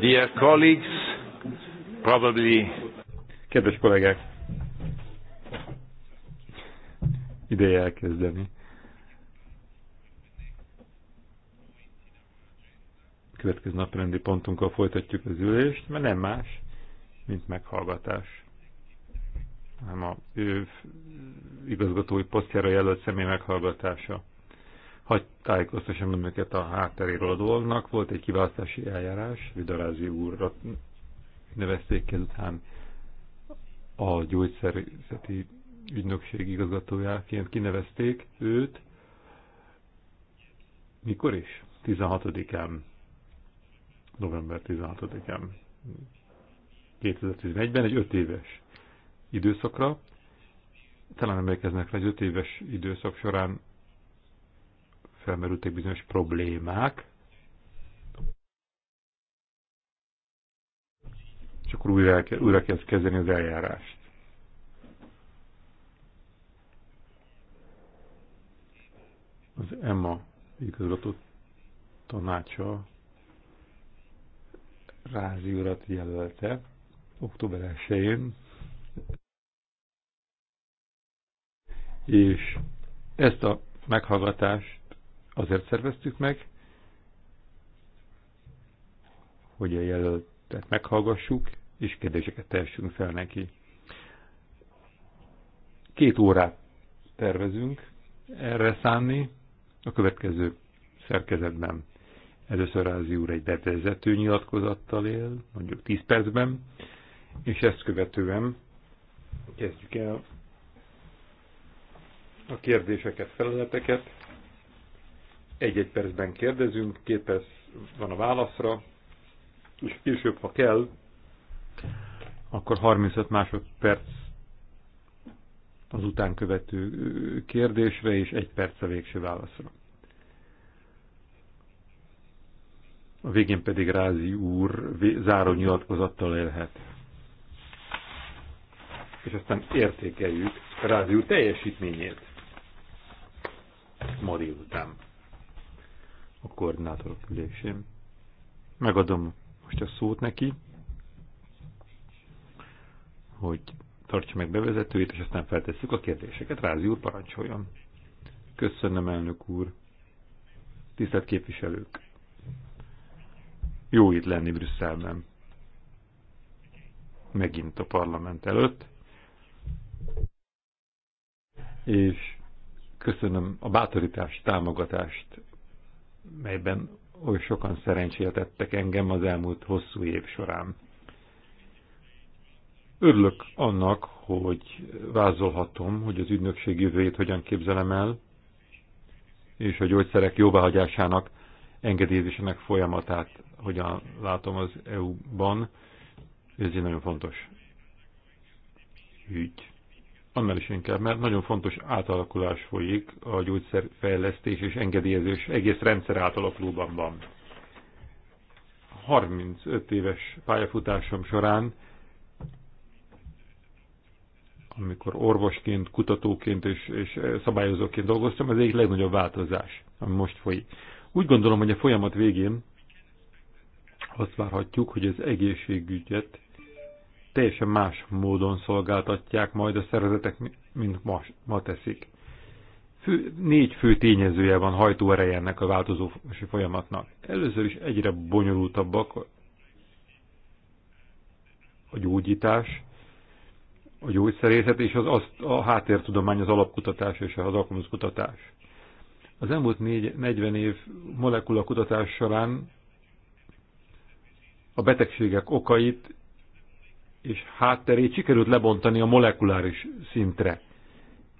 Dear colleagues, probably... Kedves kollégák! Ideje elkezdeni. Következő naprendi pontunkkal folytatjuk az ülést, mert nem más, mint meghallgatás Nem a ő igazgatói posztjára jelölt személy meghallgatása. Hagy tájékoztassam önöket a hátteréről a dolgnak. Volt egy kiválasztási eljárás, Vidalázi úrra nevezték ki ezután a gyógyszerzeti ügynökség igazgatójáként kinevezték őt. Mikor is? 16-án. November 16-án. 2011-ben egy 5 éves időszakra. Talán emlékeznek, hogy 5 éves időszak során felmerültek bizonyos problémák, és akkor újra, kell, újra kell kezdeni az eljárást. Az EMA igazgató tanácsa Rázi urat jelölte október 1-én, és ezt a meghallgatást Azért szerveztük meg, hogy a jelöltet meghallgassuk, és kérdéseket tessünk fel neki. Két órát tervezünk erre szánni a következő szerkezetben. Először az úr egy bevezető nyilatkozattal él, mondjuk 10 percben, és ezt követően kezdjük el a kérdéseket, feleleteket, egy-egy percben kérdezünk, két perc van a válaszra, és később, ha kell, akkor 35 másodperc az után követő kérdésre, és egy perc a végső válaszra. A végén pedig Rázi úr záró nyilatkozattal élhet. És aztán értékeljük Rázi úr teljesítményét ma délután a koordinátorok ülésén. Megadom most a szót neki, hogy tartsa meg bevezetőjét, és aztán feltesszük a kérdéseket. Rázi úr, parancsoljon. Köszönöm, elnök úr. Tisztelt képviselők. Jó itt lenni Brüsszelben. Megint a parlament előtt. És köszönöm a bátorítást, támogatást melyben oly sokan szerencséltettek engem az elmúlt hosszú év során. Örülök annak, hogy vázolhatom, hogy az ügynökség jövőjét hogyan képzelem el, és a gyógyszerek jóváhagyásának, engedélyezésének folyamatát hogyan látom az EU-ban. Ez egy nagyon fontos ügy. Annál is inkább, mert nagyon fontos átalakulás folyik a gyógyszerfejlesztés és engedélyezés egész rendszer átalakulóban van. 35 éves pályafutásom során, amikor orvosként, kutatóként és, és szabályozóként dolgoztam, ez egyik legnagyobb változás, ami most folyik. Úgy gondolom, hogy a folyamat végén azt várhatjuk, hogy az egészségügyet teljesen más módon szolgáltatják majd a szervezetek, mint ma, ma teszik. Fő, négy fő tényezője van hajtóereje ennek a változó folyamatnak. Először is egyre bonyolultabbak a gyógyítás, a gyógyszerészet és az, az a háttértudomány, az alapkutatás és az alkalmazkutatás. Az elmúlt négy, 40 év molekulakutatás során a betegségek okait és hátterét sikerült lebontani a molekuláris szintre.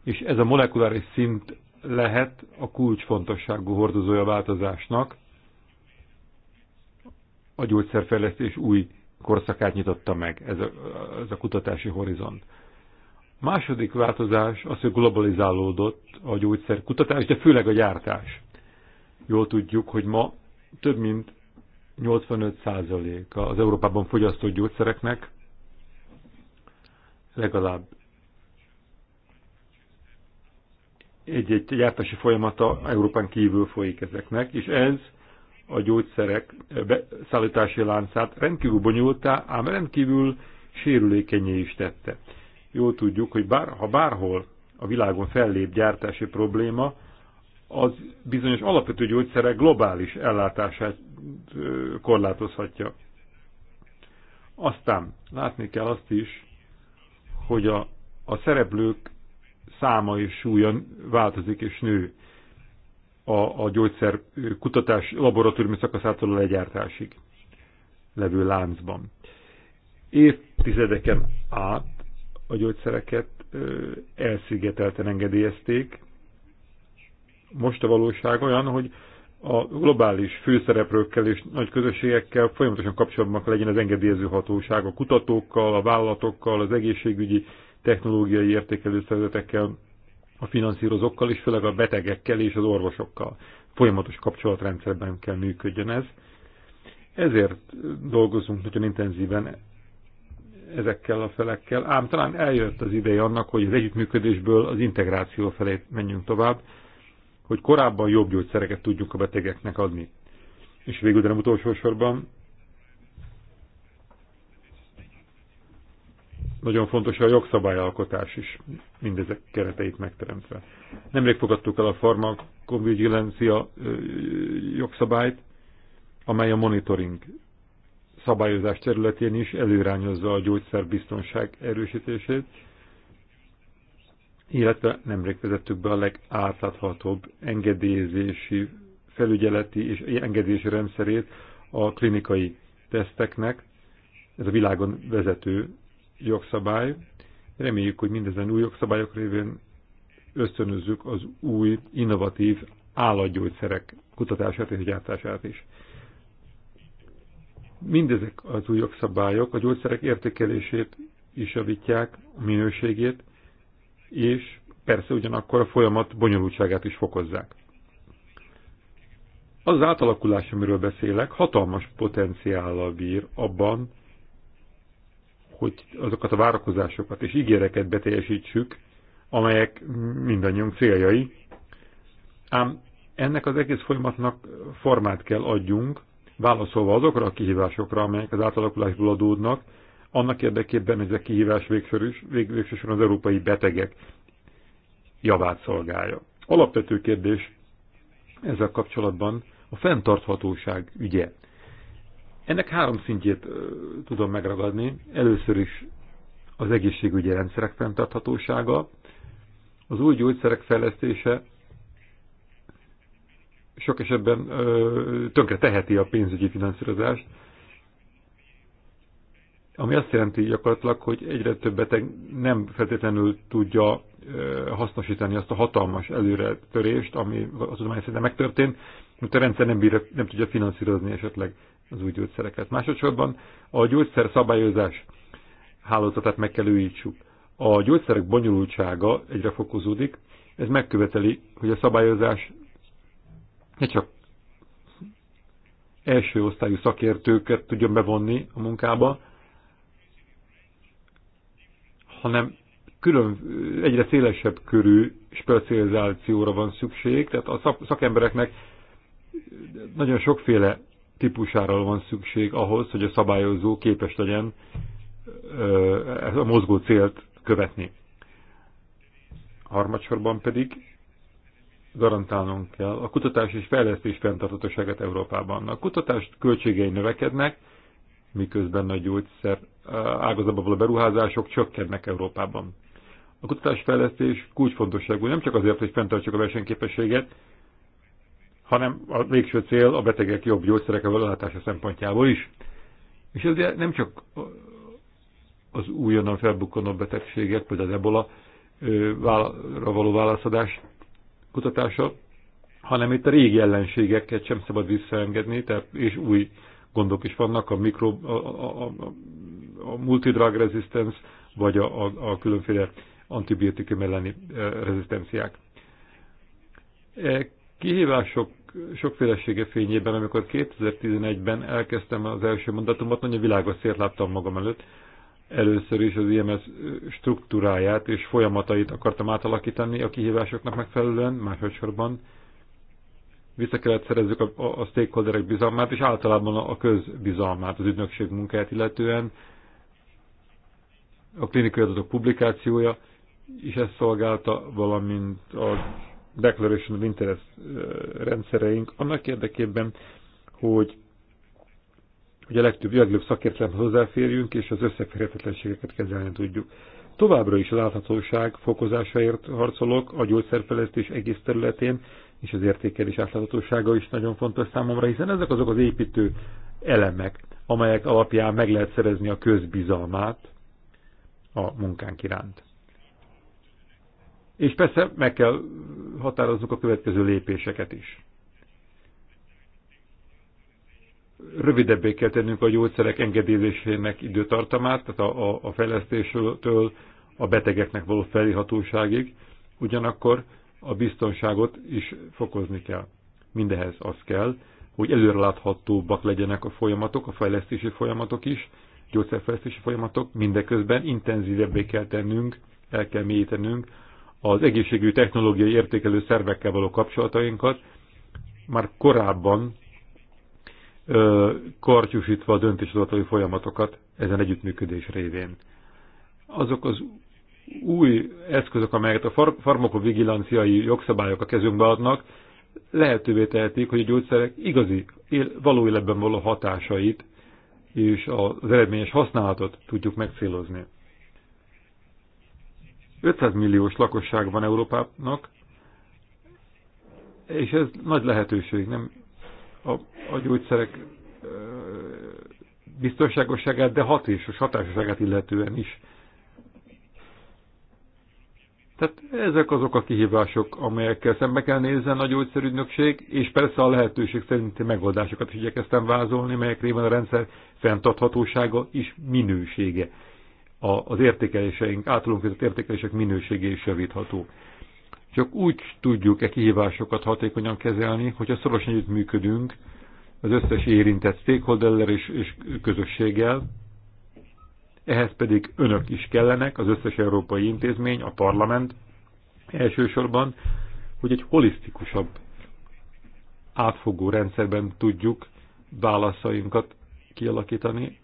És ez a molekuláris szint lehet a kulcsfontosságú hordozója változásnak. A gyógyszerfejlesztés új korszakát nyitotta meg ez a, ez a kutatási horizont. A második változás az, hogy globalizálódott a gyógyszer kutatás, de főleg a gyártás. Jól tudjuk, hogy ma több mint 85 az Európában fogyasztott gyógyszereknek legalább egy-egy gyártási folyamata Európán kívül folyik ezeknek, és ez a gyógyszerek szállítási láncát rendkívül bonyolultá, ám rendkívül sérülékenyé is tette. Jól tudjuk, hogy bár, ha bárhol a világon fellép gyártási probléma, az bizonyos alapvető gyógyszerek globális ellátását korlátozhatja. Aztán látni kell azt is, hogy a, a szereplők száma és súlya változik és nő a, a gyógyszer kutatás laboratóriumi szakaszától a legyártásig levő láncban. Évtizedeken át a gyógyszereket elszigetelten engedélyezték. Most a valóság olyan, hogy a globális főszereplőkkel és nagy közösségekkel folyamatosan kapcsolatban legyen az engedélyező hatóság, a kutatókkal, a vállalatokkal, az egészségügyi technológiai értékelő szervezetekkel, a finanszírozókkal és főleg a betegekkel és az orvosokkal. Folyamatos kapcsolatrendszerben kell működjön ez. Ezért dolgozunk nagyon intenzíven ezekkel a felekkel, ám talán eljött az ideje annak, hogy az együttműködésből az integráció felé menjünk tovább, hogy korábban jobb gyógyszereket tudjunk a betegeknek adni. És végül, de nem utolsó sorban, nagyon fontos a jogszabályalkotás is, mindezek kereteit megteremtve. Nemrég fogadtuk el a farmakovigilancia jogszabályt, amely a monitoring szabályozás területén is előrányozza a gyógyszerbiztonság erősítését, illetve nemrég vezettük be a legátláthatóbb engedélyezési, felügyeleti és engedélyi rendszerét a klinikai teszteknek. Ez a világon vezető jogszabály. Reméljük, hogy mindezen új jogszabályok révén ösztönözzük az új, innovatív állatgyógyszerek kutatását és gyártását is. Mindezek az új jogszabályok a gyógyszerek értékelését is javítják, a minőségét, és persze ugyanakkor a folyamat bonyolultságát is fokozzák. Az, átalakulás, amiről beszélek, hatalmas potenciállal bír abban, hogy azokat a várakozásokat és ígéreket beteljesítsük, amelyek mindannyiunk céljai, ám ennek az egész folyamatnak formát kell adjunk, válaszolva azokra a kihívásokra, amelyek az átalakulásból adódnak, annak érdekében, hogy ez a kihívás végsős, végsősorban az európai betegek javát szolgálja. Alapvető kérdés ezzel kapcsolatban a fenntarthatóság ügye. Ennek három szintjét tudom megragadni. Először is az egészségügyi rendszerek fenntarthatósága, az új gyógyszerek fejlesztése sok esetben tönkre teheti a pénzügyi finanszírozást, ami azt jelenti gyakorlatilag, hogy egyre több beteg nem feltétlenül tudja hasznosítani azt a hatalmas előretörést, ami a tudomány szerint megtörtént, mert a rendszer nem, bír, nem tudja finanszírozni esetleg az új gyógyszereket. Másodszorban a gyógyszer szabályozás hálózatát meg kell újítsuk. A gyógyszerek bonyolultsága egyre fokozódik, ez megköveteli, hogy a szabályozás ne csak első osztályú szakértőket tudjon bevonni a munkába, hanem külön, egyre szélesebb körű specializációra van szükség, tehát a szak, szakembereknek nagyon sokféle típusára van szükség ahhoz, hogy a szabályozó képes legyen a mozgó célt követni. Harmadsorban pedig garantálnunk kell a kutatás és fejlesztés fenntartatóságát Európában. A kutatást költségei növekednek, miközben a gyógyszer ágazatban való beruházások csökkennek Európában. A kutatásfejlesztés kulcsfontosságú nem csak azért, hogy fenntartsuk a versenyképességet, hanem a végső cél a betegek jobb gyógyszerek ellátása szempontjából is. És ez nem csak az újonnan felbukkanó betegségek, például az ebola való válaszadás kutatása, hanem itt a régi ellenségeket sem szabad visszaengedni, tehát, és új gondok is vannak, a, mikro, a, a, a a multidrug resistance, vagy a, a, a különféle antibiotikum elleni eh, rezisztenciák. E kihívások sokfélesége fényében, amikor 2011-ben elkezdtem az első mondatomat, nagyon világos szért láttam magam előtt. Először is az IMS struktúráját és folyamatait akartam átalakítani a kihívásoknak megfelelően, másodszorban vissza kellett szerezzük a, a, a stakeholderek bizalmát, és általában a, a közbizalmát, az ügynökség munkáját illetően, a klinikai adatok publikációja, és ezt szolgálta, valamint a Declaration of Interest rendszereink annak érdekében, hogy, hogy a legtöbb, legtöbb szakértelemhez hozzáférjünk, és az összeférhetetlenségeket kezelni tudjuk. Továbbra is a láthatóság fokozásáért harcolok a gyógyszerfejlesztés egész területén, és az értékelés átláthatósága is nagyon fontos számomra, hiszen ezek azok az építő elemek, amelyek alapján meg lehet szerezni a közbizalmát, a munkánk iránt. És persze meg kell határoznunk a következő lépéseket is. Rövidebbé kell tennünk a gyógyszerek engedélyezésének időtartamát, tehát a, a, a fejlesztéstől a betegeknek való felhatóságig, ugyanakkor a biztonságot is fokozni kell. Mindehez az kell, hogy előreláthatóbbak legyenek a folyamatok, a fejlesztési folyamatok is, gyógyszerfejlesztési folyamatok, mindeközben intenzívebbé kell tennünk, el kell mélyítenünk az egészségügyi technológiai értékelő szervekkel való kapcsolatainkat, már korábban ö, kartyúsítva a döntéshozatali folyamatokat ezen együttműködés révén. Azok az új eszközök, amelyeket a far farmakovigilanciai jogszabályok a kezünkbe adnak, lehetővé tehetik, hogy a gyógyszerek igazi, él, való életben való hatásait és az eredményes használatot tudjuk megcélozni. 500 milliós lakosság van Európának, és ez nagy lehetőség, nem a, a gyógyszerek biztonságosságát, de hatásos hatásosságát illetően is tehát ezek azok a kihívások, amelyekkel szembe kell nézzen a gyógyszerügynökség, és persze a lehetőség szerinti megoldásokat is igyekeztem vázolni, melyek révén a rendszer fenntarthatósága és minősége. A, az értékeléseink, általunk között értékelések minősége is javítható. Csak úgy tudjuk-e kihívásokat hatékonyan kezelni, hogyha szorosan együtt működünk az összes érintett stakeholder és, és közösséggel, ehhez pedig önök is kellenek, az összes európai intézmény, a parlament elsősorban, hogy egy holisztikusabb, átfogó rendszerben tudjuk válaszainkat kialakítani,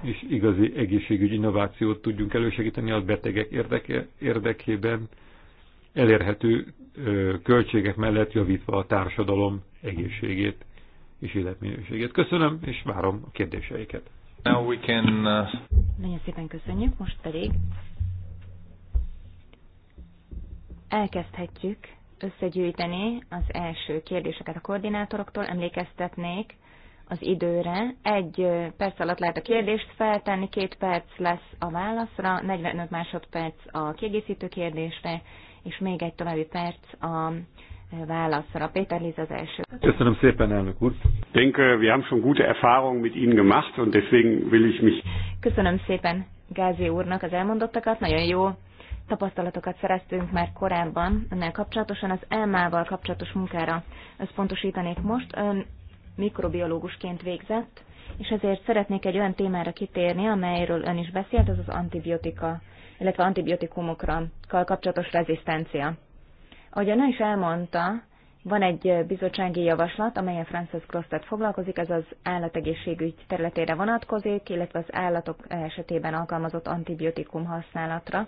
és igazi egészségügyi innovációt tudjunk elősegíteni a betegek érdeke, érdekében, elérhető ö, költségek mellett javítva a társadalom egészségét és életminőségét. Köszönöm, és várom a kérdéseiket. Now we can, uh... Nagyon szépen köszönjük, most pedig elkezdhetjük összegyűjteni az első kérdéseket a koordinátoroktól. Emlékeztetnék az időre. Egy perc alatt lehet a kérdést feltenni, két perc lesz a válaszra, 45 másodperc a kiegészítő kérdésre, és még egy további perc a válaszra. Péter Liz az első. Köszönöm szépen, elnök úr. Denke, wir haben schon gute Erfahrungen mit Ihnen gemacht, und deswegen will ich mich... Köszönöm szépen Gázi úrnak az elmondottakat, nagyon jó tapasztalatokat szereztünk már korábban ennél kapcsolatosan. Az elmával kapcsolatos munkára összpontosítanék most. Ön mikrobiológusként végzett, és ezért szeretnék egy olyan témára kitérni, amelyről ön is beszélt, az az antibiotika, illetve antibiotikumokra kapcsolatos rezisztencia a nő is elmondta, van egy bizottsági javaslat, amelyen Francis Crosset foglalkozik, ez az állategészségügy területére vonatkozik, illetve az állatok esetében alkalmazott antibiotikum használatra.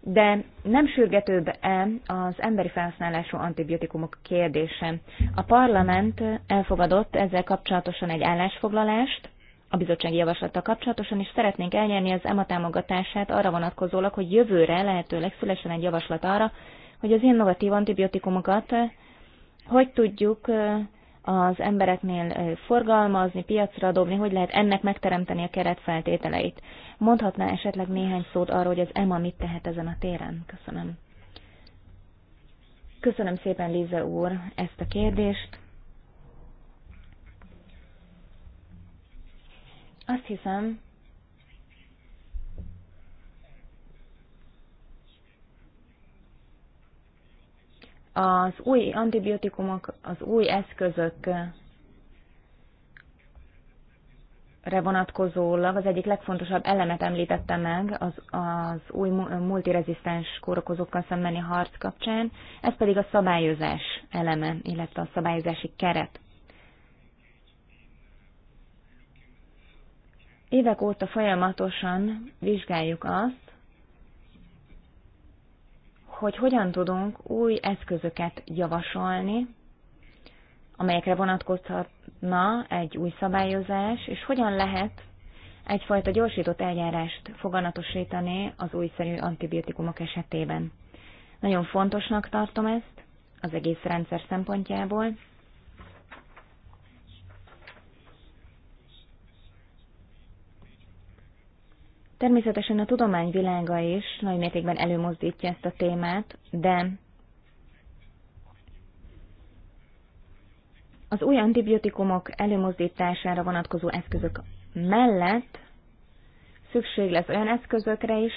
De nem sürgetőbb-e az emberi felhasználású antibiotikumok kérdése? A parlament elfogadott ezzel kapcsolatosan egy állásfoglalást, a bizottsági javaslattal kapcsolatosan, és szeretnénk elnyerni az EMA támogatását arra vonatkozólag, hogy jövőre lehetőleg szülesen egy javaslat arra, hogy az innovatív antibiotikumokat eh, hogy tudjuk eh, az embereknél eh, forgalmazni, piacra dobni, hogy lehet ennek megteremteni a keretfeltételeit. Mondhatná esetleg néhány szót arról, hogy az EMA mit tehet ezen a téren? Köszönöm. Köszönöm szépen, Líze úr, ezt a kérdést. Azt hiszem, az új antibiotikumok, az új eszközök vonatkozólag az egyik legfontosabb elemet említette meg az, az új multirezisztens kórokozókkal szembeni harc kapcsán, ez pedig a szabályozás eleme, illetve a szabályozási keret. Évek óta folyamatosan vizsgáljuk azt, hogy hogyan tudunk új eszközöket javasolni, amelyekre vonatkozhatna egy új szabályozás, és hogyan lehet egyfajta gyorsított eljárást foganatosítani az újszerű antibiotikumok esetében. Nagyon fontosnak tartom ezt az egész rendszer szempontjából, Természetesen a tudomány világa is nagy mértékben előmozdítja ezt a témát, de az új antibiotikumok előmozdítására vonatkozó eszközök mellett szükség lesz olyan eszközökre is,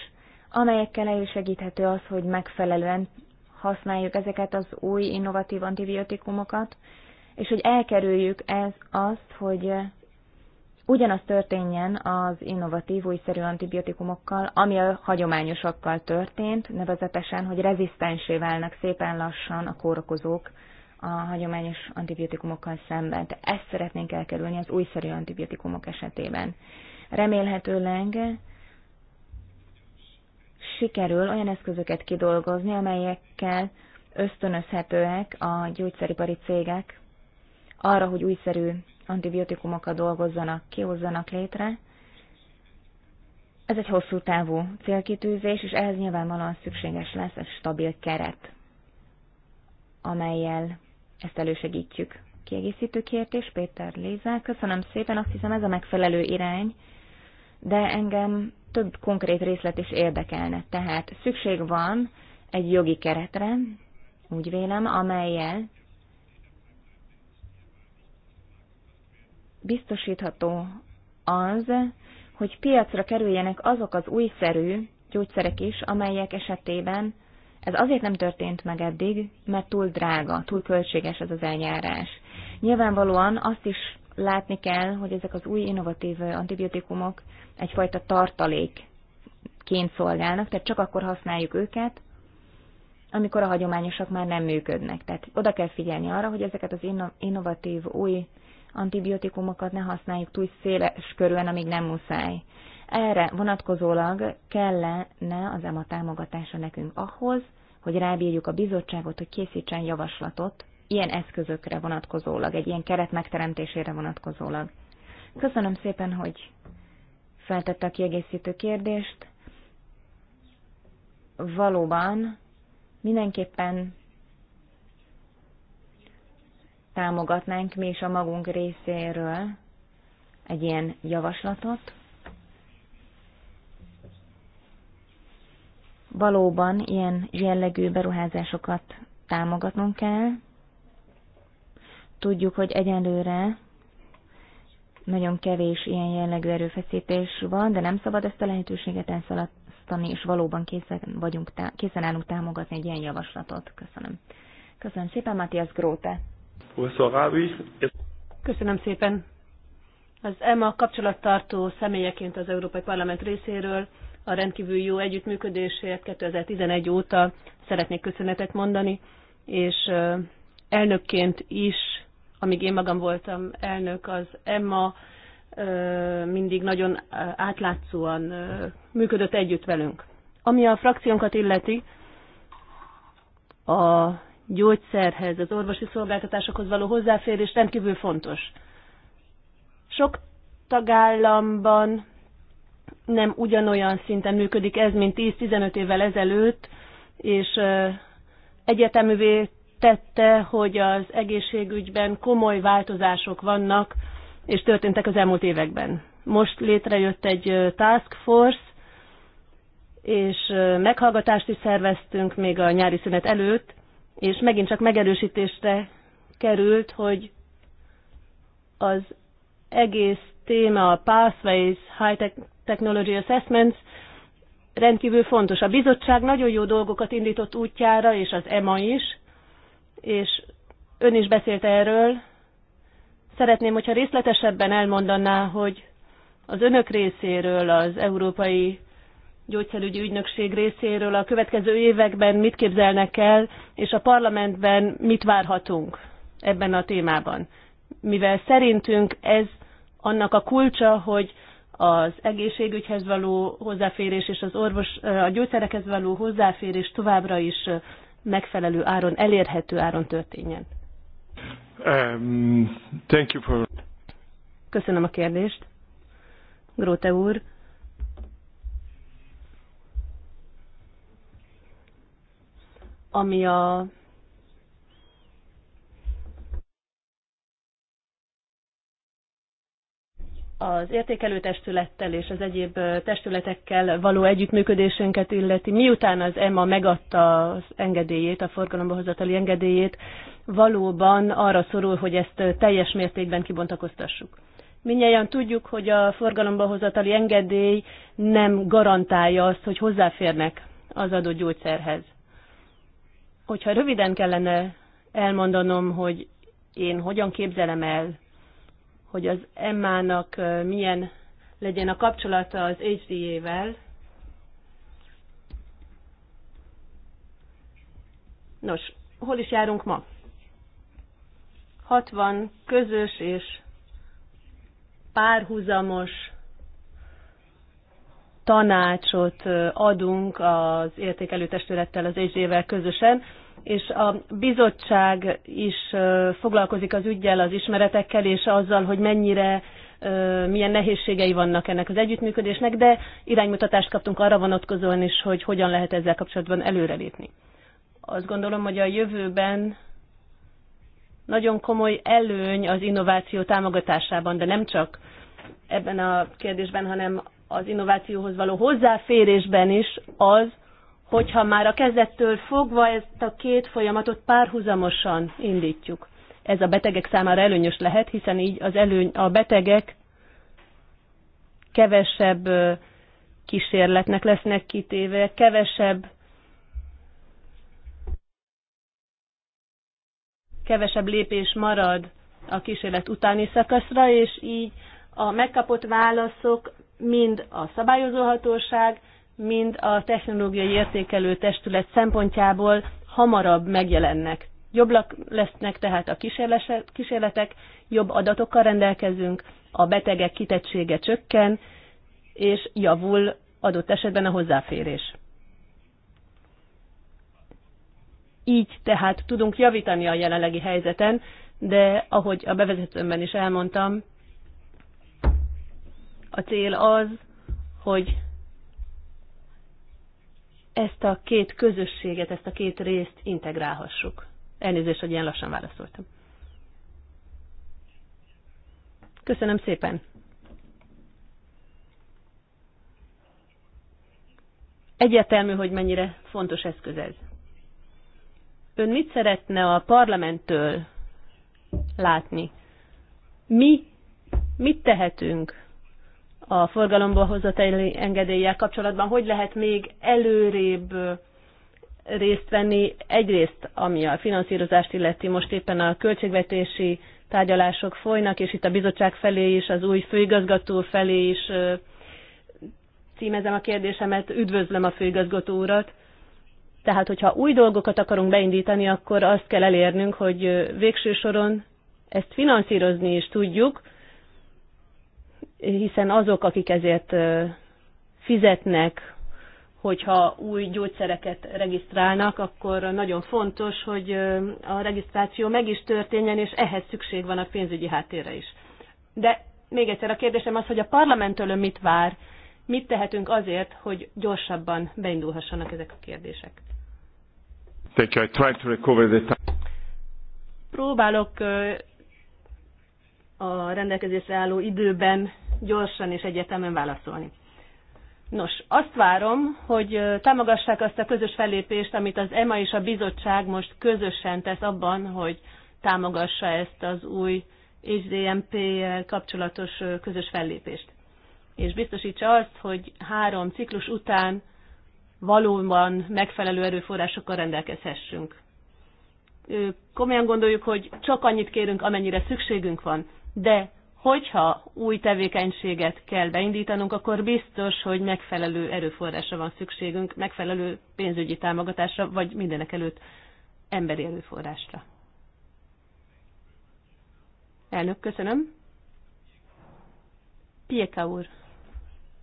amelyekkel elősegíthető az, hogy megfelelően használjuk ezeket az új innovatív antibiotikumokat, és hogy elkerüljük ez azt, hogy ugyanaz történjen az innovatív, újszerű antibiotikumokkal, ami a hagyományosakkal történt, nevezetesen, hogy rezisztensé válnak szépen lassan a kórokozók a hagyományos antibiotikumokkal szemben. De ezt szeretnénk elkerülni az újszerű antibiotikumok esetében. Remélhetőleg sikerül olyan eszközöket kidolgozni, amelyekkel ösztönözhetőek a gyógyszeripari cégek arra, hogy újszerű antibiotikumokat dolgozzanak, kihozzanak létre. Ez egy hosszú távú célkitűzés, és ehhez nyilvánvalóan szükséges lesz egy stabil keret, amelyel ezt elősegítjük. Kiegészítő kérdés, Péter Lézá. Köszönöm szépen, azt hiszem ez a megfelelő irány, de engem több konkrét részlet is érdekelne. Tehát szükség van egy jogi keretre, úgy vélem, amelyel biztosítható az, hogy piacra kerüljenek azok az újszerű gyógyszerek is, amelyek esetében ez azért nem történt meg eddig, mert túl drága, túl költséges ez az eljárás. Nyilvánvalóan azt is látni kell, hogy ezek az új innovatív antibiotikumok egyfajta tartalékként szolgálnak, tehát csak akkor használjuk őket, amikor a hagyományosak már nem működnek. Tehát oda kell figyelni arra, hogy ezeket az innovatív új antibiotikumokat ne használjuk túl széles körülön, amíg nem muszáj. Erre vonatkozólag kellene az EMA támogatása nekünk ahhoz, hogy rábírjuk a bizottságot, hogy készítsen javaslatot ilyen eszközökre vonatkozólag, egy ilyen keret megteremtésére vonatkozólag. Köszönöm szépen, hogy feltette a kiegészítő kérdést. Valóban mindenképpen támogatnánk mi is a magunk részéről egy ilyen javaslatot. Valóban ilyen jellegű beruházásokat támogatnunk kell. Tudjuk, hogy egyelőre nagyon kevés ilyen jellegű erőfeszítés van, de nem szabad ezt a lehetőséget elszalasztani, és valóban készen, vagyunk, készen állunk támogatni egy ilyen javaslatot. Köszönöm. Köszönöm szépen, Matthias Gróte. Köszönöm szépen. Az EMA kapcsolattartó személyeként az Európai Parlament részéről a rendkívül jó együttműködésért 2011 óta szeretnék köszönetet mondani, és elnökként is, amíg én magam voltam elnök, az EMA mindig nagyon átlátszóan működött együtt velünk. Ami a frakciónkat illeti, a gyógyszerhez, az orvosi szolgáltatásokhoz való hozzáférés rendkívül fontos. Sok tagállamban nem ugyanolyan szinten működik ez, mint 10-15 évvel ezelőtt, és egyeteművé tette, hogy az egészségügyben komoly változások vannak, és történtek az elmúlt években. Most létrejött egy task force, és meghallgatást is szerveztünk még a nyári szünet előtt, és megint csak megerősítésre került, hogy az egész téma a Pathways High Technology Assessments rendkívül fontos. A bizottság nagyon jó dolgokat indított útjára, és az EMA is, és ön is beszélt erről. Szeretném, hogyha részletesebben elmondaná, hogy az önök részéről az Európai gyógyszerügyi ügynökség részéről a következő években mit képzelnek el, és a parlamentben mit várhatunk ebben a témában. Mivel szerintünk ez annak a kulcsa, hogy az egészségügyhez való hozzáférés és az orvos, a gyógyszerekhez való hozzáférés továbbra is megfelelő áron, elérhető áron történjen. Um, thank you for... Köszönöm a kérdést, Gróte úr. ami a az értékelő testülettel és az egyéb testületekkel való együttműködésünket illeti, miután az EMA megadta az engedélyét, a forgalomba hozatali engedélyét, valóban arra szorul, hogy ezt teljes mértékben kibontakoztassuk. Mindjárt tudjuk, hogy a forgalomba hozatali engedély nem garantálja azt, hogy hozzáférnek az adott gyógyszerhez. Hogyha röviden kellene elmondanom, hogy én hogyan képzelem el, hogy az Emmának milyen legyen a kapcsolata az HDA-vel, Nos, hol is járunk ma? 60 közös és párhuzamos tanácsot adunk az értékelő testülettel, az hd vel közösen és a bizottság is foglalkozik az ügyjel, az ismeretekkel, és azzal, hogy mennyire milyen nehézségei vannak ennek az együttműködésnek, de iránymutatást kaptunk arra vonatkozóan is, hogy hogyan lehet ezzel kapcsolatban előrelépni. Azt gondolom, hogy a jövőben nagyon komoly előny az innováció támogatásában, de nem csak ebben a kérdésben, hanem az innovációhoz való hozzáférésben is az, hogyha már a kezdettől fogva ezt a két folyamatot párhuzamosan indítjuk. Ez a betegek számára előnyös lehet, hiszen így az előny, a betegek kevesebb kísérletnek lesznek kitéve, kevesebb kevesebb lépés marad a kísérlet utáni szakaszra, és így a megkapott válaszok mind a szabályozóhatóság, mind a technológiai értékelő testület szempontjából hamarabb megjelennek. Jobbak lesznek tehát a kísérletek, jobb adatokkal rendelkezünk, a betegek kitettsége csökken, és javul adott esetben a hozzáférés. Így tehát tudunk javítani a jelenlegi helyzeten, de ahogy a bevezetőmben is elmondtam, a cél az, hogy ezt a két közösséget, ezt a két részt integrálhassuk. Elnézést, hogy ilyen lassan válaszoltam. Köszönöm szépen! Egyetelmű, hogy mennyire fontos eszköz ez. Ön mit szeretne a parlamenttől látni? Mi mit tehetünk a forgalomba hozott engedéllyel kapcsolatban, hogy lehet még előrébb részt venni, egyrészt ami a finanszírozást illeti, most éppen a költségvetési tárgyalások folynak, és itt a bizottság felé is, az új főigazgató felé is címezem a kérdésemet, üdvözlöm a főigazgató urat. Tehát, hogyha új dolgokat akarunk beindítani, akkor azt kell elérnünk, hogy végső soron ezt finanszírozni is tudjuk, hiszen azok, akik ezért fizetnek, hogyha új gyógyszereket regisztrálnak, akkor nagyon fontos, hogy a regisztráció meg is történjen, és ehhez szükség van a pénzügyi háttérre is. De még egyszer a kérdésem az, hogy a parlamenttől mit vár, mit tehetünk azért, hogy gyorsabban beindulhassanak ezek a kérdések. Thank you. I to recover the time. Próbálok a rendelkezésre álló időben gyorsan és egyetemen válaszolni. Nos, azt várom, hogy támogassák azt a közös fellépést, amit az EMA és a bizottság most közösen tesz abban, hogy támogassa ezt az új HDMP kapcsolatos közös fellépést. És biztosítsa azt, hogy három ciklus után valóban megfelelő erőforrásokkal rendelkezhessünk. Komolyan gondoljuk, hogy csak annyit kérünk, amennyire szükségünk van, de hogyha új tevékenységet kell beindítanunk, akkor biztos, hogy megfelelő erőforrásra van szükségünk, megfelelő pénzügyi támogatásra, vagy mindenek előtt emberi erőforrásra. Elnök, köszönöm. Pieka úr,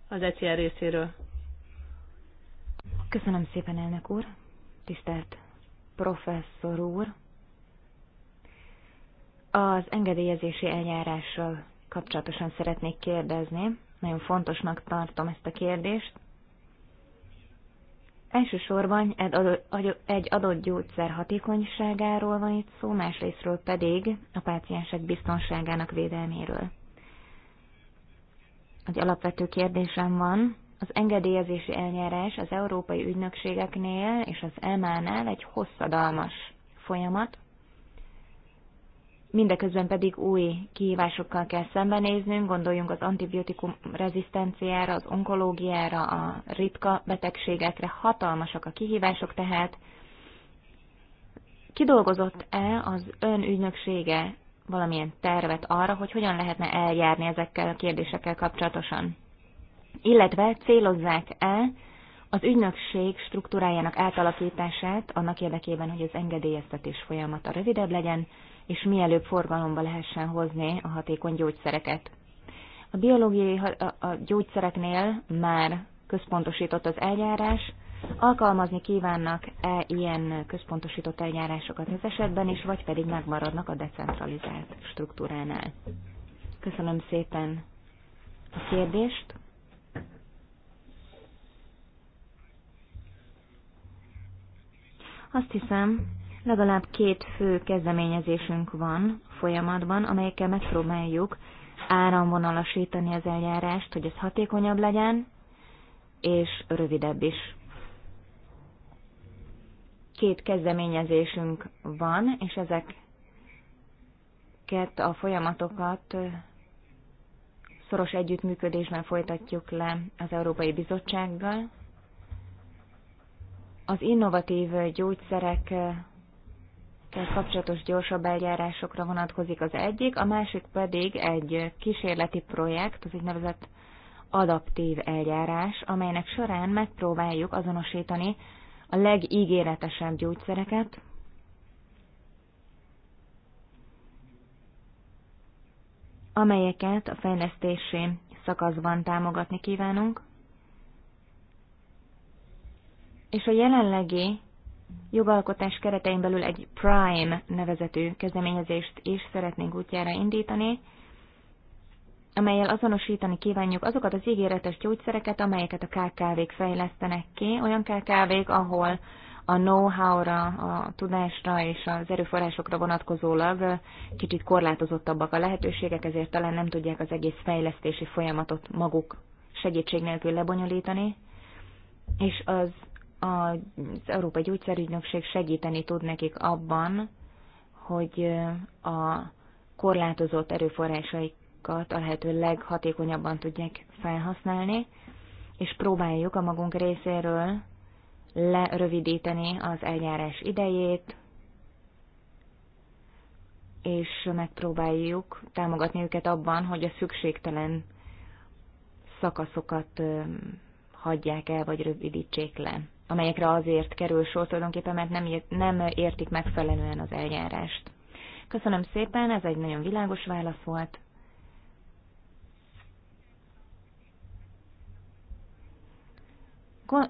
az ECR részéről. Köszönöm szépen, elnök úr. Tisztelt professzor úr. Az engedélyezési eljárással kapcsolatosan szeretnék kérdezni. Nagyon fontosnak tartom ezt a kérdést. Elsősorban egy adott gyógyszer hatékonyságáról van itt szó, másrésztről pedig a páciensek biztonságának védelméről. Egy alapvető kérdésem van, az engedélyezési eljárás az európai ügynökségeknél és az EMA-nál egy hosszadalmas folyamat, Mindeközben pedig új kihívásokkal kell szembenéznünk, gondoljunk az antibiotikum rezisztenciára, az onkológiára, a ritka betegségekre, hatalmasak a kihívások tehát. Kidolgozott-e az ön ügynöksége valamilyen tervet arra, hogy hogyan lehetne eljárni ezekkel a kérdésekkel kapcsolatosan? Illetve célozzák-e az ügynökség struktúrájának átalakítását annak érdekében, hogy az engedélyeztetés folyamata rövidebb legyen, és mielőbb forgalomba lehessen hozni a hatékony gyógyszereket. A biológiai a gyógyszereknél már központosított az eljárás, alkalmazni kívánnak-e ilyen központosított eljárásokat az esetben is, vagy pedig megmaradnak a decentralizált struktúránál. Köszönöm szépen a kérdést. Azt hiszem, Legalább két fő kezdeményezésünk van folyamatban, amelyekkel megpróbáljuk áramvonalasítani az eljárást, hogy ez hatékonyabb legyen, és rövidebb is. Két kezdeményezésünk van, és ezeket a folyamatokat szoros együttműködésben folytatjuk le az Európai Bizottsággal. Az innovatív gyógyszerek kapcsolatos gyorsabb eljárásokra vonatkozik az egyik, a másik pedig egy kísérleti projekt, az úgynevezett adaptív eljárás, amelynek során megpróbáljuk azonosítani a legígéretesebb gyógyszereket, amelyeket a fejlesztési szakaszban támogatni kívánunk, és a jelenlegi jogalkotás keretein belül egy Prime nevezetű kezdeményezést is szeretnénk útjára indítani, amelyel azonosítani kívánjuk azokat az ígéretes gyógyszereket, amelyeket a KKV-k fejlesztenek ki, olyan KKV-k, ahol a know-how-ra, a tudásra és az erőforrásokra vonatkozólag kicsit korlátozottabbak a lehetőségek, ezért talán nem tudják az egész fejlesztési folyamatot maguk segítség nélkül lebonyolítani, és az az Európai Gyógyszerügynökség segíteni tud nekik abban, hogy a korlátozott erőforrásaikat a lehető leghatékonyabban tudják felhasználni, és próbáljuk a magunk részéről lerövidíteni az eljárás idejét, és megpróbáljuk támogatni őket abban, hogy a szükségtelen szakaszokat hagyják el, vagy rövidítsék le amelyekre azért kerül sor tulajdonképpen, mert nem, nem értik megfelelően az eljárást. Köszönöm szépen, ez egy nagyon világos válasz volt.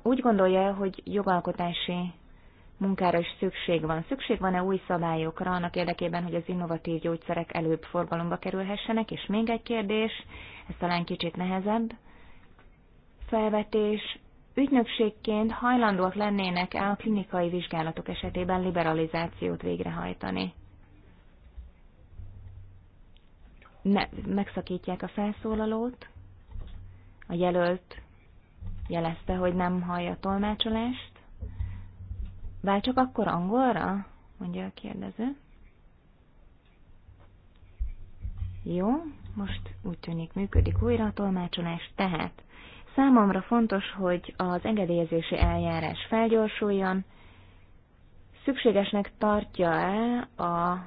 Úgy gondolja, hogy jogalkotási munkára is szükség van. Szükség van-e új szabályokra annak érdekében, hogy az innovatív gyógyszerek előbb forgalomba kerülhessenek? És még egy kérdés, ez talán kicsit nehezebb felvetés ügynökségként hajlandóak lennének-e a klinikai vizsgálatok esetében liberalizációt végrehajtani. Ne, megszakítják a felszólalót. A jelölt jelezte, hogy nem hallja a tolmácsolást. csak akkor angolra? mondja a kérdező. Jó, most úgy tűnik működik újra a tolmácsolás, tehát Számomra fontos, hogy az engedélyezési eljárás felgyorsuljon. Szükségesnek tartja-e a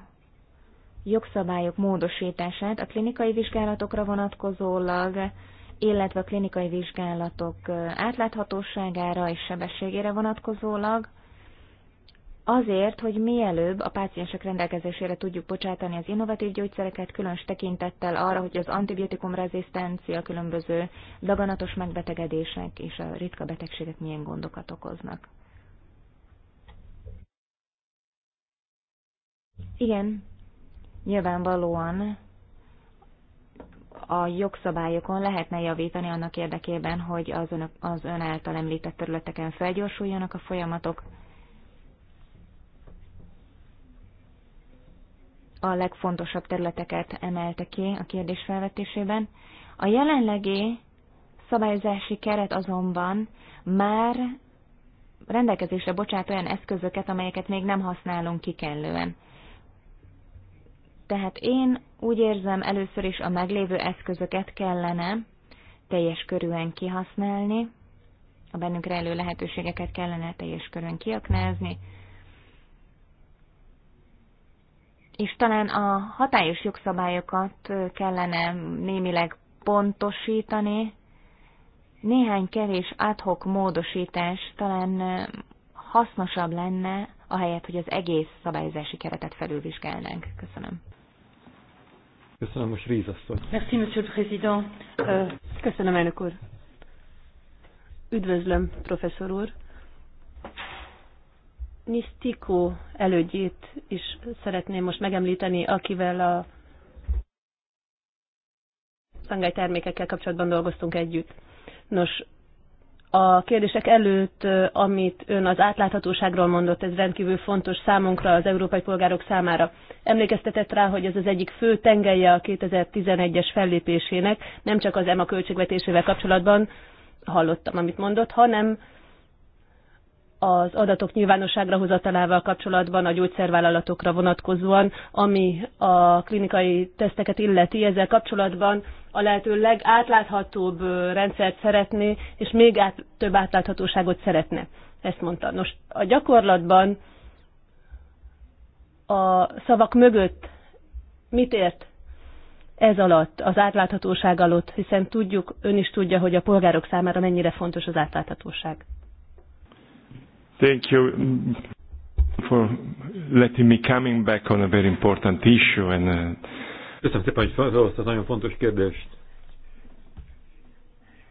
jogszabályok módosítását a klinikai vizsgálatokra vonatkozólag, illetve a klinikai vizsgálatok átláthatóságára és sebességére vonatkozólag, azért, hogy mielőbb a páciensek rendelkezésére tudjuk bocsátani az innovatív gyógyszereket, különös tekintettel arra, hogy az antibiotikum rezisztencia különböző daganatos megbetegedések és a ritka betegségek milyen gondokat okoznak. Igen, nyilvánvalóan a jogszabályokon lehetne javítani annak érdekében, hogy az ön, az ön által említett területeken felgyorsuljanak a folyamatok, a legfontosabb területeket emelte ki a kérdés felvetésében. A jelenlegi szabályozási keret azonban már rendelkezésre bocsát olyan eszközöket, amelyeket még nem használunk kikellően. Tehát én úgy érzem, először is a meglévő eszközöket kellene teljes körűen kihasználni, a bennünk rejlő lehetőségeket kellene teljes körűen kiaknázni, és talán a hatályos jogszabályokat kellene némileg pontosítani. Néhány kevés adhok módosítás talán hasznosabb lenne, ahelyett, hogy az egész szabályozási keretet felülvizsgálnánk. Köszönöm. Köszönöm, most Rízasszony. Merci, monsieur le président. Euh, Köszönöm, elnök úr. Üdvözlöm, professzor úr. Nisztikó elődjét is szeretném most megemlíteni, akivel a szangály termékekkel kapcsolatban dolgoztunk együtt. Nos, a kérdések előtt, amit ön az átláthatóságról mondott, ez rendkívül fontos számunkra, az európai polgárok számára. Emlékeztetett rá, hogy ez az egyik fő tengelye a 2011-es fellépésének, nem csak az EMA költségvetésével kapcsolatban hallottam, amit mondott, hanem az adatok nyilvánosságra hozatalával kapcsolatban a gyógyszervállalatokra vonatkozóan, ami a klinikai teszteket illeti, ezzel kapcsolatban a lehető legátláthatóbb rendszert szeretné, és még át, több átláthatóságot szeretne. Ezt mondta. Nos, a gyakorlatban a szavak mögött mit ért ez alatt, az átláthatóság alatt, hiszen tudjuk, ön is tudja, hogy a polgárok számára mennyire fontos az átláthatóság. Thank you for letting me coming back on a very important issue. And, uh... Köszönöm szépen, hogy felhoztad nagyon fontos kérdést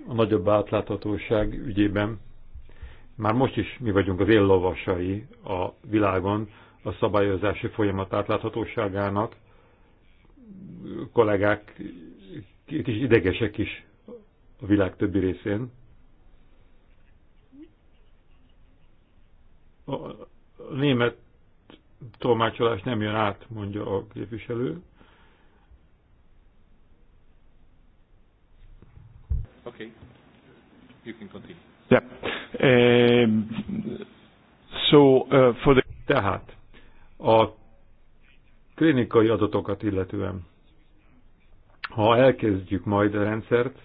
a nagyobb átláthatóság ügyében. Már most is mi vagyunk az éllovasai a világon a szabályozási folyamat átláthatóságának. Kollégák kis idegesek is a világ többi részén. német tolmácsolás nem jön át, mondja a képviselő. Okay. You can continue. Yeah. Uh, so, uh, for the... Tehát a klinikai adatokat illetően, ha elkezdjük majd a rendszert,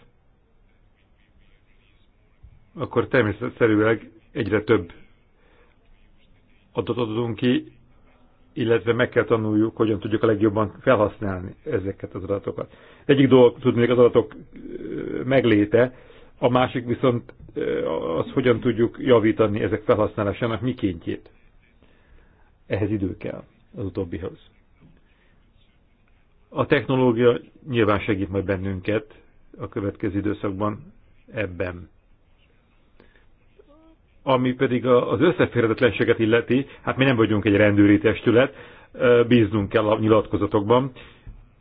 akkor természetszerűleg egyre több adatot adunk ki, illetve meg kell tanuljuk, hogyan tudjuk a legjobban felhasználni ezeket az adatokat. Egyik dolog hogy az adatok megléte, a másik viszont az, hogyan tudjuk javítani ezek felhasználásának mikéntjét. Ehhez idő kell az utóbbihoz. A technológia nyilván segít majd bennünket a következő időszakban ebben. Ami pedig az összeférhetetlenséget illeti, hát mi nem vagyunk egy rendőri testület, bíznunk kell a nyilatkozatokban,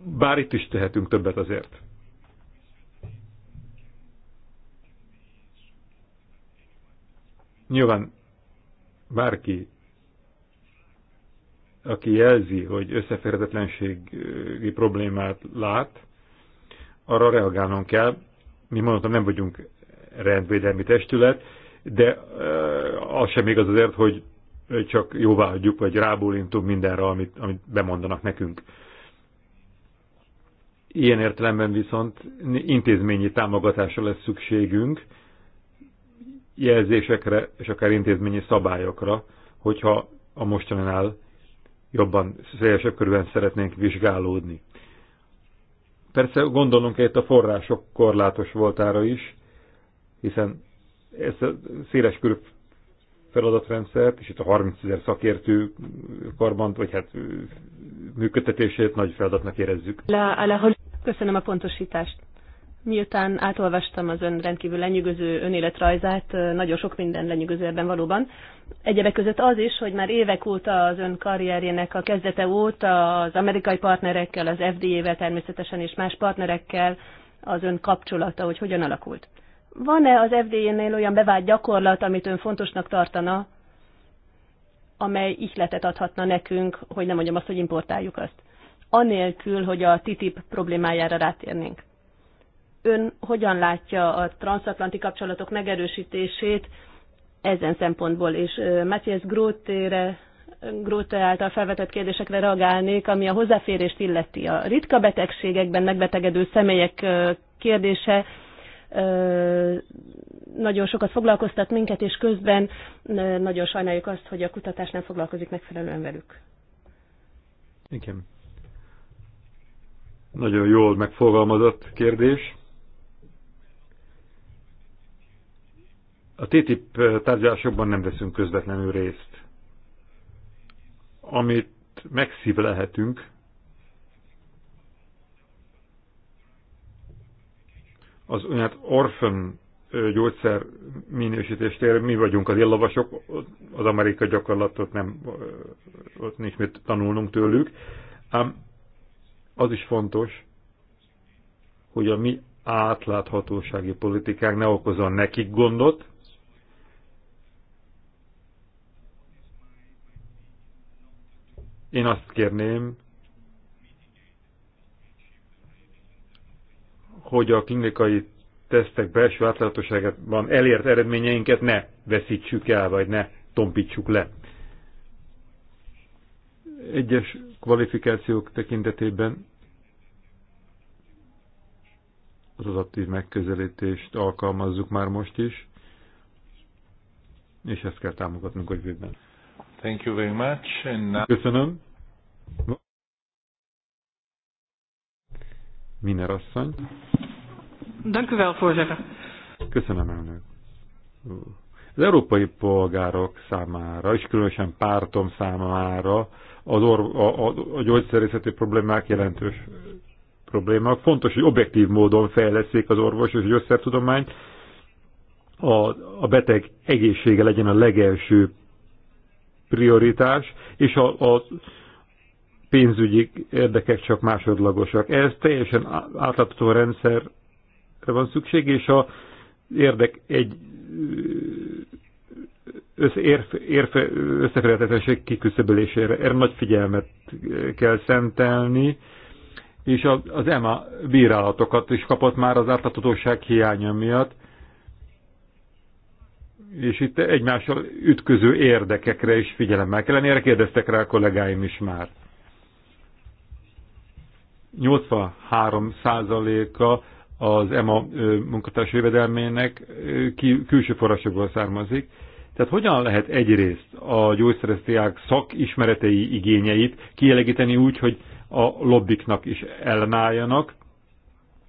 bár itt is tehetünk többet azért. Nyilván bárki, aki jelzi, hogy összeférhetetlenségi problémát lát, arra reagálnunk kell. Mi mondtam, nem vagyunk rendvédelmi testület, de eh, az sem igaz azért, hogy csak jóvá hagyjuk, vagy rábólintunk mindenre, amit, amit bemondanak nekünk. Ilyen értelemben viszont intézményi támogatásra lesz szükségünk, jelzésekre és akár intézményi szabályokra, hogyha a mostaninál jobban, szélesebb körülön szeretnénk vizsgálódni. Persze gondolunk itt a források korlátos voltára is, hiszen ezt a széles körű feladatrendszert, és itt a 30 ezer szakértő karbant, vagy hát működtetését nagy feladatnak érezzük. Köszönöm a pontosítást. Miután átolvastam az ön rendkívül lenyűgöző önéletrajzát, nagyon sok minden lenyűgöző ebben valóban. Egyebek között az is, hogy már évek óta az ön karrierjének a kezdete óta az amerikai partnerekkel, az FDA-vel természetesen és más partnerekkel az ön kapcsolata, hogy hogyan alakult van-e az FDA-nél olyan bevált gyakorlat, amit ön fontosnak tartana, amely ihletet adhatna nekünk, hogy nem mondjam azt, hogy importáljuk azt, anélkül, hogy a TTIP problémájára rátérnénk? Ön hogyan látja a transatlanti kapcsolatok megerősítését ezen szempontból, és Matthias Grótére Grote által felvetett kérdésekre reagálnék, ami a hozzáférést illeti. A ritka betegségekben megbetegedő személyek kérdése nagyon sokat foglalkoztat minket, és közben nagyon sajnáljuk azt, hogy a kutatás nem foglalkozik megfelelően velük. Igen. Nagyon jól megfogalmazott kérdés. A TTIP tárgyalásokban nem veszünk közvetlenül részt. Amit megszív lehetünk, az olyan orphan gyógyszer minősítéstér mi vagyunk az illavasok, az amerikai gyakorlatot nem, ott nincs mit tanulnunk tőlük, ám az is fontos, hogy a mi átláthatósági politikák ne okozzon nekik gondot, én azt kérném, hogy a klinikai tesztek belső átláthatóságában elért eredményeinket ne veszítsük el, vagy ne tompítsuk le. Egyes kvalifikációk tekintetében az adaptív megközelítést alkalmazzuk már most is, és ezt kell támogatnunk a jövőben. Thank you very much. And now... Köszönöm. Miner asszony. Dank u wel, voorzitter. Köszönöm, elnök. Az európai polgárok számára, és különösen pártom számára az or- a, a, a gyógyszerészeti problémák jelentős problémák. Fontos, hogy objektív módon fejleszék az orvos és gyógyszertudományt, a, a beteg egészsége legyen a legelső prioritás, és a, a pénzügyi érdekek csak másodlagosak. Ez teljesen átlátható rendszerre van szükség, és a érdek egy összeférhetetlenség kiküszöbölésére. Erre nagy figyelmet kell szentelni, és az EMA bírálatokat is kapott már az átláthatóság hiánya miatt, és itt egymással ütköző érdekekre is figyelemmel kellene, Erre kérdeztek rá a kollégáim is már. 83%-a az EMA munkatárs jövedelmének külső forrásokból származik. Tehát hogyan lehet egyrészt a gyógyszeresztiák szakismeretei igényeit kielégíteni úgy, hogy a lobbiknak is ellenálljanak,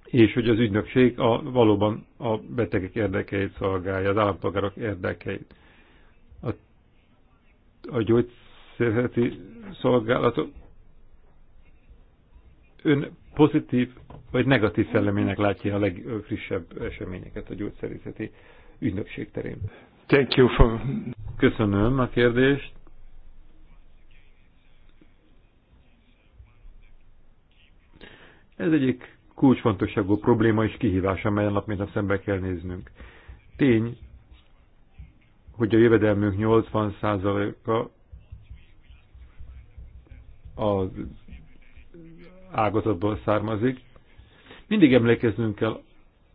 és hogy az ügynökség a, valóban a betegek érdekeit szolgálja, az állampolgárok érdekeit. A, a gyógyszereti szolgálatok ön pozitív vagy negatív szellemének látja a legfrissebb eseményeket a gyógyszerészeti ügynökség terén? Thank you for... Köszönöm a kérdést. Ez egyik kulcsfontosságú probléma és kihívás, amelyen nap mint nap szembe kell néznünk. Tény, hogy a jövedelmünk 80%-a a ágazatból származik. Mindig emlékeznünk kell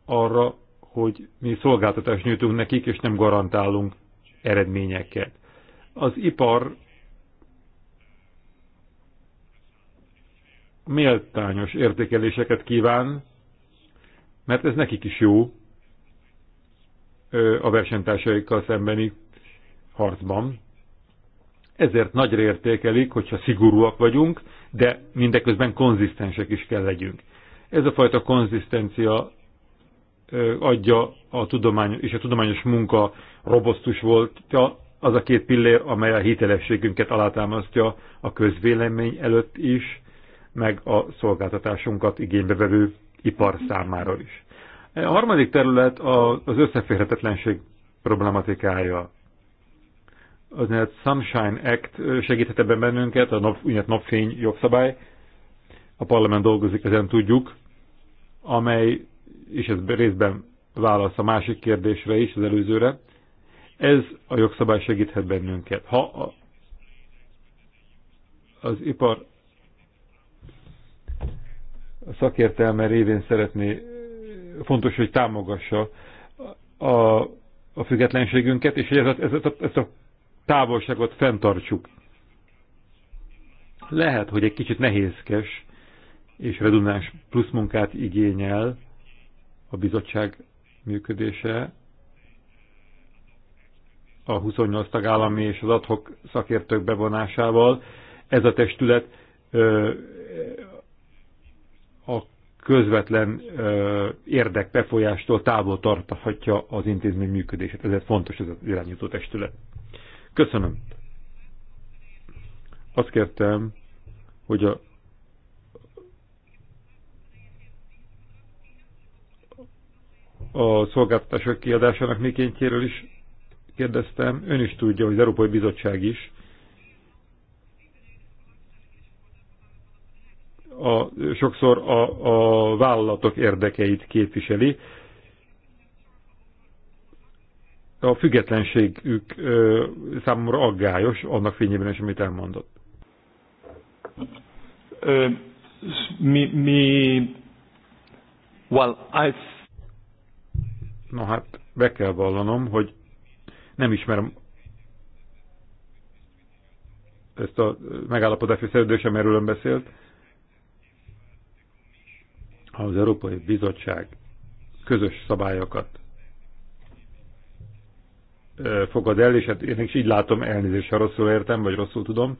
arra, hogy mi szolgáltatást nyújtunk nekik, és nem garantálunk eredményeket. Az ipar méltányos értékeléseket kíván, mert ez nekik is jó a versenytársaikkal szembeni harcban, ezért nagyra értékelik, hogyha szigorúak vagyunk, de mindeközben konzisztensek is kell legyünk. Ez a fajta konzisztencia adja a tudomány, és a tudományos munka robosztus volt, az a két pillér, amely a hitelességünket alátámasztja a közvélemény előtt is, meg a szolgáltatásunkat igénybevevő ipar számára is. A harmadik terület az összeférhetetlenség problematikája az nevet Sunshine Act segíthet ebben bennünket, a nap, úgynevezett napfény jogszabály. A parlament dolgozik, ezen tudjuk, amely, és ez részben válasz a másik kérdésre is, az előzőre, ez a jogszabály segíthet bennünket. Ha a, az ipar a szakértelme révén szeretné, fontos, hogy támogassa a, a függetlenségünket, és hogy ez a, ez a, ez a távolságot fenntartsuk. Lehet, hogy egy kicsit nehézkes és redundáns plusz munkát igényel a bizottság működése, a 28 tagállami és az adhok szakértők bevonásával. Ez a testület a közvetlen érdek befolyástól távol tarthatja az intézmény működését. Ezért fontos ez az irányító testület. Köszönöm. Azt kértem, hogy a a szolgáltatások kiadásának mikéntjéről is kérdeztem. Ön is tudja, hogy az Európai Bizottság is a, sokszor a, a vállalatok érdekeit képviseli, a függetlenségük ö, számomra aggályos, annak fényében is, amit elmondott. Uh, mi, mi, well, I... Na hát, be kell vallanom, hogy nem ismerem ezt a megállapodási szerződés, amiről ön beszélt. Az Európai Bizottság közös szabályokat fogad el, és hát én is így látom elnézést, ha rosszul értem, vagy rosszul tudom,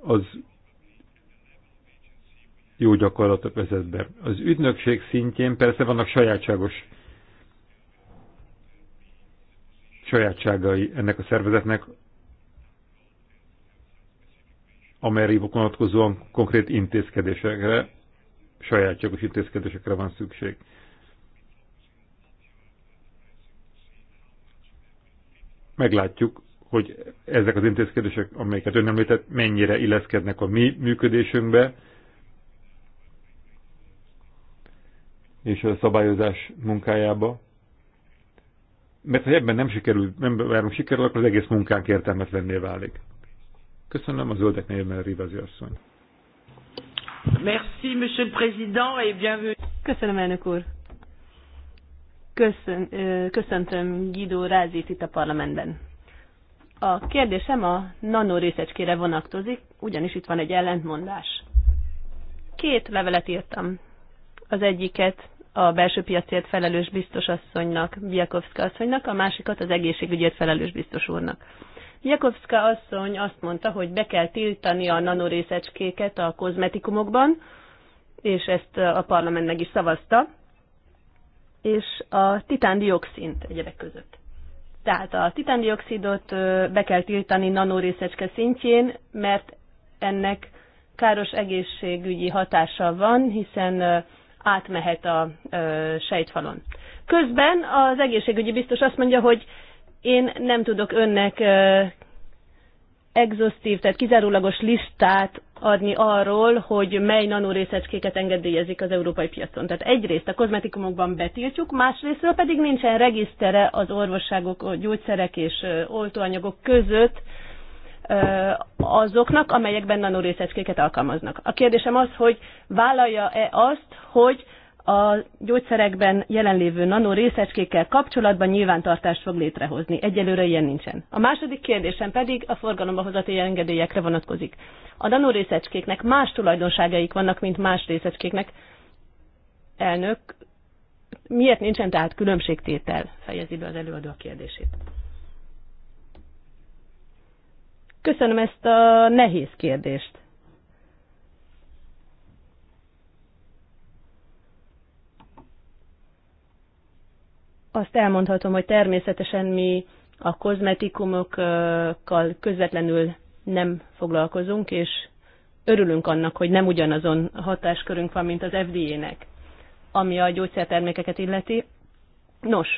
az jó gyakorlatot vezet be. Az ügynökség szintjén persze vannak sajátságos sajátságai ennek a szervezetnek, amelyre vonatkozóan konkrét intézkedésekre, sajátságos intézkedésekre van szükség. meglátjuk, hogy ezek az intézkedések, amelyeket ön említett, mennyire illeszkednek a mi működésünkbe, és a szabályozás munkájába. Mert ha ebben nem sikerül, nem várunk sikerül, akkor az egész munkánk értelmetlenné válik. Köszönöm a zöldek nevében Rivazi asszony. Merci, monsieur le président, et bienvenue. Köszönöm, elnök úr. Köszön, köszöntöm Guido Rázit itt a parlamentben. A kérdésem a nanorészecskére vonatkozik, ugyanis itt van egy ellentmondás. Két levelet írtam. Az egyiket a belső piacért felelős biztos asszonynak, Biakovszka asszonynak, a másikat az egészségügyért felelős biztos úrnak. Biakovszka asszony azt mondta, hogy be kell tiltani a nanorészecskéket a kozmetikumokban, és ezt a parlament meg is szavazta és a titándioxint egyebek között. Tehát a titándioxidot be kell tiltani nanorészecske szintjén, mert ennek káros egészségügyi hatása van, hiszen átmehet a sejtfalon. Közben az egészségügyi biztos azt mondja, hogy én nem tudok önnek exhaustív, tehát kizárólagos listát adni arról, hogy mely nanorészecskéket engedélyezik az európai piacon. Tehát egyrészt a kozmetikumokban betiltjuk, másrésztről pedig nincsen regisztere az orvosságok, gyógyszerek és oltóanyagok között azoknak, amelyekben nanorészecskéket alkalmaznak. A kérdésem az, hogy vállalja-e azt, hogy a gyógyszerekben jelenlévő részecskékkel kapcsolatban nyilvántartást fog létrehozni. Egyelőre ilyen nincsen. A második kérdésem pedig a forgalomba hozati engedélyekre vonatkozik. A részecskéknek más tulajdonságaik vannak, mint más részecskéknek. Elnök, miért nincsen tehát különbségtétel? Fejezi be az előadó a kérdését. Köszönöm ezt a nehéz kérdést. azt elmondhatom, hogy természetesen mi a kozmetikumokkal közvetlenül nem foglalkozunk, és örülünk annak, hogy nem ugyanazon hatáskörünk van, mint az FDA-nek, ami a gyógyszertermékeket illeti. Nos,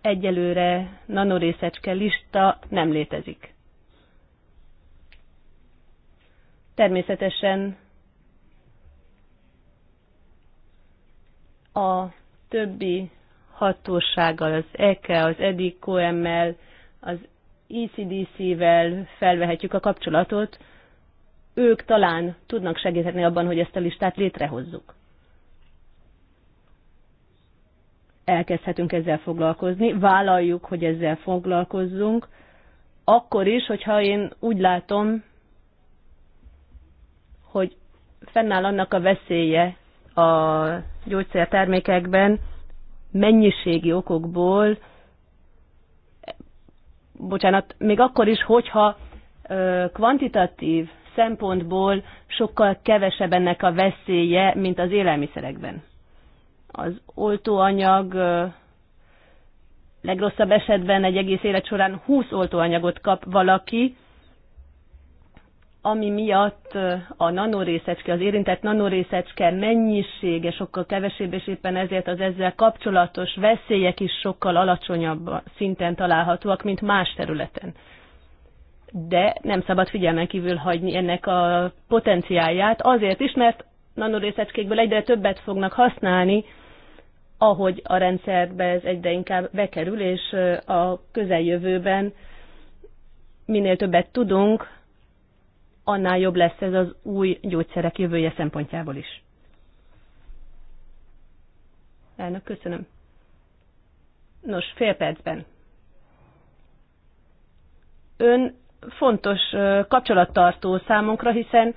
egyelőre nanorészecske lista nem létezik. Természetesen a többi hatósággal, az EKE, e, az EDICOM-mel, az ECDC-vel felvehetjük a kapcsolatot, ők talán tudnak segíteni abban, hogy ezt a listát létrehozzuk. Elkezdhetünk ezzel foglalkozni, vállaljuk, hogy ezzel foglalkozzunk, akkor is, hogyha én úgy látom, hogy fennáll annak a veszélye a gyógyszertermékekben mennyiségi okokból, bocsánat, még akkor is, hogyha kvantitatív szempontból sokkal kevesebb ennek a veszélye, mint az élelmiszerekben. Az oltóanyag legrosszabb esetben egy egész élet során 20 oltóanyagot kap valaki, ami miatt a nanorészecske, az érintett nanorészecske mennyisége sokkal kevesebb, és éppen ezért az ezzel kapcsolatos veszélyek is sokkal alacsonyabb szinten találhatóak, mint más területen. De nem szabad figyelmen kívül hagyni ennek a potenciáját, azért is, mert nanorészecskékből egyre többet fognak használni, ahogy a rendszerbe ez egyre inkább bekerül, és a közeljövőben minél többet tudunk, annál jobb lesz ez az új gyógyszerek jövője szempontjából is. Elnök, köszönöm. Nos, fél percben. Ön fontos kapcsolattartó számunkra, hiszen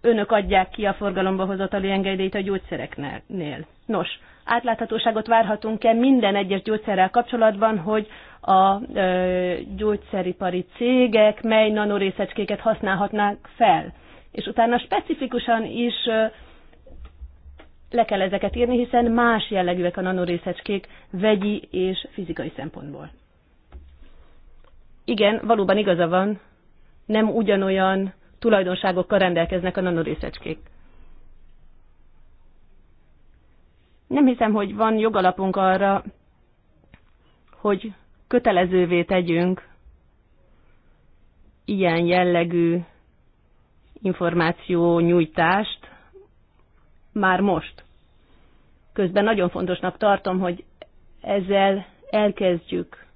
önök adják ki a forgalomba hozatali engedélyt a gyógyszereknél. Nos, átláthatóságot várhatunk-e minden egyes gyógyszerrel kapcsolatban, hogy a ö, gyógyszeripari cégek mely nanorészecskéket használhatnák fel. És utána specifikusan is ö, le kell ezeket írni, hiszen más jellegűek a nanorészecskék vegyi és fizikai szempontból. Igen, valóban igaza van, nem ugyanolyan tulajdonságokkal rendelkeznek a nanorészecskék. Nem hiszem, hogy van jogalapunk arra, hogy kötelezővé tegyünk ilyen jellegű információ nyújtást már most. Közben nagyon fontosnak tartom, hogy ezzel elkezdjük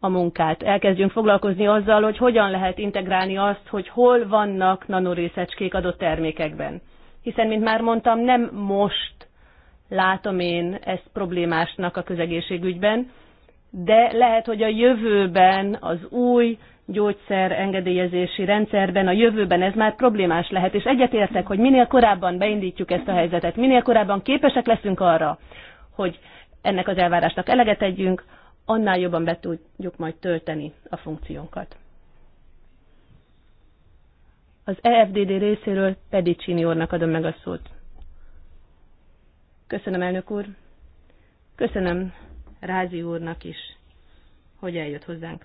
a munkát. Elkezdjünk foglalkozni azzal, hogy hogyan lehet integrálni azt, hogy hol vannak nanorészecskék adott termékekben. Hiszen, mint már mondtam, nem most látom én ezt problémásnak a közegészségügyben, de lehet, hogy a jövőben az új gyógyszer engedélyezési rendszerben a jövőben ez már problémás lehet, és egyetértek, hogy minél korábban beindítjuk ezt a helyzetet, minél korábban képesek leszünk arra, hogy ennek az elvárásnak eleget tegyünk, annál jobban be tudjuk majd tölteni a funkciónkat. Az EFDD részéről Pedicini úrnak adom meg a szót. Köszönöm, elnök úr. Köszönöm Rázi úrnak is, hogy eljött hozzánk.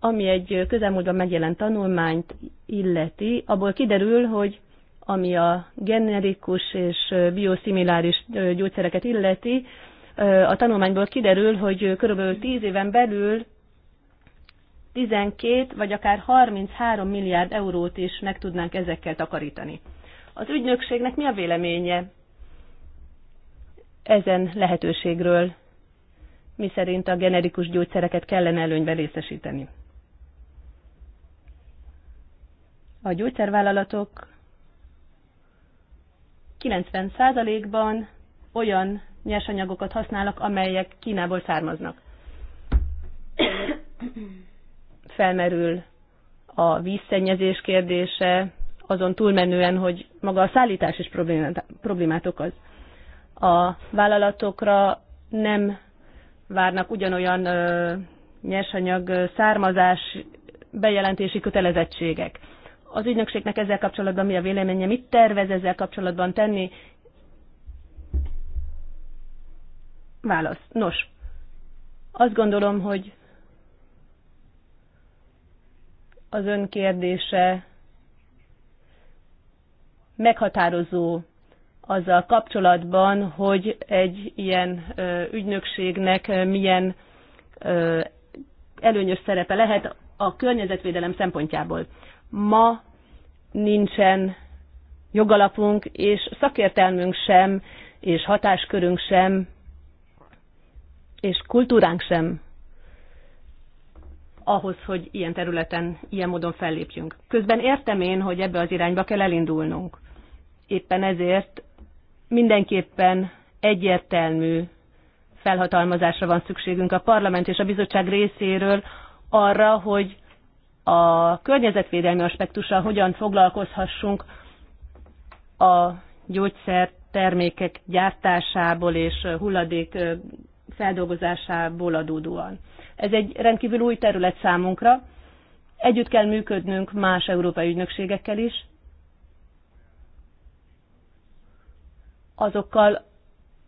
Ami egy közelmúltban megjelent tanulmányt illeti, abból kiderül, hogy ami a generikus és bioszimiláris gyógyszereket illeti, a tanulmányból kiderül, hogy körülbelül 10 éven belül 12 vagy akár 33 milliárd eurót is meg tudnánk ezekkel takarítani. Az ügynökségnek mi a véleménye ezen lehetőségről, szerint a generikus gyógyszereket kellene előnyben részesíteni. A gyógyszervállalatok 90%-ban olyan nyersanyagokat használnak, amelyek Kínából származnak. Felmerül a vízszennyezés kérdése, azon túlmenően, hogy maga a szállítás is problémát okoz a vállalatokra nem várnak ugyanolyan ö, nyersanyag származás bejelentési kötelezettségek. Az ügynökségnek ezzel kapcsolatban mi a véleménye, mit tervez ezzel kapcsolatban tenni? Válasz. Nos, azt gondolom, hogy az ön kérdése meghatározó azzal kapcsolatban, hogy egy ilyen ügynökségnek milyen előnyös szerepe lehet a környezetvédelem szempontjából. Ma nincsen jogalapunk, és szakértelmünk sem, és hatáskörünk sem, és kultúránk sem ahhoz, hogy ilyen területen, ilyen módon fellépjünk. Közben értem én, hogy ebbe az irányba kell elindulnunk. Éppen ezért mindenképpen egyértelmű felhatalmazásra van szükségünk a parlament és a bizottság részéről arra, hogy a környezetvédelmi aspektussal hogyan foglalkozhassunk a gyógyszertermékek gyártásából és hulladék feldolgozásából adódóan. Ez egy rendkívül új terület számunkra. Együtt kell működnünk más európai ügynökségekkel is, azokkal,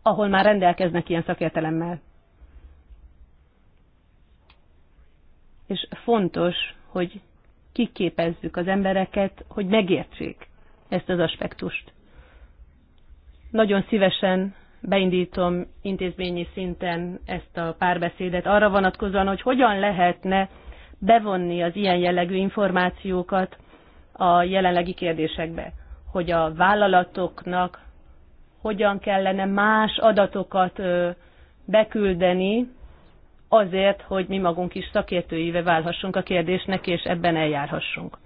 ahol már rendelkeznek ilyen szakértelemmel. És fontos, hogy kiképezzük az embereket, hogy megértsék ezt az aspektust. Nagyon szívesen beindítom intézményi szinten ezt a párbeszédet arra vonatkozóan, hogy hogyan lehetne bevonni az ilyen jellegű információkat a jelenlegi kérdésekbe, hogy a vállalatoknak hogyan kellene más adatokat beküldeni azért, hogy mi magunk is szakértőive válhassunk a kérdésnek, és ebben eljárhassunk.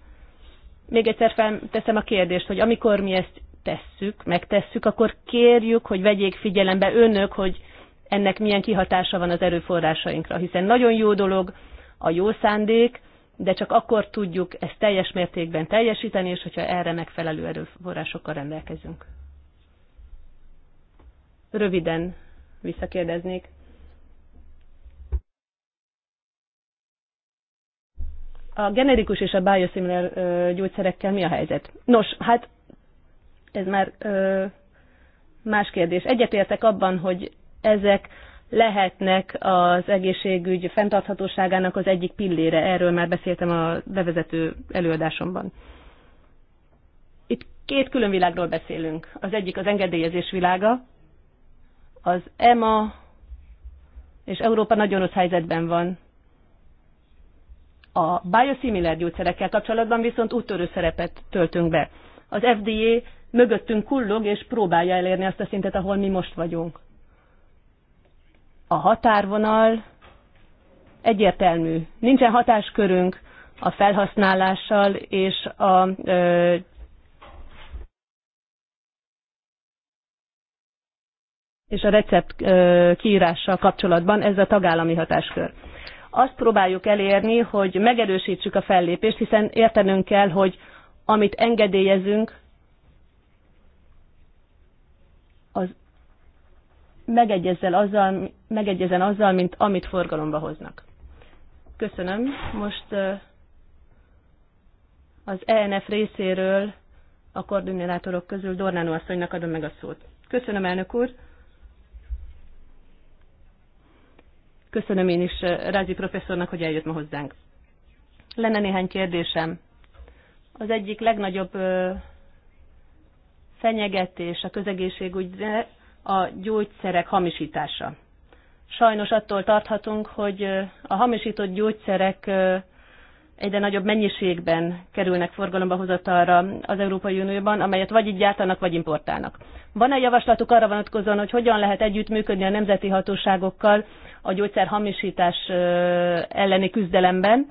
Még egyszer felteszem a kérdést, hogy amikor mi ezt tesszük, megtesszük, akkor kérjük, hogy vegyék figyelembe önök, hogy ennek milyen kihatása van az erőforrásainkra, hiszen nagyon jó dolog a jó szándék, de csak akkor tudjuk ezt teljes mértékben teljesíteni, és hogyha erre megfelelő erőforrásokkal rendelkezünk. Röviden visszakérdeznék. A generikus és a biosimilar gyógyszerekkel mi a helyzet? Nos, hát ez már ö, más kérdés. Egyetértek abban, hogy ezek lehetnek az egészségügy fenntarthatóságának az egyik pillére. Erről már beszéltem a bevezető előadásomban. Itt két külön világról beszélünk. Az egyik az engedélyezés világa, az EMA és Európa nagyon rossz helyzetben van. A biosimilar gyógyszerekkel kapcsolatban viszont úttörő szerepet töltünk be. Az FDA mögöttünk kullog és próbálja elérni azt a szintet, ahol mi most vagyunk. A határvonal egyértelmű. Nincsen hatáskörünk a felhasználással és a ö, és a recept kiírással kapcsolatban, ez a tagállami hatáskör. Azt próbáljuk elérni, hogy megerősítsük a fellépést, hiszen értenünk kell, hogy amit engedélyezünk, az megegyezzel azzal, megegyezen azzal, mint amit forgalomba hoznak. Köszönöm. Most az ENF részéről a koordinátorok közül Dornánó asszonynak adom meg a szót. Köszönöm, elnök úr. Köszönöm én is eh, Rázi professzornak, hogy eljött ma hozzánk. Lenne néhány kérdésem. Az egyik legnagyobb fenyegetés a közegészség, közegészségügyre a gyógyszerek hamisítása. Sajnos attól tarthatunk, hogy a hamisított gyógyszerek egyre nagyobb mennyiségben kerülnek forgalomba hozatalra az Európai Unióban, amelyet vagy így gyártanak, vagy importálnak. Van-e javaslatuk arra vonatkozóan, hogy hogyan lehet együttműködni a nemzeti hatóságokkal a gyógyszer hamisítás elleni küzdelemben,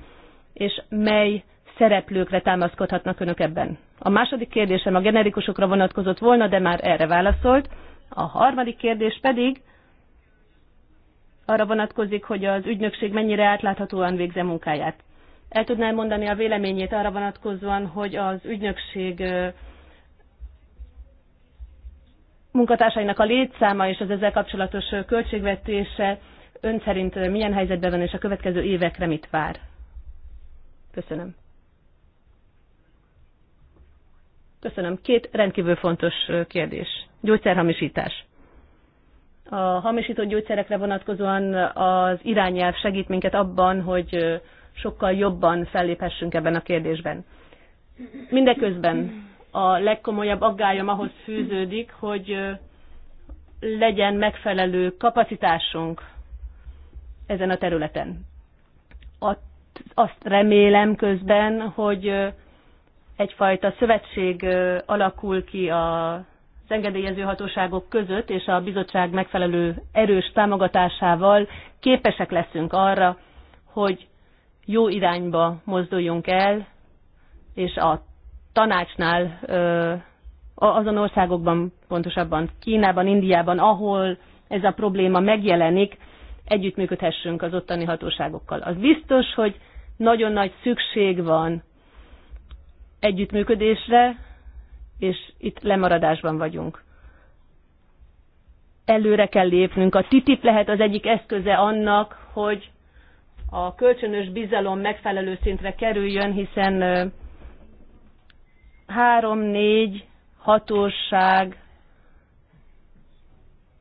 és mely szereplőkre támaszkodhatnak önök ebben? A második kérdésem a generikusokra vonatkozott volna, de már erre válaszolt. A harmadik kérdés pedig arra vonatkozik, hogy az ügynökség mennyire átláthatóan végze munkáját el tudná mondani a véleményét arra vonatkozóan, hogy az ügynökség munkatársainak a létszáma és az ezzel kapcsolatos költségvetése ön szerint milyen helyzetben van, és a következő évekre mit vár? Köszönöm. Köszönöm. Két rendkívül fontos kérdés. Gyógyszerhamisítás. A hamisított gyógyszerekre vonatkozóan az irányelv segít minket abban, hogy sokkal jobban felléphessünk ebben a kérdésben. Mindeközben a legkomolyabb aggályom ahhoz fűződik, hogy legyen megfelelő kapacitásunk ezen a területen. Azt remélem közben, hogy egyfajta szövetség alakul ki a az engedélyező hatóságok között és a bizottság megfelelő erős támogatásával képesek leszünk arra, hogy jó irányba mozduljunk el, és a tanácsnál azon országokban, pontosabban Kínában, Indiában, ahol ez a probléma megjelenik, együttműködhessünk az ottani hatóságokkal. Az biztos, hogy nagyon nagy szükség van együttműködésre, és itt lemaradásban vagyunk. Előre kell lépnünk. A TTIP lehet az egyik eszköze annak, hogy a kölcsönös bizalom megfelelő szintre kerüljön, hiszen három-négy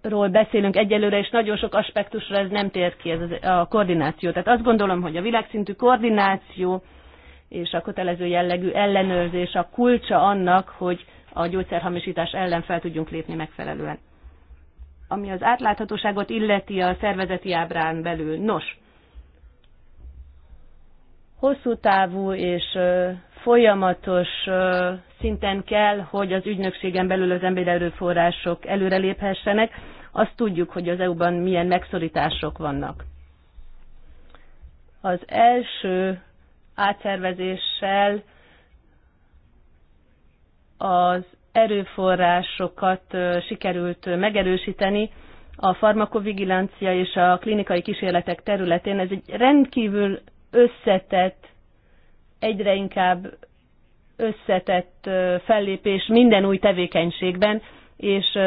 ról beszélünk egyelőre, és nagyon sok aspektusra ez nem tér ki, ez a koordináció. Tehát azt gondolom, hogy a világszintű koordináció és a kötelező jellegű ellenőrzés a kulcsa annak, hogy a gyógyszerhamisítás ellen fel tudjunk lépni megfelelően. Ami az átláthatóságot illeti a szervezeti ábrán belül. Nos, hosszú távú és folyamatos szinten kell, hogy az ügynökségen belül az erőforrások előreléphessenek. Azt tudjuk, hogy az EU-ban milyen megszorítások vannak. Az első átszervezéssel az erőforrásokat sikerült megerősíteni, a farmakovigilancia és a klinikai kísérletek területén. Ez egy rendkívül összetett, egyre inkább összetett fellépés minden új tevékenységben, és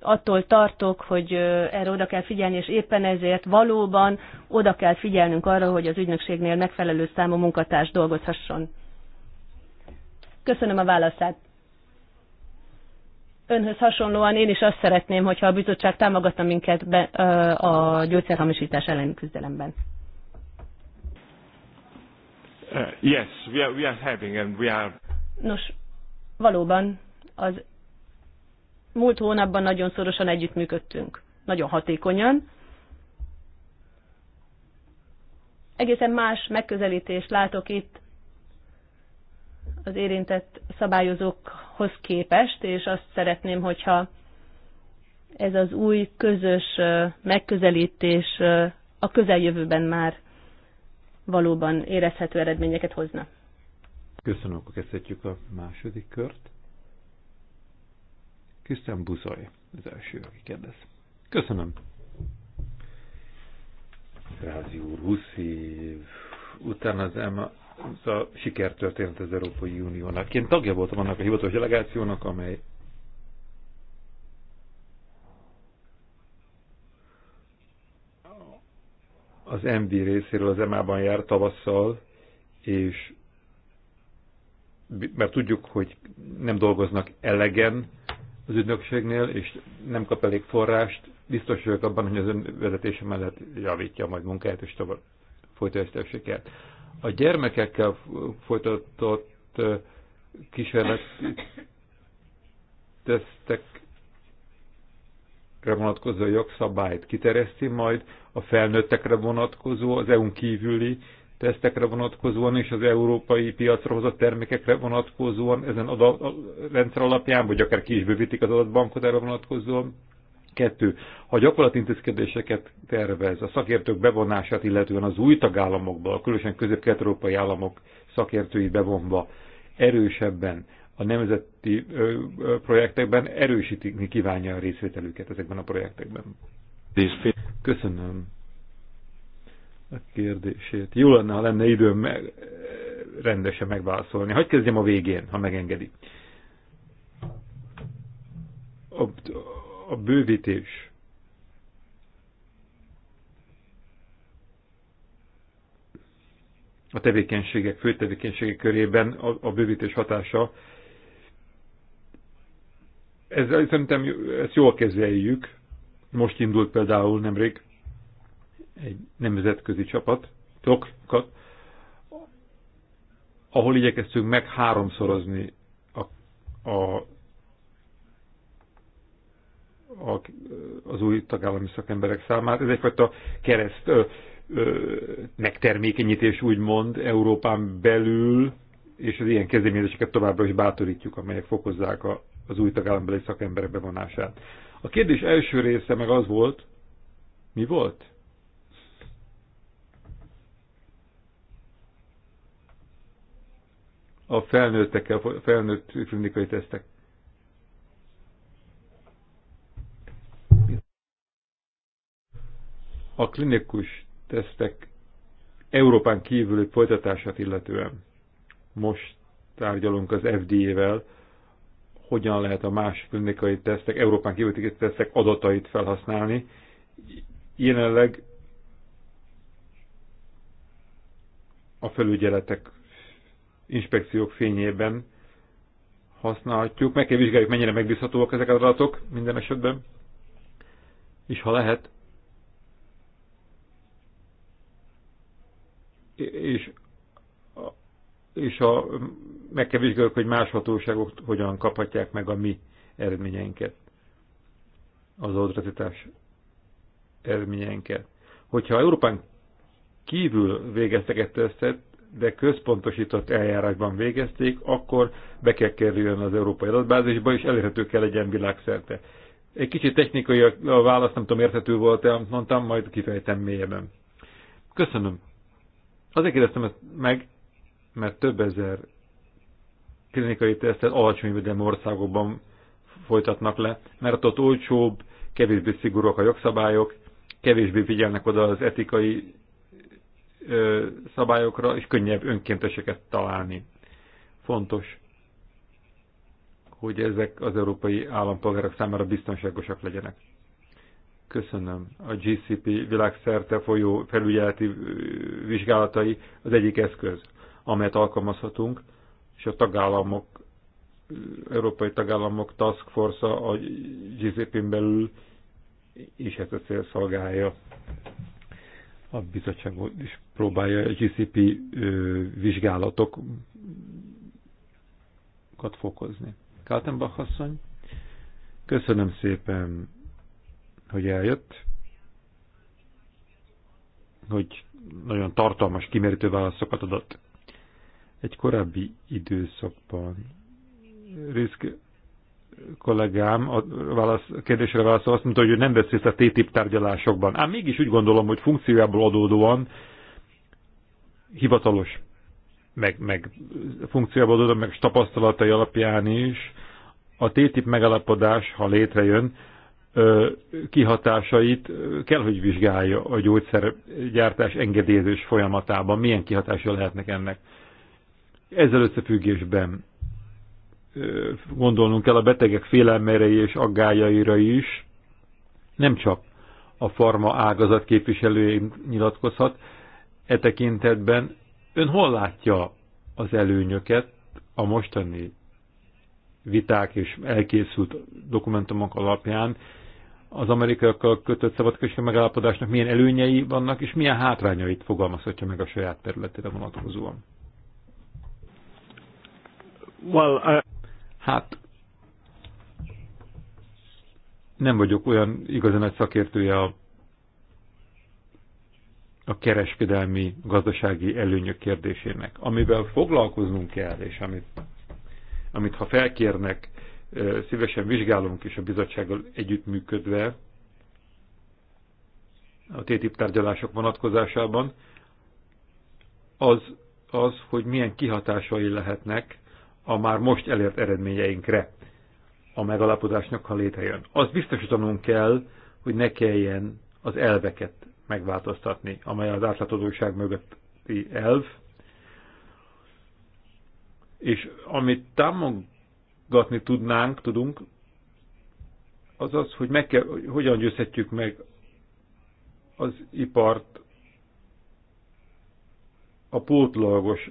attól tartok, hogy erre oda kell figyelni, és éppen ezért valóban oda kell figyelnünk arra, hogy az ügynökségnél megfelelő számú munkatárs dolgozhasson. Köszönöm a válaszát. Önhöz hasonlóan én is azt szeretném, hogyha a bizottság támogatna minket be, a gyógyszerhamisítás elleni küzdelemben. Uh, yes, we are, we are having and we are... Nos, valóban az múlt hónapban nagyon szorosan együttműködtünk, nagyon hatékonyan. Egészen más megközelítést látok itt az érintett szabályozókhoz képest, és azt szeretném, hogyha ez az új közös megközelítés a közeljövőben már valóban érezhető eredményeket hozna. Köszönöm, akkor kezdhetjük a második kört. Krisztán Buzaj az első, aki kérdez. Köszönöm. Rázi úr, 20 év után az EMA az a sikertörténet az Európai Uniónak. Én tagja voltam annak a hivatalos delegációnak, amely az MD részéről az EMA-ban jár tavasszal, és mert tudjuk, hogy nem dolgoznak elegen az ügynökségnél, és nem kap elég forrást, biztos vagyok abban, hogy az önvezetése mellett javítja majd munkáját, és tovább folytatja ezt a sikert. A gyermekekkel folytatott kísérlet tesztek vonatkozó jogszabályt kiterjeszti, majd a felnőttekre vonatkozó, az EU-n kívüli tesztekre vonatkozóan és az európai piacra hozott termékekre vonatkozóan, ezen a rendszer alapján, vagy akár ki is bővítik az adatbankot erre vonatkozóan. Kettő, ha gyakorlati intézkedéseket tervez, a szakértők bevonását, illetően az új tagállamokba, különösen közép-kelet-európai államok szakértői bevonva erősebben a nemzeti projektekben erősíteni kívánja a részvételüket ezekben a projektekben. Köszönöm a kérdését. Jó lenne, ha lenne időm meg, rendesen megválaszolni. Hogy kezdjem a végén, ha megengedi. A, a bővítés. A tevékenységek, fő tevékenységek körében a, a bővítés hatása ez, szerintem ezt jól kezeljük. Most indult például nemrég egy nemzetközi csapat, tokat, ahol igyekeztünk meg háromszorozni a, a, a, az új tagállami szakemberek számát. Ez egyfajta kereszt ö, ö, megtermékenyítés úgymond Európán belül, és az ilyen kezdeményezéseket továbbra is bátorítjuk, amelyek fokozzák a az új tagállambeli szakemberek bevonását. A kérdés első része meg az volt, mi volt? A felnőttekkel, felnőtt klinikai tesztek. A klinikus tesztek Európán kívüli folytatását illetően most tárgyalunk az FDA-vel, hogyan lehet a más klinikai tesztek, Európán kívüli tesztek adatait felhasználni. Jelenleg a felügyeletek, inspekciók fényében használhatjuk. Meg kell vizsgáljuk, mennyire megbízhatóak ezek az adatok minden esetben. És ha lehet, és, és a meg kell vizsgáljuk, hogy más hatóságok hogyan kaphatják meg a mi eredményeinket, az adatítás eredményeinket. Hogyha Európán kívül végeztek egy tesztet, de központosított eljárásban végezték, akkor be kell kerüljön az európai adatbázisba, és elérhető kell legyen világszerte. Egy kicsit technikai a válasz, nem tudom, érthető volt-e, amit mondtam, majd kifejtem mélyebben. Köszönöm. Azért kérdeztem ezt meg, mert több ezer klinikai tesztet alacsony védelmi országokban folytatnak le, mert ott olcsóbb, kevésbé szigorúak a jogszabályok, kevésbé figyelnek oda az etikai ö, szabályokra, és könnyebb önkénteseket találni. Fontos, hogy ezek az európai állampolgárok számára biztonságosak legyenek. Köszönöm. A GCP világszerte folyó felügyeleti vizsgálatai az egyik eszköz, amelyet alkalmazhatunk, és a tagállamok, európai tagállamok task force-a a GZP-n belül is ezt a cél szolgálja. A bizottság is próbálja a GCP vizsgálatokat fokozni. Kaltenbach asszony, köszönöm szépen, hogy eljött, hogy nagyon tartalmas, kimerítő válaszokat adott egy korábbi időszakban Rizk kollégám a, válasz, a kérdésre válaszol azt mondta, hogy ő nem vesz részt a TTIP tárgyalásokban. Ám mégis úgy gondolom, hogy funkciójából adódóan hivatalos, meg, meg funkciójából adódóan, meg tapasztalatai alapján is a TTIP megalapodás, ha létrejön, kihatásait kell, hogy vizsgálja a gyógyszergyártás engedélyezés folyamatában, milyen kihatása lehetnek ennek ezzel összefüggésben gondolnunk kell a betegek félelmére és aggájaira is, nem csak a farma ágazat képviselője nyilatkozhat. E tekintetben ön hol látja az előnyöket a mostani viták és elkészült dokumentumok alapján az amerikaiakkal kötött szabadkereskedelmi megállapodásnak milyen előnyei vannak, és milyen hátrányait fogalmazhatja meg a saját területére vonatkozóan. Well, I... Uh, hát nem vagyok olyan igazán nagy szakértője a, a kereskedelmi gazdasági előnyök kérdésének. Amivel foglalkoznunk kell, és amit, amit ha felkérnek, szívesen vizsgálunk is a bizottsággal együttműködve a TTIP tárgyalások vonatkozásában, az, az, hogy milyen kihatásai lehetnek a már most elért eredményeinkre a megalapodásnak, ha létrejön. Azt biztosítanunk kell, hogy ne kelljen az elveket megváltoztatni, amely az átláthatóság mögötti elv, és amit támogatni tudnánk, tudunk, az az, hogy meg kell, hogy hogyan győzhetjük meg az ipart a pótlagos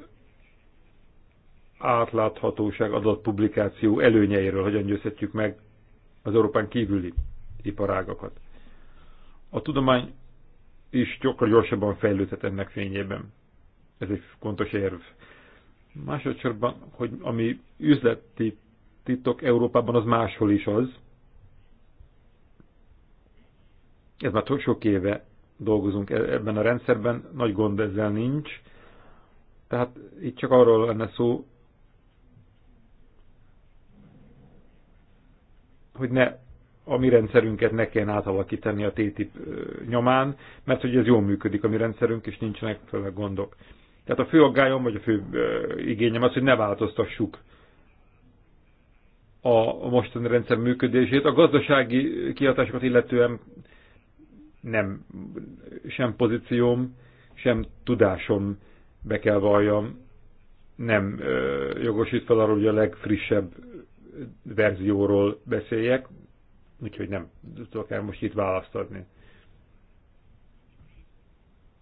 átláthatóság adott publikáció előnyeiről, hogyan győzhetjük meg az Európán kívüli iparágakat. A tudomány is sokkal gyorsabban fejlődhet ennek fényében. Ez egy fontos érv. Másodszorban, hogy ami üzleti titok Európában, az máshol is az. Ez már sok éve dolgozunk e- ebben a rendszerben, nagy gond ezzel nincs. Tehát itt csak arról lenne szó, hogy ne a mi rendszerünket ne kelljen átalakítani a TTIP nyomán, mert hogy ez jól működik a mi rendszerünk, és nincsenek fele gondok. Tehát a fő aggályom, vagy a fő igényem az, hogy ne változtassuk a mostani rendszer működését. A gazdasági kihatásokat illetően nem, sem pozícióm, sem tudásom be kell valljam, nem jogosít fel arra, hogy a legfrissebb verzióról beszéljek, úgyhogy nem tudok el most itt választ adni.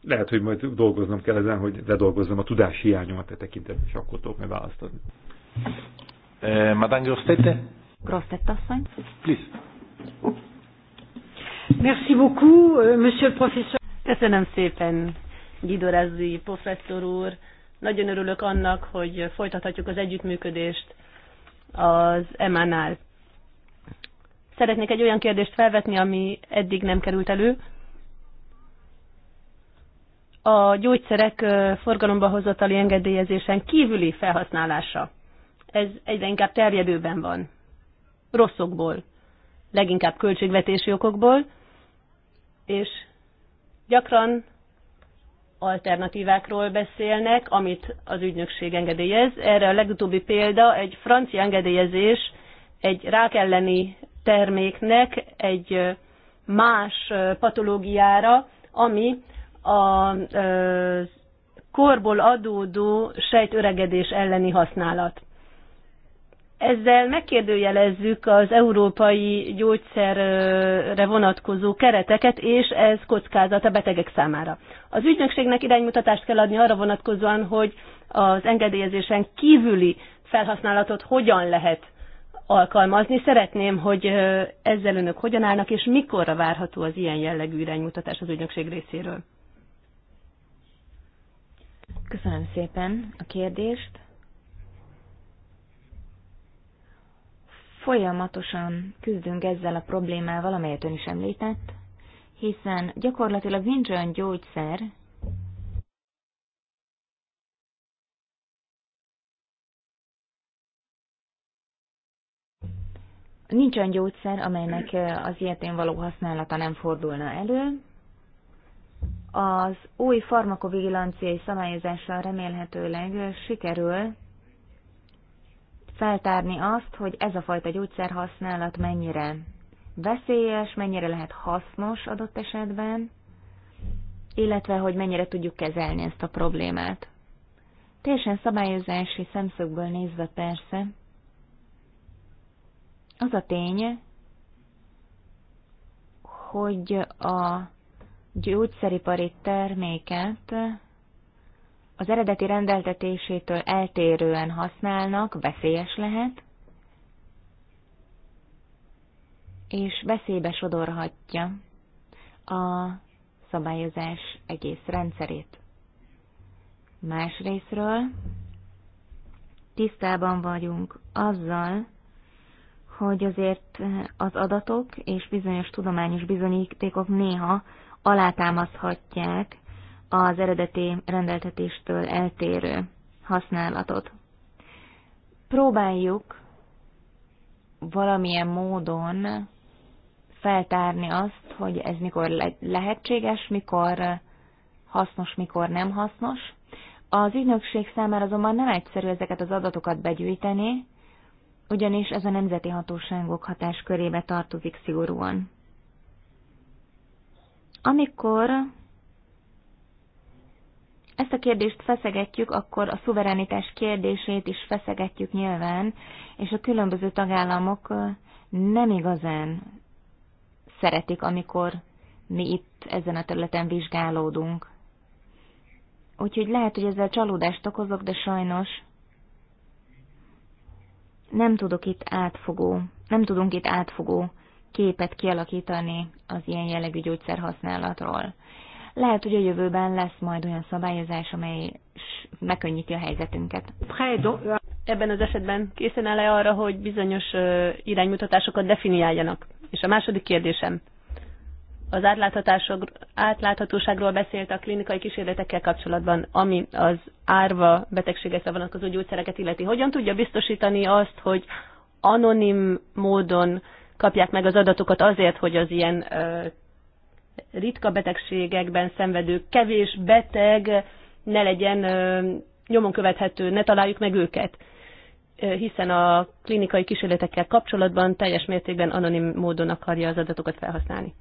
Lehet, hogy majd dolgoznom kell ezen, hogy ledolgozzam a tudás hiányomat a e tekintetben, és akkor tudok meg választ adni. Eh, Madame asszony. Please. Merci beaucoup, euh, monsieur le professeur. Köszönöm szépen, Guido professzor úr. Nagyon örülök annak, hogy folytathatjuk az együttműködést az EMA-nál. Szeretnék egy olyan kérdést felvetni, ami eddig nem került elő. A gyógyszerek forgalomba hozatali engedélyezésen kívüli felhasználása. Ez egyre inkább terjedőben van. Rosszokból, leginkább költségvetési okokból, és gyakran alternatívákról beszélnek, amit az ügynökség engedélyez. Erre a legutóbbi példa egy francia engedélyezés egy rák elleni terméknek egy más patológiára, ami a korból adódó sejtöregedés elleni használat. Ezzel megkérdőjelezzük az európai gyógyszerre vonatkozó kereteket, és ez kockázat a betegek számára. Az ügynökségnek iránymutatást kell adni arra vonatkozóan, hogy az engedélyezésen kívüli felhasználatot hogyan lehet alkalmazni. Szeretném, hogy ezzel önök hogyan állnak, és mikorra várható az ilyen jellegű iránymutatás az ügynökség részéről. Köszönöm szépen a kérdést. Folyamatosan küzdünk ezzel a problémával, amelyet ön is említett, hiszen gyakorlatilag nincs olyan gyógyszer, nincs olyan gyógyszer, amelynek eh, az ilyetén való használata nem fordulna elő. Az új farmakovigilanciai szabályozással remélhetőleg sikerül feltárni azt, hogy ez a fajta gyógyszerhasználat mennyire veszélyes, mennyire lehet hasznos adott esetben, illetve hogy mennyire tudjuk kezelni ezt a problémát. Teljesen szabályozási szemszögből nézve persze, az a tény, hogy a gyógyszeripari terméket az eredeti rendeltetésétől eltérően használnak, veszélyes lehet, és veszélybe sodorhatja a szabályozás egész rendszerét. Másrésztről tisztában vagyunk azzal, hogy azért az adatok és bizonyos tudományos bizonyítékok néha alátámaszhatják az eredeti rendeltetéstől eltérő használatot. Próbáljuk valamilyen módon feltárni azt, hogy ez mikor le- lehetséges, mikor hasznos, mikor nem hasznos. Az ügynökség számára azonban nem egyszerű ezeket az adatokat begyűjteni, ugyanis ez a nemzeti hatóságok hatáskörébe tartozik szigorúan. Amikor ezt a kérdést feszegetjük, akkor a szuverenitás kérdését is feszegetjük nyilván, és a különböző tagállamok nem igazán szeretik, amikor mi itt ezen a területen vizsgálódunk. Úgyhogy lehet, hogy ezzel csalódást okozok, de sajnos nem tudok itt átfogó, nem tudunk itt átfogó képet kialakítani az ilyen jellegű gyógyszerhasználatról. használatról. Lehet, hogy a jövőben lesz majd olyan szabályozás, amely megkönnyíti a helyzetünket. Ebben az esetben készen áll-e arra, hogy bizonyos iránymutatásokat definiáljanak? És a második kérdésem. Az átláthatóságról beszélt a klinikai kísérletekkel kapcsolatban, ami az árva betegségekre vonatkozó gyógyszereket illeti. Hogyan tudja biztosítani azt, hogy anonim módon kapják meg az adatokat azért, hogy az ilyen ritka betegségekben szenvedő kevés beteg ne legyen nyomon követhető, ne találjuk meg őket hiszen a klinikai kísérletekkel kapcsolatban teljes mértékben anonim módon akarja az adatokat felhasználni.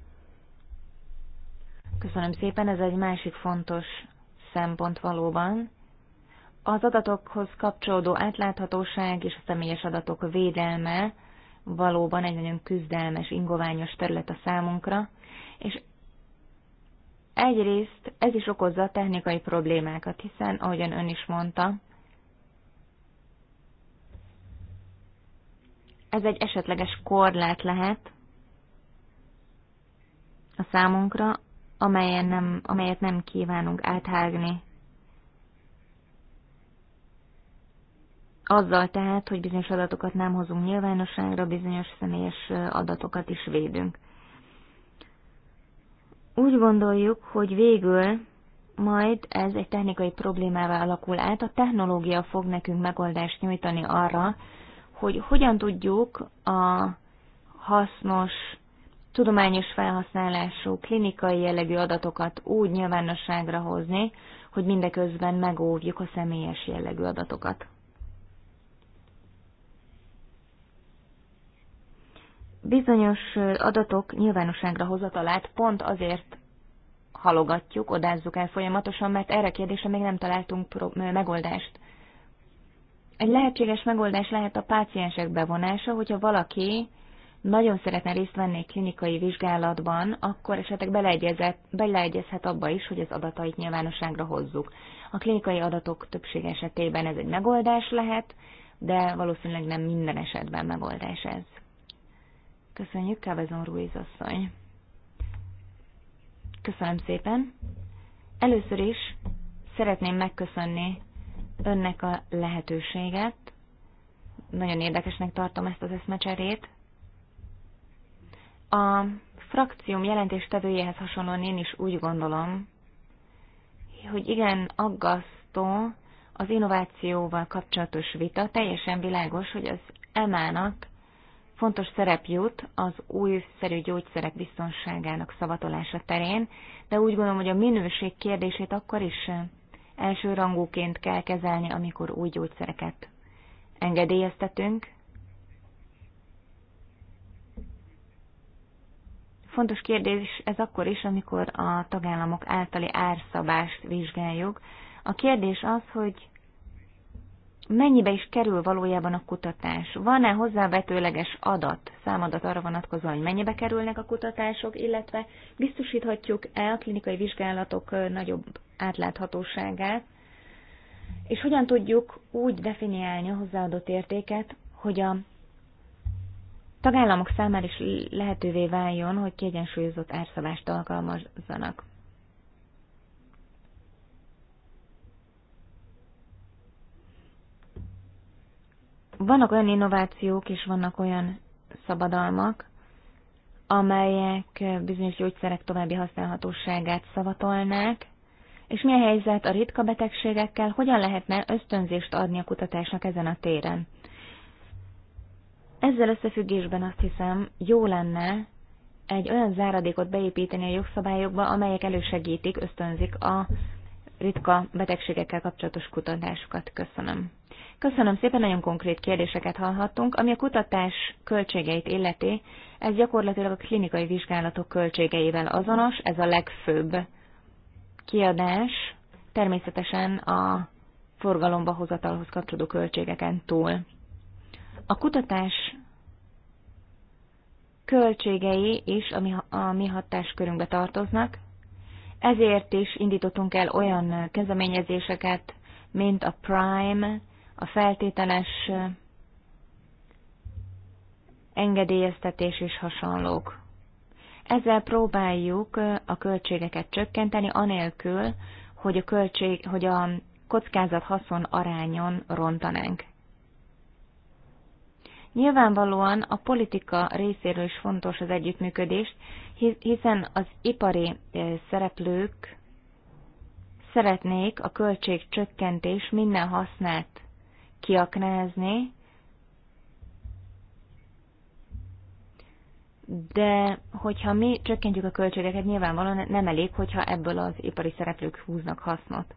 Köszönöm szépen, ez egy másik fontos szempont valóban. Az adatokhoz kapcsolódó átláthatóság és a személyes adatok védelme valóban egy nagyon küzdelmes, ingoványos terület a számunkra, és Egyrészt ez is okozza a technikai problémákat, hiszen, ahogyan ön is mondta, ez egy esetleges korlát lehet a számunkra, amelyen nem, amelyet nem kívánunk áthágni. Azzal tehát, hogy bizonyos adatokat nem hozunk nyilvánosságra, bizonyos személyes adatokat is védünk. Úgy gondoljuk, hogy végül majd ez egy technikai problémává alakul át, a technológia fog nekünk megoldást nyújtani arra, hogy hogyan tudjuk a hasznos, tudományos felhasználású, klinikai jellegű adatokat úgy nyilvánosságra hozni, hogy mindeközben megóvjuk a személyes jellegű adatokat. bizonyos adatok nyilvánosságra hozatalát pont azért halogatjuk, odázzuk el folyamatosan, mert erre a kérdésre még nem találtunk megoldást. Egy lehetséges megoldás lehet a páciensek bevonása, hogyha valaki nagyon szeretne részt venni egy klinikai vizsgálatban, akkor esetleg beleegyezhet abba is, hogy az adatait nyilvánosságra hozzuk. A klinikai adatok többség esetében ez egy megoldás lehet, de valószínűleg nem minden esetben megoldás ez. Köszönjük, Kábezon Ruiz asszony. Köszönöm szépen. Először is szeretném megköszönni önnek a lehetőséget. Nagyon érdekesnek tartom ezt az eszmecserét. A frakcióm jelentéstevőjéhez hasonlóan én is úgy gondolom, hogy igen, aggasztó az innovációval kapcsolatos vita, teljesen világos, hogy az emának fontos szerep jut az újszerű gyógyszerek biztonságának szavatolása terén, de úgy gondolom, hogy a minőség kérdését akkor is eh, elsőrangúként kell kezelni, amikor új gyógyszereket engedélyeztetünk. Fontos kérdés ez akkor is, amikor a tagállamok általi árszabást vizsgáljuk. A kérdés az, hogy mennyibe is kerül valójában a kutatás? Van-e hozzávetőleges adat, számadat arra vonatkozóan, hogy mennyibe kerülnek a kutatások, illetve biztosíthatjuk-e a klinikai vizsgálatok nagyobb átláthatóságát, és hogyan tudjuk úgy definiálni a hozzáadott értéket, hogy a tagállamok számára is lehetővé váljon, hogy kiegyensúlyozott árszabást alkalmazzanak. vannak olyan innovációk és vannak olyan szabadalmak, amelyek bizonyos gyógyszerek további használhatóságát szavatolnák, és mi a helyzet a ritka betegségekkel, hogyan lehetne ösztönzést adni a kutatásnak ezen a téren. Ezzel összefüggésben azt hiszem, jó lenne egy olyan záradékot beépíteni a jogszabályokba, amelyek elősegítik, ösztönzik a ritka betegségekkel kapcsolatos kutatásokat. Köszönöm. Köszönöm szépen, nagyon konkrét kérdéseket hallhattunk. Ami a kutatás költségeit illeti, ez gyakorlatilag a klinikai vizsgálatok költségeivel azonos, ez a legfőbb kiadás, természetesen a forgalomba hozatalhoz kapcsolódó költségeken túl. A kutatás költségei is a mi, a mi hatáskörünkbe tartoznak, ezért is indítottunk el olyan kezdeményezéseket, mint a Prime, a feltételes engedélyeztetés és hasonlók. Ezzel próbáljuk a költségeket csökkenteni, anélkül, hogy a, költség, hogy a kockázat haszon arányon rontanánk. Nyilvánvalóan a politika részéről is fontos az együttműködést, hiszen az ipari szereplők szeretnék a költség csökkentés minden hasznát kiaknázni, de hogyha mi csökkentjük a költségeket, nyilvánvalóan nem elég, hogyha ebből az ipari szereplők húznak hasznot.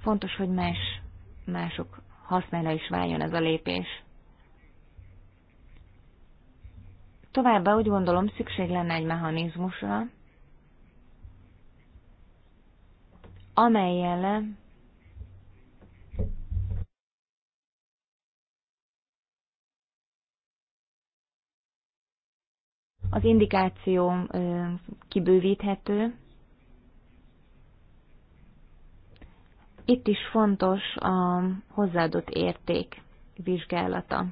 Fontos, hogy más, mások hasznára is váljon ez a lépés. Továbbá úgy gondolom, szükség lenne egy mechanizmusra, jelen. Az indikáció kibővíthető. Itt is fontos a hozzáadott érték vizsgálata.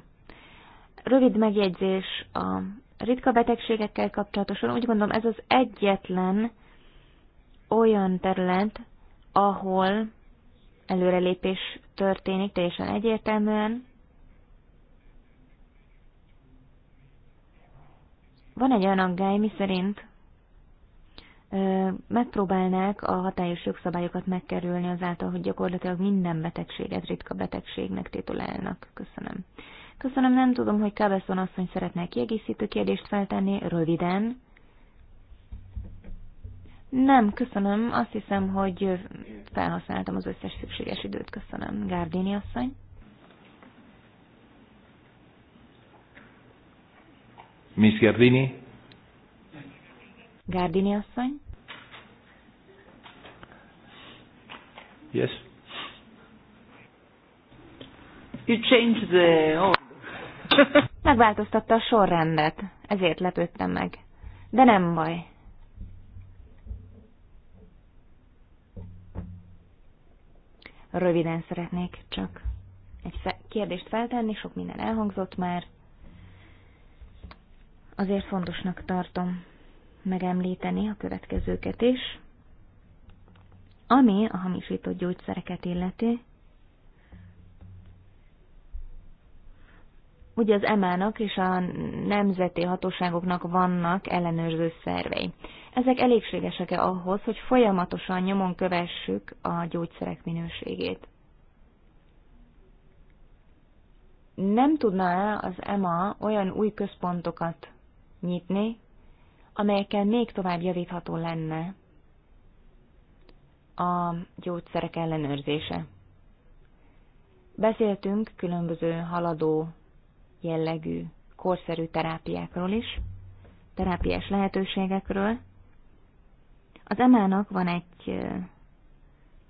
Rövid megjegyzés a ritka betegségekkel kapcsolatosan. Úgy gondolom, ez az egyetlen olyan terület, ahol előrelépés történik teljesen egyértelműen, Van egy olyan aggály, szerint megpróbálnák a hatályos jogszabályokat megkerülni azáltal, hogy gyakorlatilag minden betegséget ritka betegségnek titulálnak. Köszönöm. Köszönöm, nem tudom, hogy Kábeszon asszony szeretne kiegészítő kérdést feltenni, röviden. Nem, köszönöm. Azt hiszem, hogy felhasználtam az összes szükséges időt. Köszönöm, Gárdéni asszony. Miss Gardini? Gardini asszony? Yes. You changed the order. Megváltoztatta a sorrendet, ezért lepődtem meg. De nem baj. Röviden szeretnék csak egy kérdést feltenni, sok minden elhangzott már azért fontosnak tartom megemlíteni a következőket is. Ami a hamisított gyógyszereket illeti, ugye az emának és a nemzeti hatóságoknak vannak ellenőrző szervei. Ezek elégségesek-e ahhoz, hogy folyamatosan nyomon kövessük a gyógyszerek minőségét? Nem tudná az EMA olyan új központokat nyitni, amelyekkel még tovább javítható lenne a gyógyszerek ellenőrzése. Beszéltünk különböző haladó jellegű, korszerű terápiákról is, terápiás lehetőségekről. Az emának van egy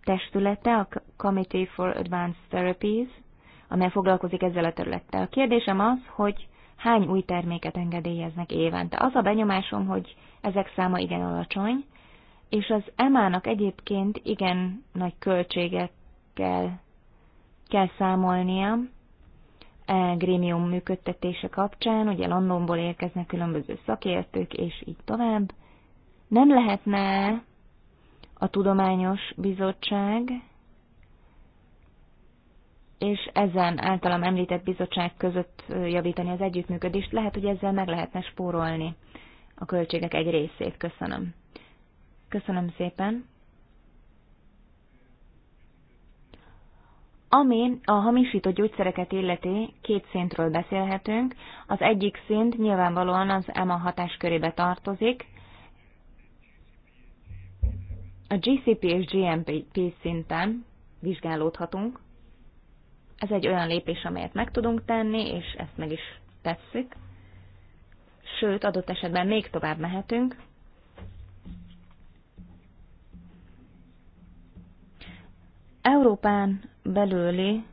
testülete, a Committee for Advanced Therapies, amely foglalkozik ezzel a területtel. A kérdésem az, hogy hány új terméket engedélyeznek évente. Az a benyomásom, hogy ezek száma igen alacsony, és az emának egyébként igen nagy költségekkel kell számolnia e grémium működtetése kapcsán, ugye Londonból érkeznek különböző szakértők, és így tovább. Nem lehetne a tudományos bizottság és ezen általam említett bizottság között javítani az együttműködést. Lehet, hogy ezzel meg lehetne spórolni a költségek egy részét. Köszönöm. Köszönöm szépen. Ami a hamisított gyógyszereket illeti, két szintről beszélhetünk. Az egyik szint nyilvánvalóan az EMA hatáskörébe tartozik. A GCP és GMP szinten vizsgálódhatunk. Ez egy olyan lépés, amelyet meg tudunk tenni, és ezt meg is tesszük. Sőt, adott esetben még tovább mehetünk. Európán belüli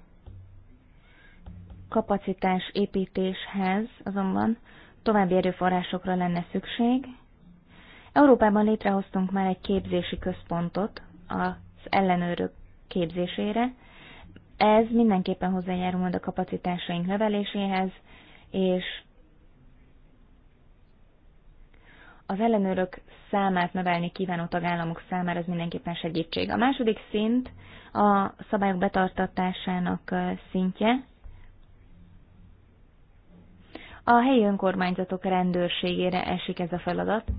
kapacitás építéshez azonban további erőforrásokra lenne szükség. Európában létrehoztunk már egy képzési központot az ellenőrök képzésére, ez mindenképpen hozzájárul majd a kapacitásaink növeléséhez, és az ellenőrök számát növelni kívánó tagállamok számára ez mindenképpen segítség. A második szint a szabályok betartatásának szintje. A helyi önkormányzatok rendőrségére esik ez a feladat.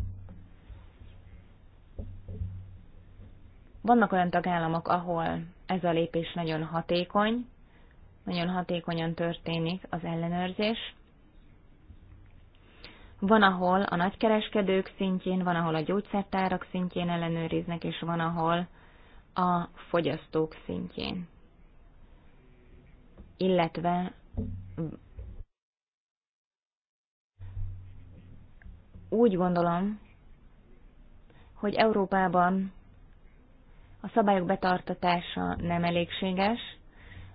Vannak olyan tagállamok, ahol ez a lépés nagyon hatékony, nagyon hatékonyan történik az ellenőrzés. Van, ahol a nagykereskedők szintjén, van, ahol a gyógyszertárak szintjén ellenőriznek, és van, ahol a fogyasztók szintjén. Illetve úgy gondolom, hogy Európában a szabályok betartatása nem elégséges.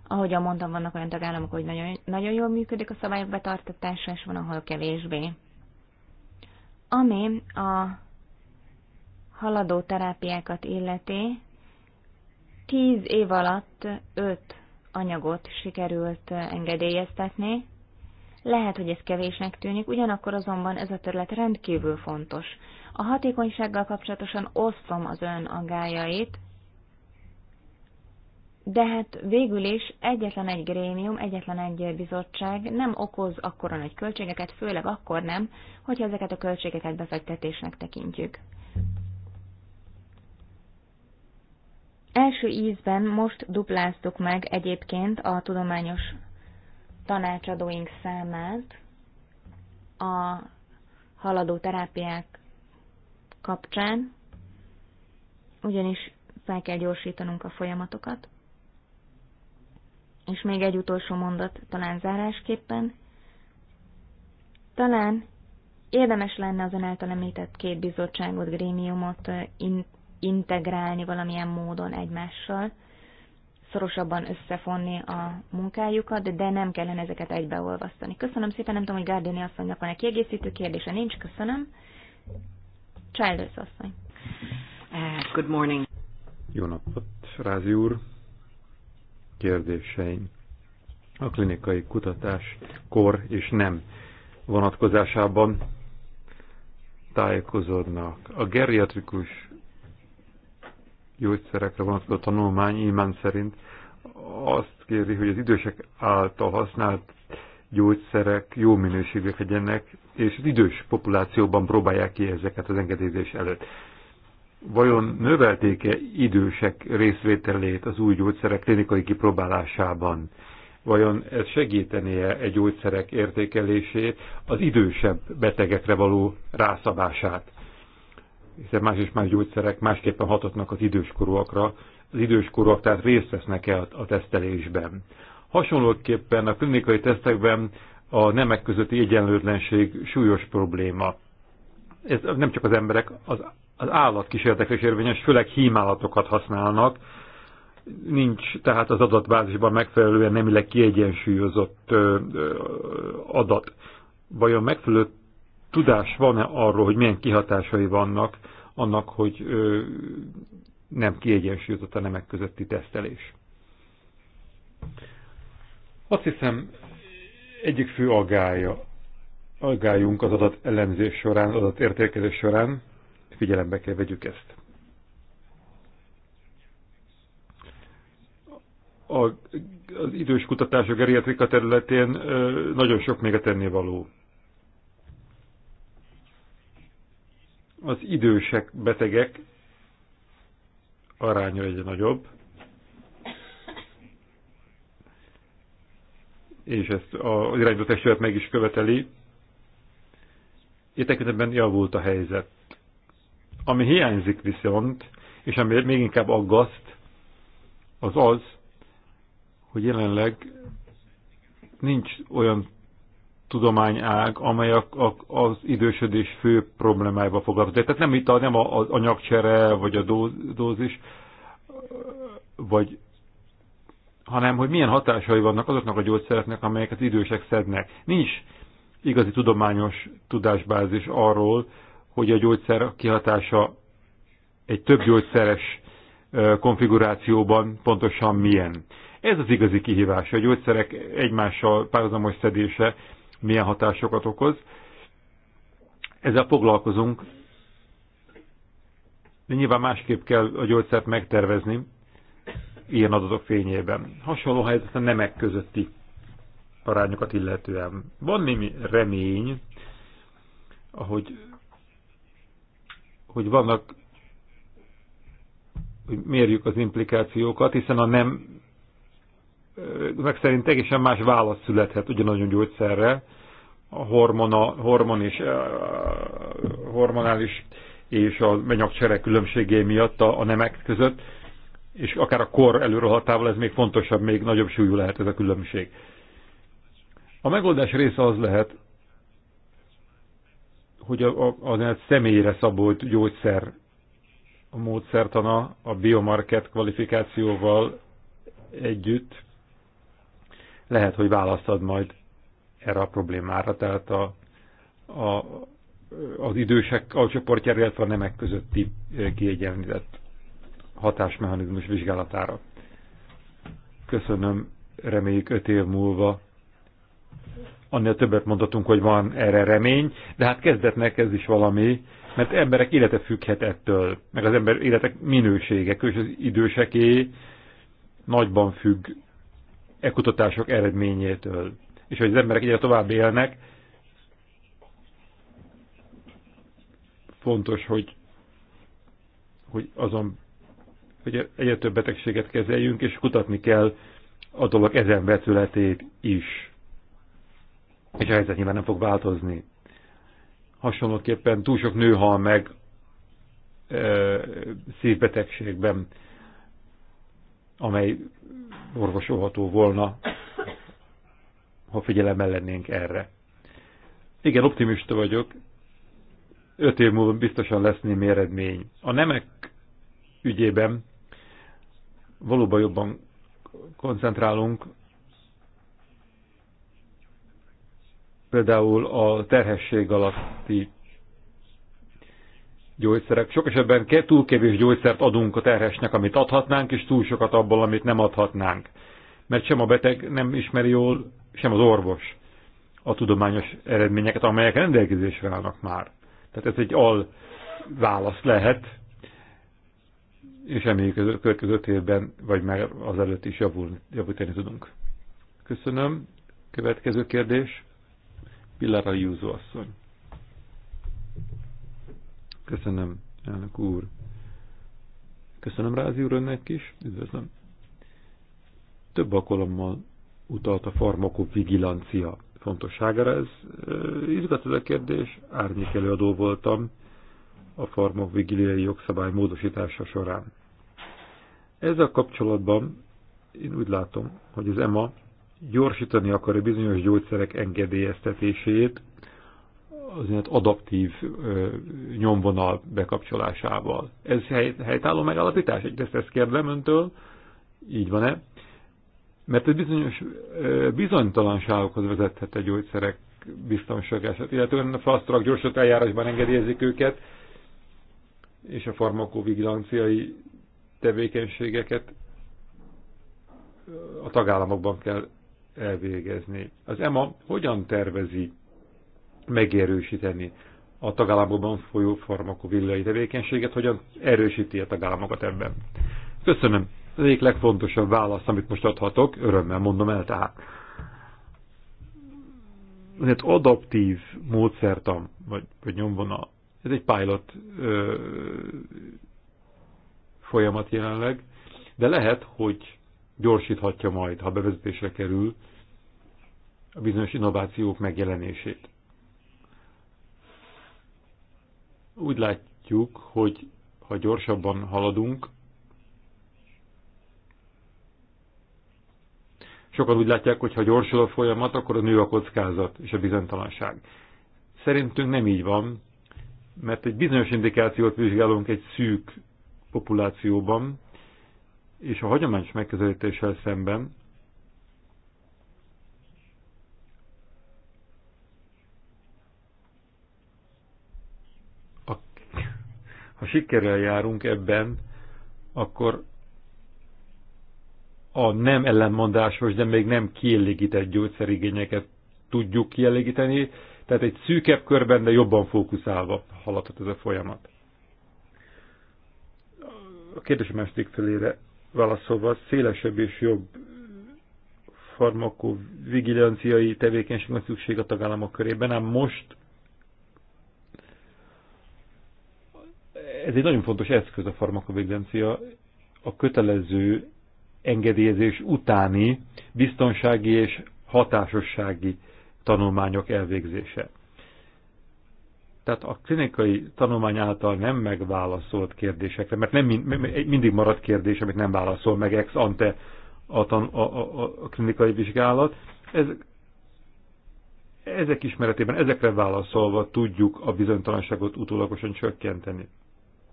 Ahogyan mondtam, vannak olyan tagállamok, hogy nagyon, nagyon jól működik a szabályok betartatása, és van, ahol kevésbé. Ami a haladó terápiákat illeti, tíz év alatt öt anyagot sikerült engedélyeztetni. Lehet, hogy ez kevésnek tűnik, ugyanakkor azonban ez a terület rendkívül fontos. A hatékonysággal kapcsolatosan osztom az ön aggájait, de hát végül is egyetlen egy grémium, egyetlen egy bizottság nem okoz akkora nagy költségeket, főleg akkor nem, hogyha ezeket a költségeket befektetésnek tekintjük. Első ízben most dupláztuk meg egyébként a tudományos tanácsadóink számát a haladó terápiák kapcsán, ugyanis fel kell gyorsítanunk a folyamatokat. És még egy utolsó mondat, talán zárásképpen. Talán érdemes lenne az ön által említett két bizottságot, grémiumot in integrálni valamilyen módon egymással, szorosabban összefonni a munkájukat, de nem kellene ezeket egybeolvasztani. Köszönöm szépen, nem tudom, hogy Gárdéni asszonynak van-e kiegészítő kérdése, nincs, köszönöm. Childers asszony. Good morning. Jó napot, Rázi úr kérdéseim. A klinikai kutatás kor és nem vonatkozásában tájékozódnak. A geriatrikus gyógyszerekre vonatkozó tanulmány imán szerint azt kéri, hogy az idősek által használt gyógyszerek jó minőségűek legyenek, és az idős populációban próbálják ki ezeket az engedélyzés előtt vajon növelték-e idősek részvételét az új gyógyszerek klinikai kipróbálásában? Vajon ez segítené-e egy gyógyszerek értékelését, az idősebb betegekre való rászabását? Hiszen más és más gyógyszerek másképpen hatotnak az időskorúakra, az időskorúak tehát részt vesznek-e a tesztelésben. Hasonlóképpen a klinikai tesztekben a nemek közötti egyenlőtlenség súlyos probléma. Ez nem csak az emberek, az az állatkísérletekre is érvényes, főleg hímállatokat használnak. Nincs tehát az adatbázisban megfelelően nemileg kiegyensúlyozott ö, ö, adat. Vajon megfelelő tudás van-e arról, hogy milyen kihatásai vannak annak, hogy ö, nem kiegyensúlyozott a nemek közötti tesztelés? Azt hiszem, egyik fő aggája, agájunk az adat elemzés során, adat értékelés során, Figyelembe kell vegyük ezt. A, az idős kutatás a geriatrika területén nagyon sok még a tennivaló. Az idősek betegek aránya egyre nagyobb, és ezt az irányba testület meg is követeli. Értekezetben javult a helyzet. Ami hiányzik viszont, és ami még inkább aggaszt, az az, hogy jelenleg nincs olyan tudományág, amely a, a, az idősödés fő problémájába foglalkozik. Tehát nem itt a, nem az anyagcsere, vagy a dóz, dózis, vagy, hanem hogy milyen hatásai vannak azoknak a gyógyszereknek, amelyeket idősek szednek. Nincs igazi tudományos tudásbázis arról, hogy a gyógyszer kihatása egy több gyógyszeres konfigurációban pontosan milyen. Ez az igazi kihívás, a gyógyszerek egymással párhuzamos szedése milyen hatásokat okoz. Ezzel foglalkozunk, de nyilván másképp kell a gyógyszert megtervezni ilyen adatok fényében. Hasonló helyzet a nemek közötti arányokat illetően. Van némi remény, ahogy hogy vannak, hogy mérjük az implikációkat, hiszen a nem meg szerint egészen más válasz születhet ugyanazon gyógyszerre, a hormona, hormon és, hormonális és a menyakcsere különbségé miatt a, a nemek között, és akár a kor előrohatával ez még fontosabb, még nagyobb súlyú lehet ez a különbség. A megoldás része az lehet, hogy a, a, a személyre szabolt gyógyszer a módszertana a biomarket kvalifikációval együtt lehet, hogy választad majd erre a problémára, tehát a, a, az idősek alcsoportjára, illetve a nemek közötti kiegyenlített hatásmechanizmus vizsgálatára. Köszönöm, reméljük öt év múlva Annél többet mondhatunk, hogy van erre remény, de hát kezdetnek ez is valami, mert emberek élete függhet ettől, meg az ember életek minősége, és az időseké nagyban függ e kutatások eredményétől. És hogy az emberek egyre tovább élnek, fontos, hogy, hogy azon hogy egyre több betegséget kezeljünk, és kutatni kell a dolog ezen vetületét is és a helyzet nyilván nem fog változni. Hasonlóképpen túl sok nő hal meg ö, szívbetegségben, amely orvosolható volna, ha figyelemmel lennénk erre. Igen, optimista vagyok. Öt év múlva biztosan lesz némi eredmény. A nemek ügyében valóban jobban koncentrálunk például a terhesség alatti gyógyszerek. Sok esetben túl kevés gyógyszert adunk a terhesnek, amit adhatnánk, és túl sokat abból, amit nem adhatnánk. Mert sem a beteg nem ismeri jól, sem az orvos a tudományos eredményeket, amelyek rendelkezésre állnak már. Tehát ez egy al válasz lehet, és reméljük a következő évben, vagy már az előtt is javul, javítani tudunk. Köszönöm. Következő kérdés. Pilar Ajúzó asszony. Köszönöm, elnök úr. Köszönöm Rázi úr önnek is, üdvözlöm. Több alkalommal utalt a farmakovigilancia fontosságára. Ez izgat ez a kérdés, árnyék előadó voltam a farmakovigiliai jogszabály módosítása során. Ezzel kapcsolatban én úgy látom, hogy az EMA gyorsítani akarja bizonyos gyógyszerek engedélyeztetését, az ilyen adaptív ö, nyomvonal bekapcsolásával. Ez hely, helytálló megállapítás? Egyrészt ezt kérdem öntől, így van-e? Mert ez bizonyos ö, bizonytalanságokhoz vezethet a gyógyszerek biztonságását, Illetve a fast track gyorsult eljárásban engedélyezik őket, és a farmakovigilanciai tevékenységeket a tagállamokban kell elvégezni. Az EMA hogyan tervezi megerősíteni a tagállamokban folyó farmakovillai tevékenységet, hogyan erősíti a tagállamokat ebben? Köszönöm. Az egyik legfontosabb válasz, amit most adhatok, örömmel mondom el tehát. egy adaptív módszertan, vagy, vagy nyomvonal, ez egy pilot ö, folyamat jelenleg, de lehet, hogy gyorsíthatja majd, ha bevezetésre kerül a bizonyos innovációk megjelenését. Úgy látjuk, hogy ha gyorsabban haladunk, sokan úgy látják, hogy ha gyorsul a folyamat, akkor a nő a kockázat és a bizonytalanság. Szerintünk nem így van, mert egy bizonyos indikációt vizsgálunk egy szűk populációban, és a hagyományos megközelítéssel szemben ha sikerrel járunk ebben, akkor a nem ellenmondásos, de még nem kielégített gyógyszerigényeket tudjuk kielégíteni, tehát egy szűkebb körben, de jobban fókuszálva haladhat ez a folyamat. A kérdés második felére válaszolva szélesebb és jobb farmakovigilanciai tevékenység van szükség a tagállamok körében, ám most ez egy nagyon fontos eszköz a farmakovigilancia, a kötelező engedélyezés utáni biztonsági és hatásossági tanulmányok elvégzése tehát a klinikai tanulmány által nem megválaszolt kérdésekre, mert nem mindig marad kérdés, amit nem válaszol meg ex ante a, tan, a, a, a klinikai vizsgálat. Ez, ezek ismeretében, ezekre válaszolva tudjuk a bizonytalanságot utólagosan csökkenteni.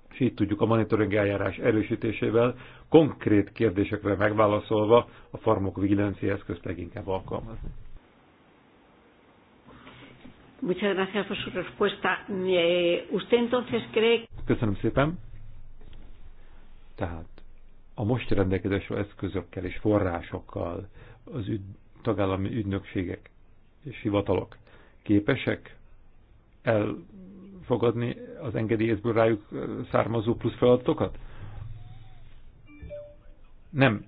És így tudjuk a monitoring eljárás erősítésével konkrét kérdésekre megválaszolva a farmakovigilencia eszközt leginkább alkalmazni. Muchas gracias por su respuesta. Eh, ¿Usted entonces cree... Köszönöm szépen. Tehát a most rendelkezésre eszközökkel és forrásokkal az ügy, tagállami ügynökségek és hivatalok képesek elfogadni az engedélyezből rájuk eh, származó plusz feladatokat? Nem.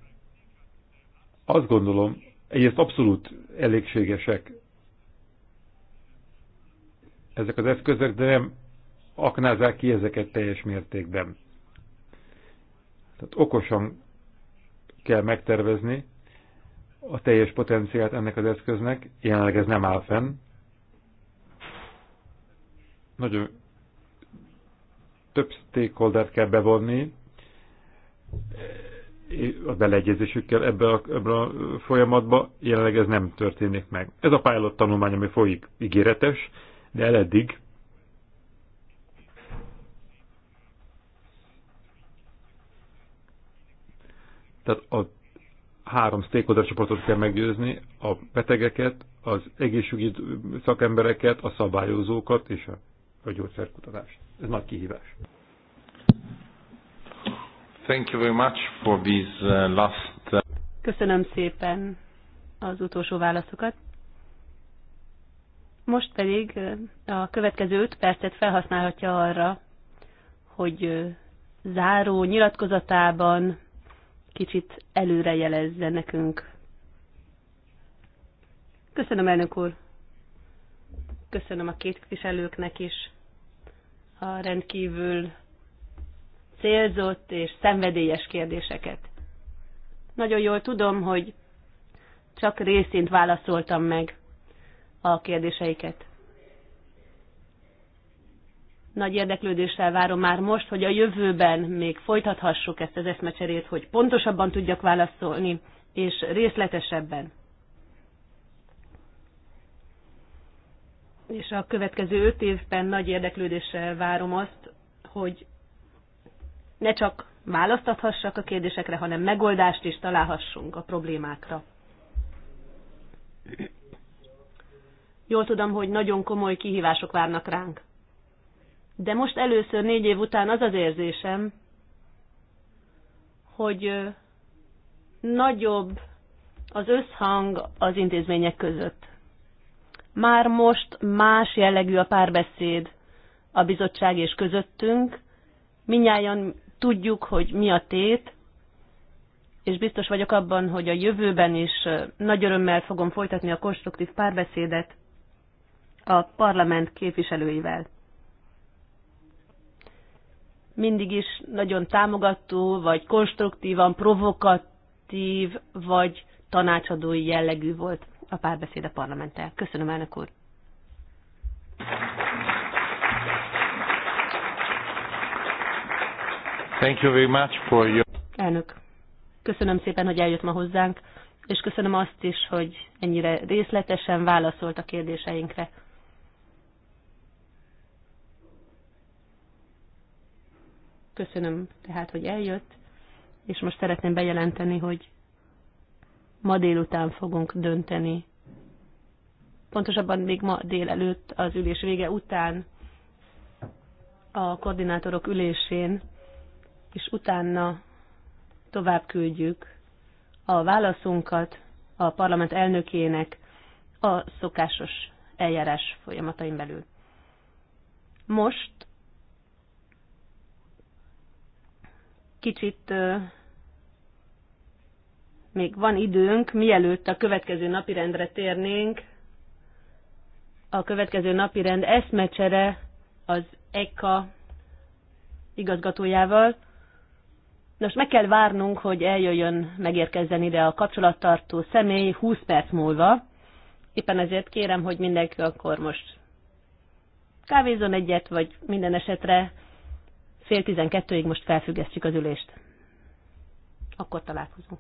Azt gondolom, egyrészt abszolút elégségesek ezek az eszközök, de nem aknázák, ki ezeket teljes mértékben. Tehát okosan kell megtervezni a teljes potenciált ennek az eszköznek, jelenleg ez nem áll fenn. Nagyon több stakeholdert kell bevonni a beleegyezésükkel ebbe a, ebbe a folyamatba, jelenleg ez nem történik meg. Ez a pilot tanulmány, ami folyik, ígéretes, de eddig tehát a három stakeholder csoportot kell meggyőzni, a betegeket, az egészségügyi szakembereket, a szabályozókat és a, a gyógyszerkutatást. Ez nagy kihívás. Thank you very much for these uh, last... Uh, Köszönöm szépen az utolsó válaszokat. Most pedig a következő 5 percet felhasználhatja arra, hogy záró nyilatkozatában kicsit előre jelezze nekünk. Köszönöm, elnök úr! Köszönöm a két képviselőknek is a rendkívül célzott és szenvedélyes kérdéseket. Nagyon jól tudom, hogy csak részint válaszoltam meg a kérdéseiket. Nagy érdeklődéssel várom már most, hogy a jövőben még folytathassuk ezt az eszmecserét, hogy pontosabban tudjak válaszolni, és részletesebben. És a következő öt évben nagy érdeklődéssel várom azt, hogy ne csak választathassak a kérdésekre, hanem megoldást is találhassunk a problémákra. Jól tudom, hogy nagyon komoly kihívások várnak ránk. De most először négy év után az az érzésem, hogy nagyobb az összhang az intézmények között. Már most más jellegű a párbeszéd a bizottság és közöttünk. Minnyáján tudjuk, hogy mi a tét, és biztos vagyok abban, hogy a jövőben is nagy örömmel fogom folytatni a konstruktív párbeszédet a parlament képviselőivel. Mindig is nagyon támogató, vagy konstruktívan, provokatív, vagy tanácsadói jellegű volt a párbeszéd a parlamenttel. Köszönöm, elnök úr! Thank you very much for your... Elnök, köszönöm szépen, hogy eljött ma hozzánk, és köszönöm azt is, hogy ennyire részletesen válaszolt a kérdéseinkre. Köszönöm tehát, hogy eljött, és most szeretném bejelenteni, hogy ma délután fogunk dönteni. Pontosabban még ma délelőtt, az ülés vége után a koordinátorok ülésén, és utána tovább küldjük a válaszunkat a parlament elnökének a szokásos eljárás folyamatain belül. Most kicsit még van időnk, mielőtt a következő napirendre térnénk. A következő napirend eszmecsere az EKA igazgatójával. Nos, meg kell várnunk, hogy eljöjjön, megérkezzen ide a kapcsolattartó személy 20 perc múlva. Éppen ezért kérem, hogy mindenki akkor most kávézon egyet, vagy minden esetre fél tizenkettőig most felfüggesztjük az ülést. Akkor találkozunk.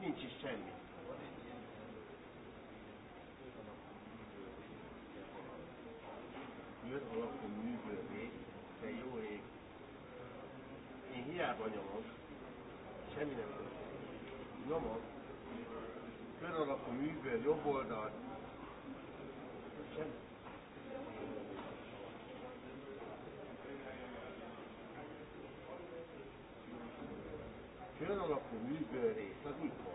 nincs is semmi. bőr alapú művőrék, de jó ég. Én hiába nyomom, semmi nem történik. Nyomom, bőr alapú művőr jobb oldalt, semmi. Kör alapú művőrész, az úgy van.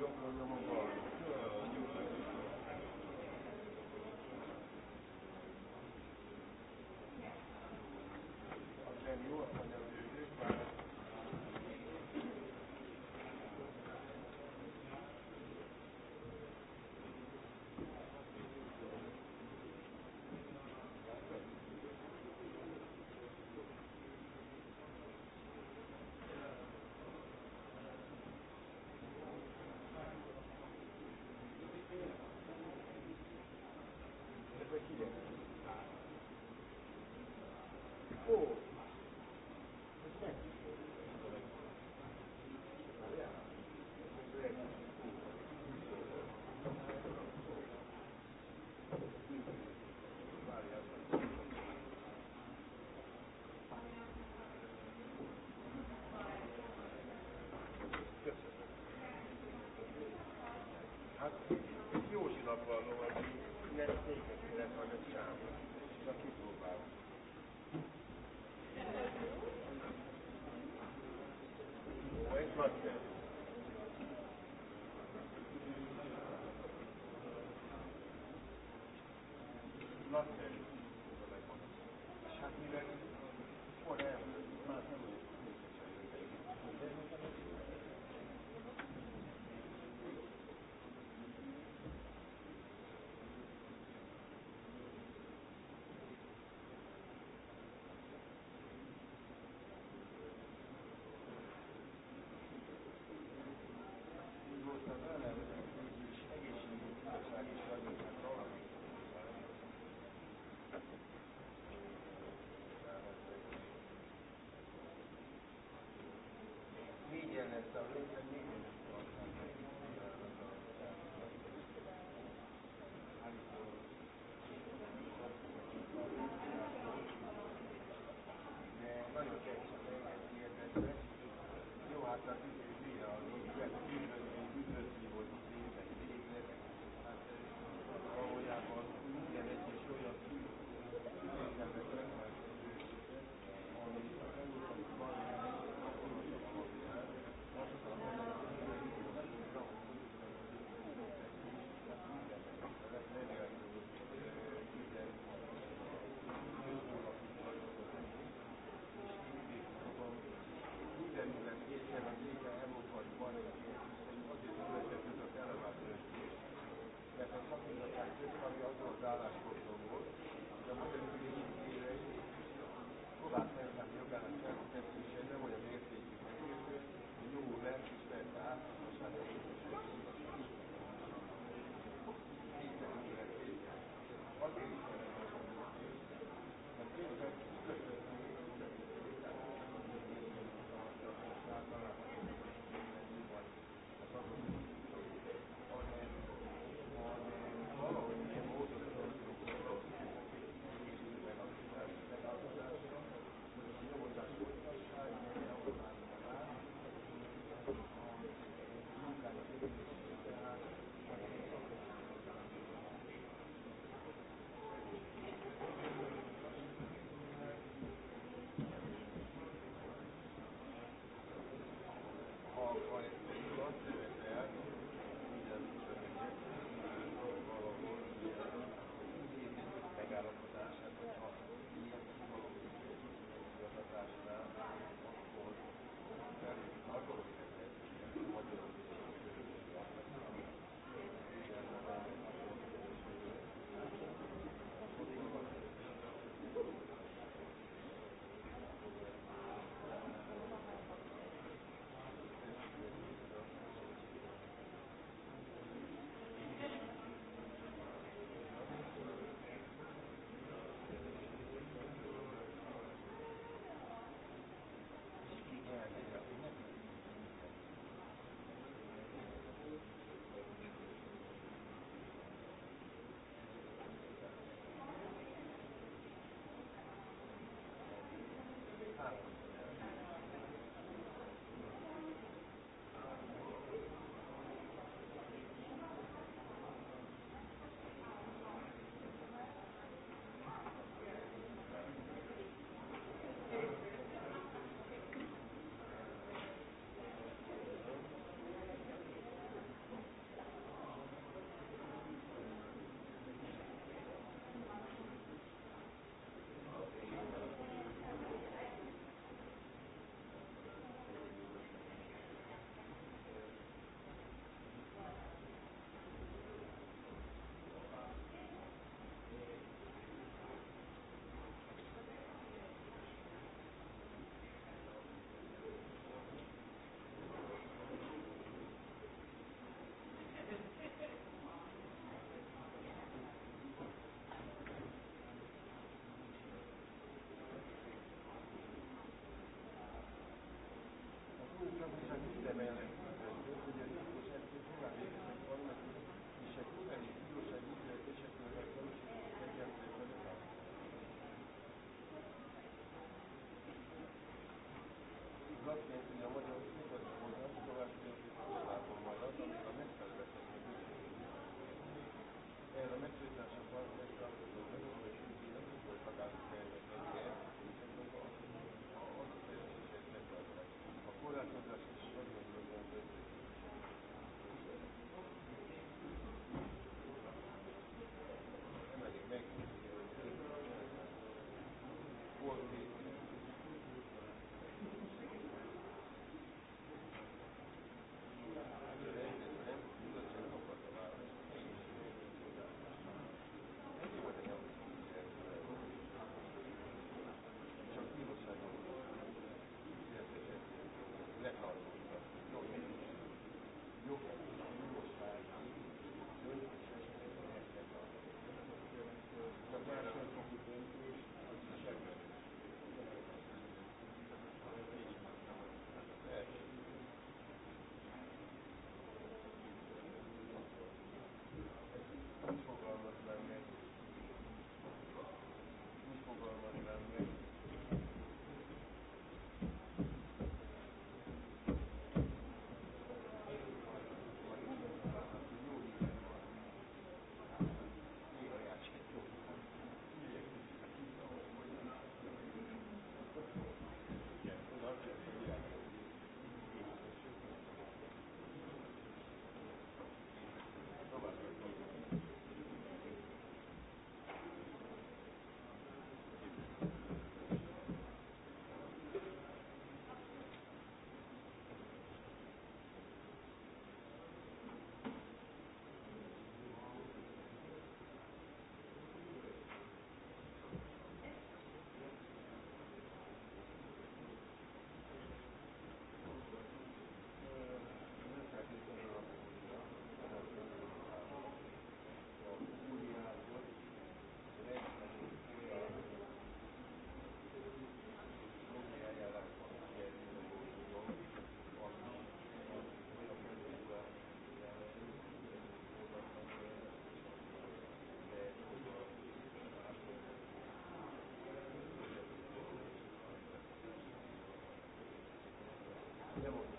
jobb mondja maga. Hát Józsinak való, hogy nem székes, illetve a sávon. Much better. Köszönöm. Erre megszületése van, hogy a tagállamok nem volt.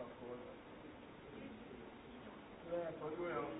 akkor lehet, hogy olyan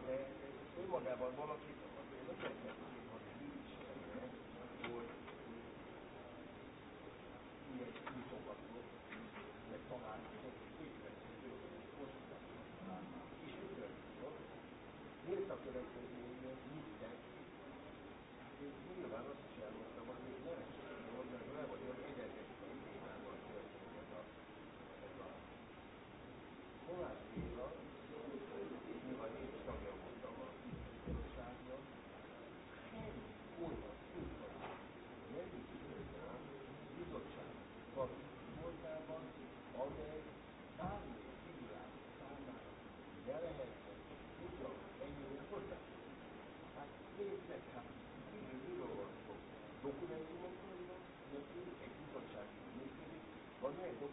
maga, de ő magában valaki, azért nem kell hogy nincs hogy ilyen kutatató, meg talán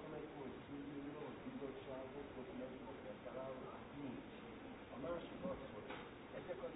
dokumentumos gyűlölő bizottságok dokumentumok eltalálnak nincs. A másik az, hogy ezek az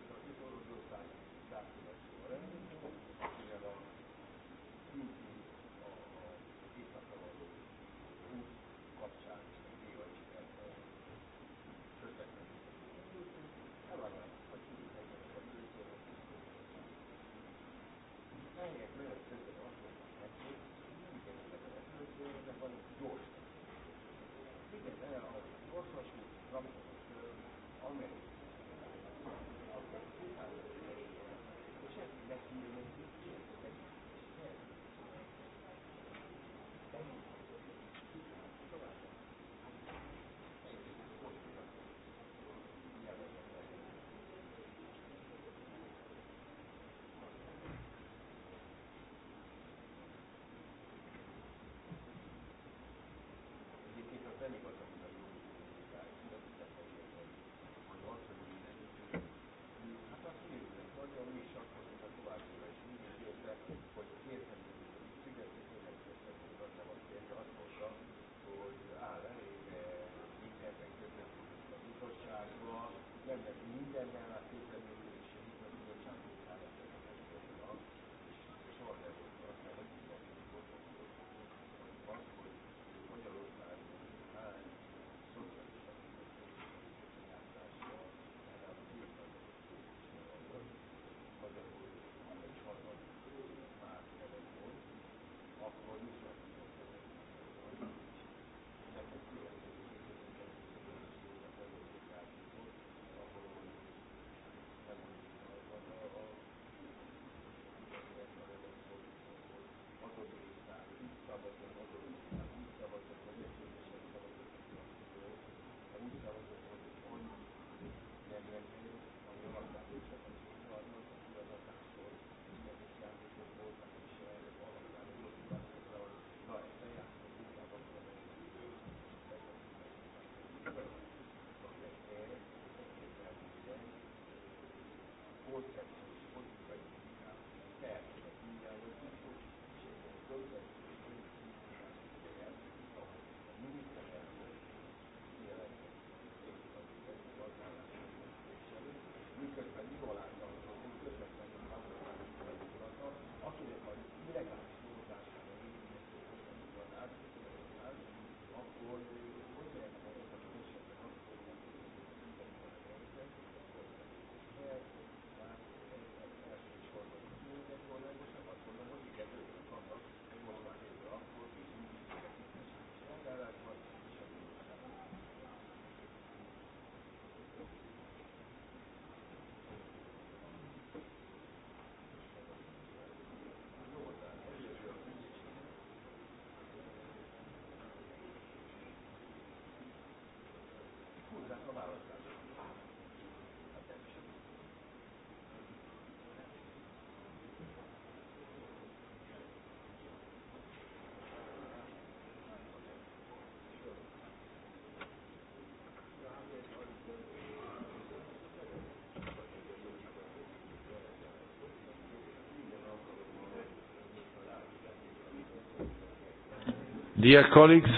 Dear colleagues,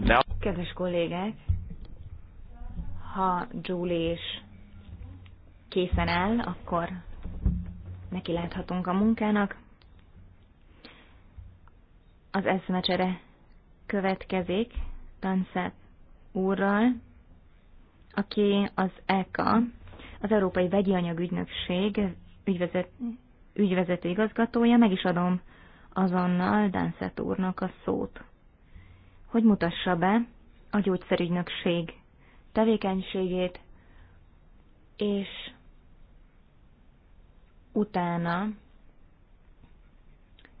now... Kedves kollégák, ha Julie is készen áll, akkor neki láthatunk a munkának. Az eszmecsere következik Tanszát úrral, aki az ECA, az Európai Vegyi Anyagügynökség ügyvezet, ügyvezető igazgatója. Meg is adom azonnal Dánszett úrnak a szót, hogy mutassa be a gyógyszerügynökség tevékenységét, és utána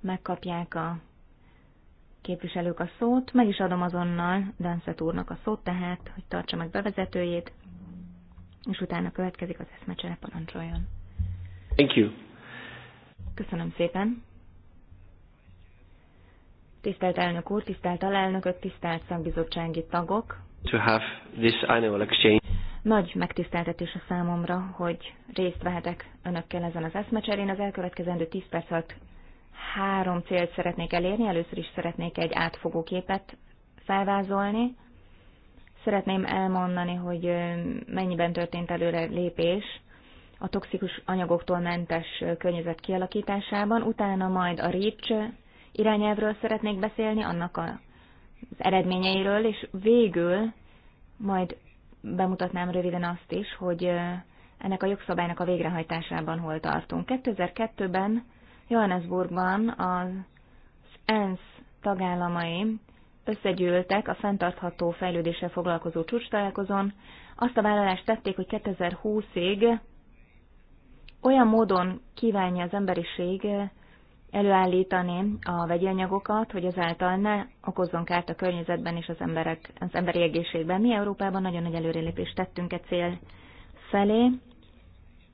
megkapják a képviselők a szót, meg is adom azonnal Dánszett úrnak a szót, tehát, hogy tartsa meg bevezetőjét, és utána következik az eszmecsere parancsoljon. Thank you. Köszönöm szépen tisztelt elnök úr, tisztelt alelnökök, tisztelt szakbizottsági tagok. To have this annual exchange. Nagy megtiszteltetés a számomra, hogy részt vehetek önökkel ezen az eszmecserén. Az elkövetkezendő 10 perc alatt három célt szeretnék elérni. Először is szeretnék egy átfogó képet felvázolni. Szeretném elmondani, hogy mennyiben történt előre lépés a toxikus anyagoktól mentes környezet kialakításában, utána majd a REACH irányelvről szeretnék beszélni, annak a, az eredményeiről, és végül majd bemutatnám röviden azt is, hogy ennek a jogszabálynak a végrehajtásában hol tartunk. 2002-ben Johannesburgban az ENSZ tagállamai összegyűltek a fenntartható fejlődéssel foglalkozó csúcs találkozón, azt a vállalást tették, hogy 2020-ig olyan módon kívánja az emberiség előállítani a vegyi anyagokat, hogy ezáltal ne okozzon kárt a környezetben és az, emberek, az emberi egészségben. Mi Európában nagyon nagy előrelépést tettünk e cél felé.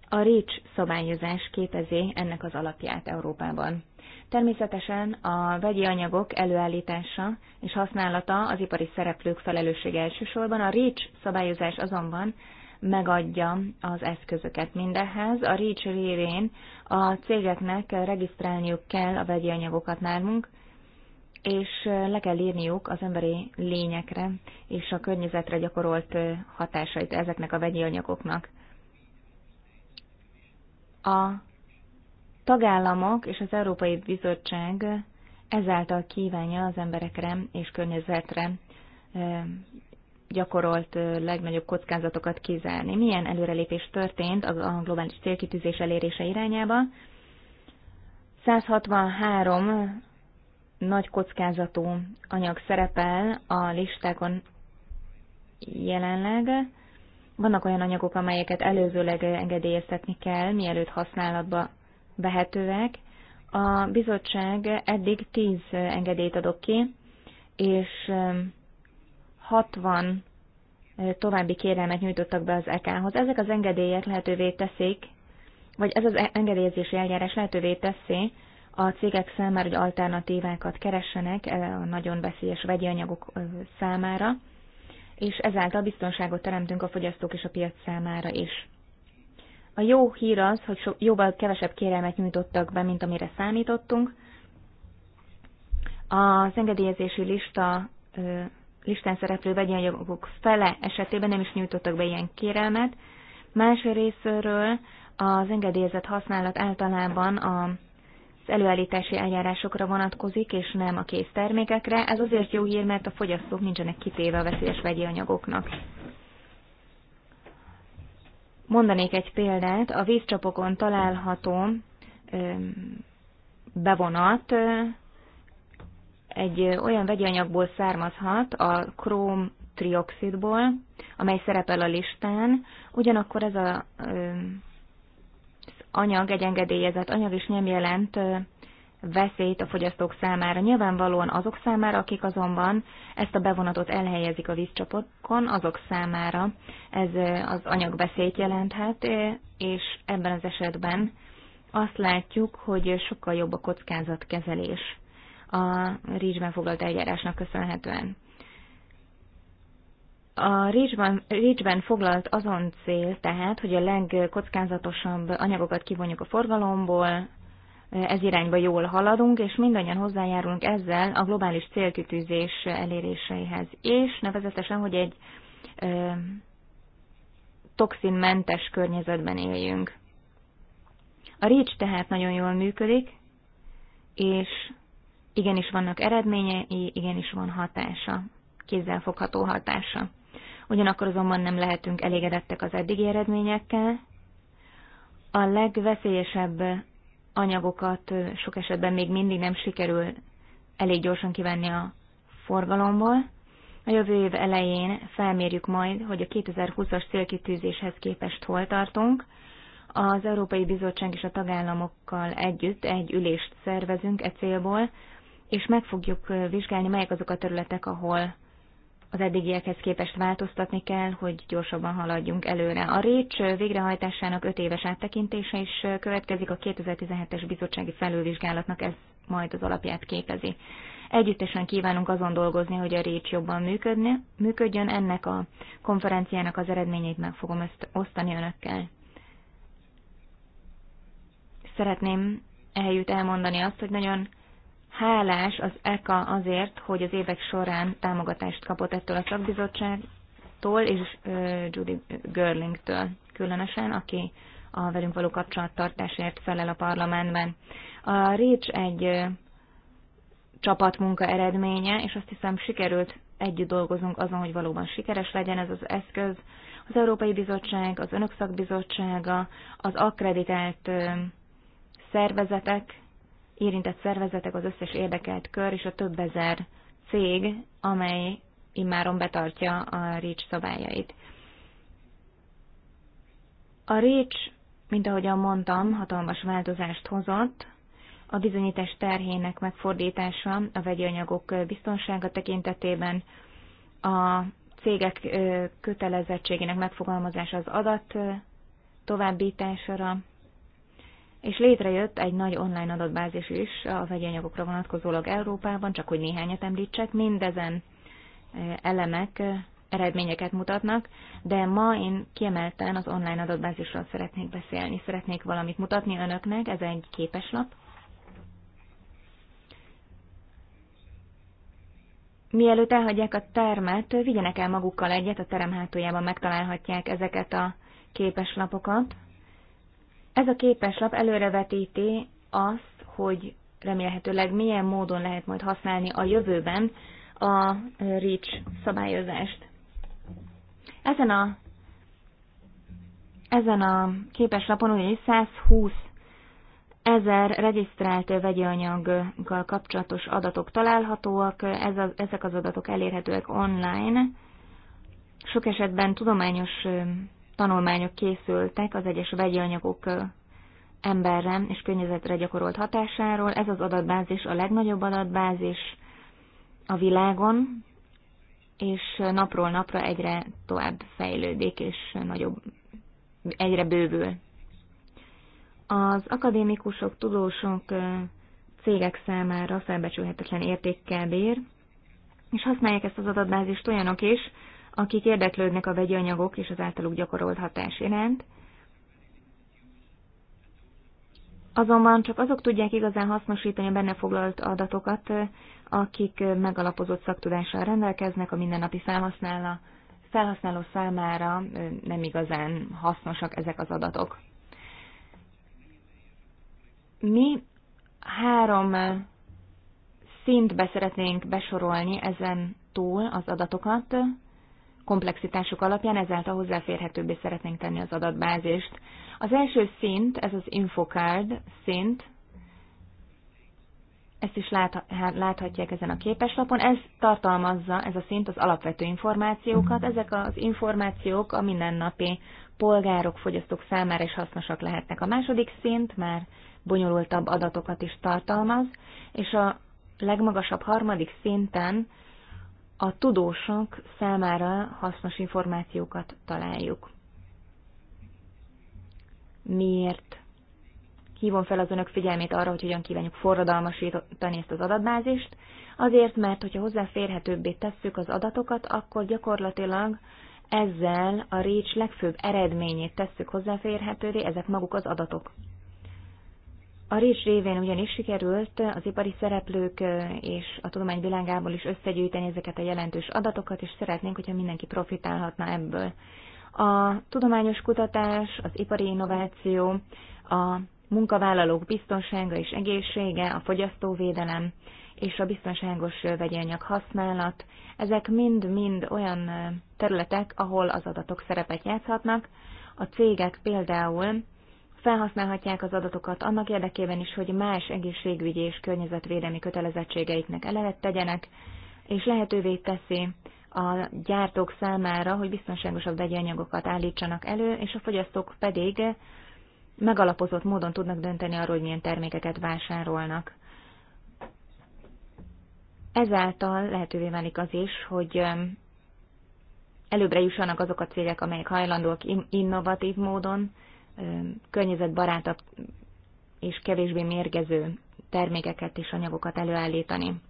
A REACH szabályozás képezi ennek az alapját Európában. Természetesen a vegyi anyagok előállítása és használata az ipari szereplők felelőssége elsősorban, a REACH szabályozás azonban megadja az eszközöket mindehhez. A REACH révén a cégeknek regisztrálniuk kell a vegyi anyagokat nálunk, és le kell írniuk az emberi lényekre és a környezetre gyakorolt hatásait ezeknek a vegyi anyagoknak. A tagállamok és az Európai Bizottság ezáltal kívánja az emberekre és környezetre gyakorolt legnagyobb kockázatokat kizárni. Milyen előrelépés történt a globális célkitűzés elérése irányába? 163 nagy kockázatú anyag szerepel a listákon jelenleg. Vannak olyan anyagok, amelyeket előzőleg engedélyeztetni kell, mielőtt használatba vehetőek. A bizottság eddig 10 engedélyt adok ki, és 60 további kérelmet nyújtottak be az EK-hoz. Ezek az engedélyek lehetővé teszik, vagy ez az e- engedélyezési eljárás lehetővé teszi a cégek számára, hogy alternatívákat keressenek a nagyon veszélyes vegyi anyagok számára, és ezáltal biztonságot teremtünk a fogyasztók és a piac számára is. A jó hír az, hogy so, jóval kevesebb kérelmet nyújtottak be, mint amire számítottunk. Az engedélyezési lista listán szereplő vegyi anyagok fele esetében nem is nyújtottak be ilyen kérelmet. Más részről az engedélyezett használat általában a az előállítási eljárásokra vonatkozik, és nem a késztermékekre. Ez azért jó hír, mert a fogyasztók nincsenek kitéve a veszélyes vegyi anyagoknak. Mondanék egy példát, a vízcsapokon található bevonat egy olyan vegyi anyagból származhat, a króm trioxidból, amely szerepel a listán, ugyanakkor ez a, az anyag, egy engedélyezett anyag is nem jelent veszélyt a fogyasztók számára. Nyilvánvalóan azok számára, akik azonban ezt a bevonatot elhelyezik a vízcsapokon, azok számára ez az anyag veszélyt jelenthet, és ebben az esetben azt látjuk, hogy sokkal jobb a kockázatkezelés a Rícsben foglalt eljárásnak köszönhetően. A Rícsben, Rícsben foglalt azon cél tehát, hogy a legkockázatosabb anyagokat kivonjuk a forgalomból, ez irányba jól haladunk, és mindannyian hozzájárulunk ezzel a globális célkütűzés eléréseihez. És nevezetesen, hogy egy ö, toxinmentes környezetben éljünk. A rics tehát nagyon jól működik, és igenis vannak eredményei, igenis van hatása, kézzelfogható hatása. Ugyanakkor azonban nem lehetünk elégedettek az eddigi eredményekkel. A legveszélyesebb anyagokat sok esetben még mindig nem sikerül elég gyorsan kivenni a forgalomból. A jövő év elején felmérjük majd, hogy a 2020-as célkitűzéshez képest hol tartunk. Az Európai Bizottság és a tagállamokkal együtt egy ülést szervezünk e célból, és meg fogjuk vizsgálni, melyek azok a területek, ahol az eddigiekhez képest változtatni kell, hogy gyorsabban haladjunk előre. A RÉCS végrehajtásának öt éves áttekintése is következik, a 2017-es bizottsági felülvizsgálatnak ez majd az alapját képezi. Együttesen kívánunk azon dolgozni, hogy a RÉCS jobban működni, működjön, ennek a konferenciának az eredményét meg fogom ezt osztani önökkel. Szeretném ehelyütt elmondani azt, hogy nagyon Hálás az ECA azért, hogy az évek során támogatást kapott ettől a szakbizottságtól és Judy Görlingtől különösen, aki a velünk való kapcsolattartásért felel a parlamentben. A REACH egy csapatmunka eredménye, és azt hiszem sikerült együtt dolgozunk azon, hogy valóban sikeres legyen ez az eszköz. Az Európai Bizottság, az Önök Szakbizottsága, az akkreditált szervezetek érintett szervezetek, az összes érdekelt kör és a több ezer cég, amely immáron betartja a REACH szabályait. A REACH, mint ahogyan mondtam, hatalmas változást hozott, a bizonyítás terhének megfordítása a vegyi anyagok biztonsága tekintetében, a cégek kötelezettségének megfogalmazása az adat továbbítására, és létrejött egy nagy online adatbázis is a vegyi anyagokra vonatkozólag Európában, csak hogy néhányat említsek, mindezen elemek eredményeket mutatnak, de ma én kiemelten az online adatbázisról szeretnék beszélni, szeretnék valamit mutatni önöknek, ez egy képeslap. Mielőtt elhagyják a termet, vigyenek el magukkal egyet, a terem hátuljában megtalálhatják ezeket a képeslapokat. Ez a képeslap előrevetíti azt, hogy remélhetőleg milyen módon lehet majd használni a jövőben a REACH szabályozást. Ezen a, ezen a képeslapon ugye 120 ezer regisztrált vegyi anyaggal kapcsolatos adatok találhatóak, ez a, ezek az adatok elérhetőek online. Sok esetben tudományos tanulmányok készültek az egyes vegyi anyagok emberre és környezetre gyakorolt hatásáról. Ez az adatbázis a legnagyobb adatbázis a világon, és napról napra egyre tovább fejlődik, és nagyobb, egyre bővül. Az akadémikusok, tudósok, cégek számára felbecsülhetetlen értékkel bír, és használják ezt az adatbázist olyanok is, akik érdeklődnek a vegyi anyagok és az általuk gyakorolt hatás iránt. Azonban csak azok tudják igazán hasznosítani a benne foglalt adatokat, akik megalapozott szaktudással rendelkeznek, a mindennapi felhasználó, felhasználó számára nem igazán hasznosak ezek az adatok. Mi három szintbe szeretnénk besorolni ezen túl az adatokat, komplexitásuk alapján, ezáltal hozzáférhetőbbé szeretnénk tenni az adatbázist. Az első szint, ez az infocard szint, ezt is hát láthatják ezen a képeslapon. Ez tartalmazza, ez a szint az alapvető információkat. Ezek az információk a mindennapi polgárok, fogyasztók számára is hasznosak lehetnek. A második szint már bonyolultabb adatokat is tartalmaz, és a legmagasabb harmadik szinten a tudósok számára hasznos információkat találjuk. Miért? Hívom fel az önök figyelmét arra, hogy hogyan kívánjuk forradalmasítani ezt az adatbázist. Azért, mert hogyha hozzáférhetőbbé tesszük az adatokat, akkor gyakorlatilag ezzel a REACH legfőbb eredményét tesszük hozzáférhetővé, ezek maguk az adatok. A RIS révén ugyanis sikerült az ipari szereplők és a tudomány világából is összegyűjteni ezeket a jelentős adatokat, és szeretnénk, hogyha mindenki profitálhatna ebből. A tudományos kutatás, az ipari innováció, a munkavállalók biztonsága és egészsége, a fogyasztóvédelem és a biztonságos vegyi használat, ezek mind-mind olyan területek, ahol az adatok szerepet játszhatnak. A cégek például felhasználhatják az adatokat annak érdekében is, hogy más egészségügyi és környezetvédelmi kötelezettségeiknek elevet tegyenek, és lehetővé teszi a gyártók számára, hogy biztonságosabb vegyi anyagokat állítsanak elő, és a fogyasztók pedig megalapozott módon tudnak dönteni arról, hogy milyen termékeket vásárolnak. Ezáltal lehetővé válik az is, hogy um, előbbre jussanak azok a cégek, amelyek hajlandóak innovatív módon környezetbarátabb és kevésbé mérgező termékeket és anyagokat előállítani.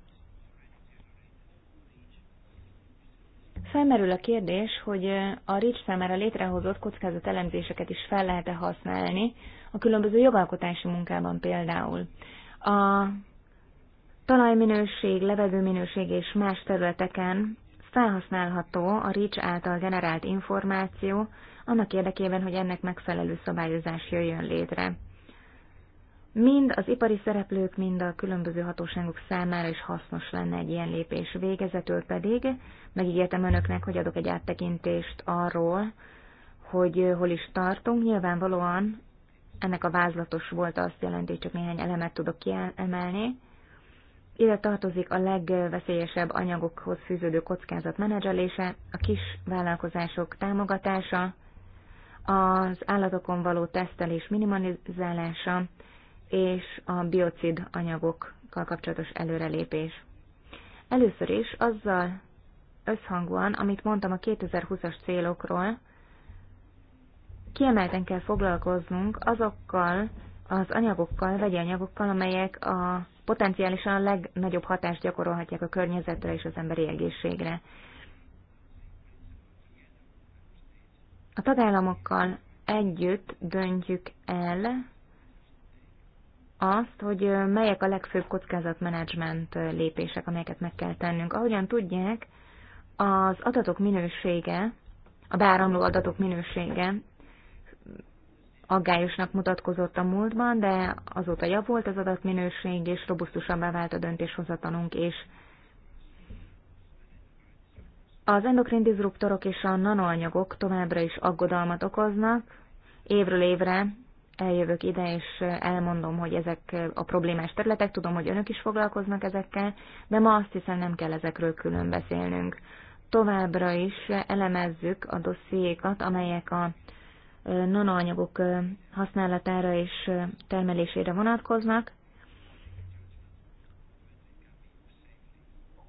Felmerül a kérdés, hogy a RICS számára létrehozott kockázatelemzéseket is fel lehet-e használni, a különböző jogalkotási munkában például. A talajminőség, levegőminőség és más területeken felhasználható a RICS által generált információ annak érdekében, hogy ennek megfelelő szabályozás jöjjön létre. Mind az ipari szereplők, mind a különböző hatóságok számára is hasznos lenne egy ilyen lépés. Végezetül pedig megígértem önöknek, hogy adok egy áttekintést arról, hogy hol is tartunk. Nyilvánvalóan ennek a vázlatos volt azt jelenti, hogy csak néhány elemet tudok kiemelni. Ide tartozik a legveszélyesebb anyagokhoz fűződő kockázat menedzselése, a kis vállalkozások támogatása, az állatokon való tesztelés minimalizálása és a biocid anyagokkal kapcsolatos előrelépés. Először is azzal összhangúan, amit mondtam a 2020-as célokról, kiemelten kell foglalkoznunk azokkal az anyagokkal, vegyi anyagokkal, amelyek a potenciálisan a legnagyobb hatást gyakorolhatják a környezetre és az emberi egészségre. a tagállamokkal együtt döntjük el azt, hogy melyek a legfőbb kockázatmenedzsment lépések, amelyeket meg kell tennünk. Ahogyan tudják, az adatok minősége, a beáramló adatok minősége aggályosnak mutatkozott a múltban, de azóta javult az adatminőség, és robusztusabbá vált a döntéshozatalunk, és az endokrin disruptorok és a nanoanyagok továbbra is aggodalmat okoznak. Évről évre eljövök ide, és elmondom, hogy ezek a problémás területek, tudom, hogy önök is foglalkoznak ezekkel, de ma azt hiszem nem kell ezekről külön beszélnünk. Továbbra is elemezzük a dossziékat, amelyek a nanoanyagok használatára és termelésére vonatkoznak.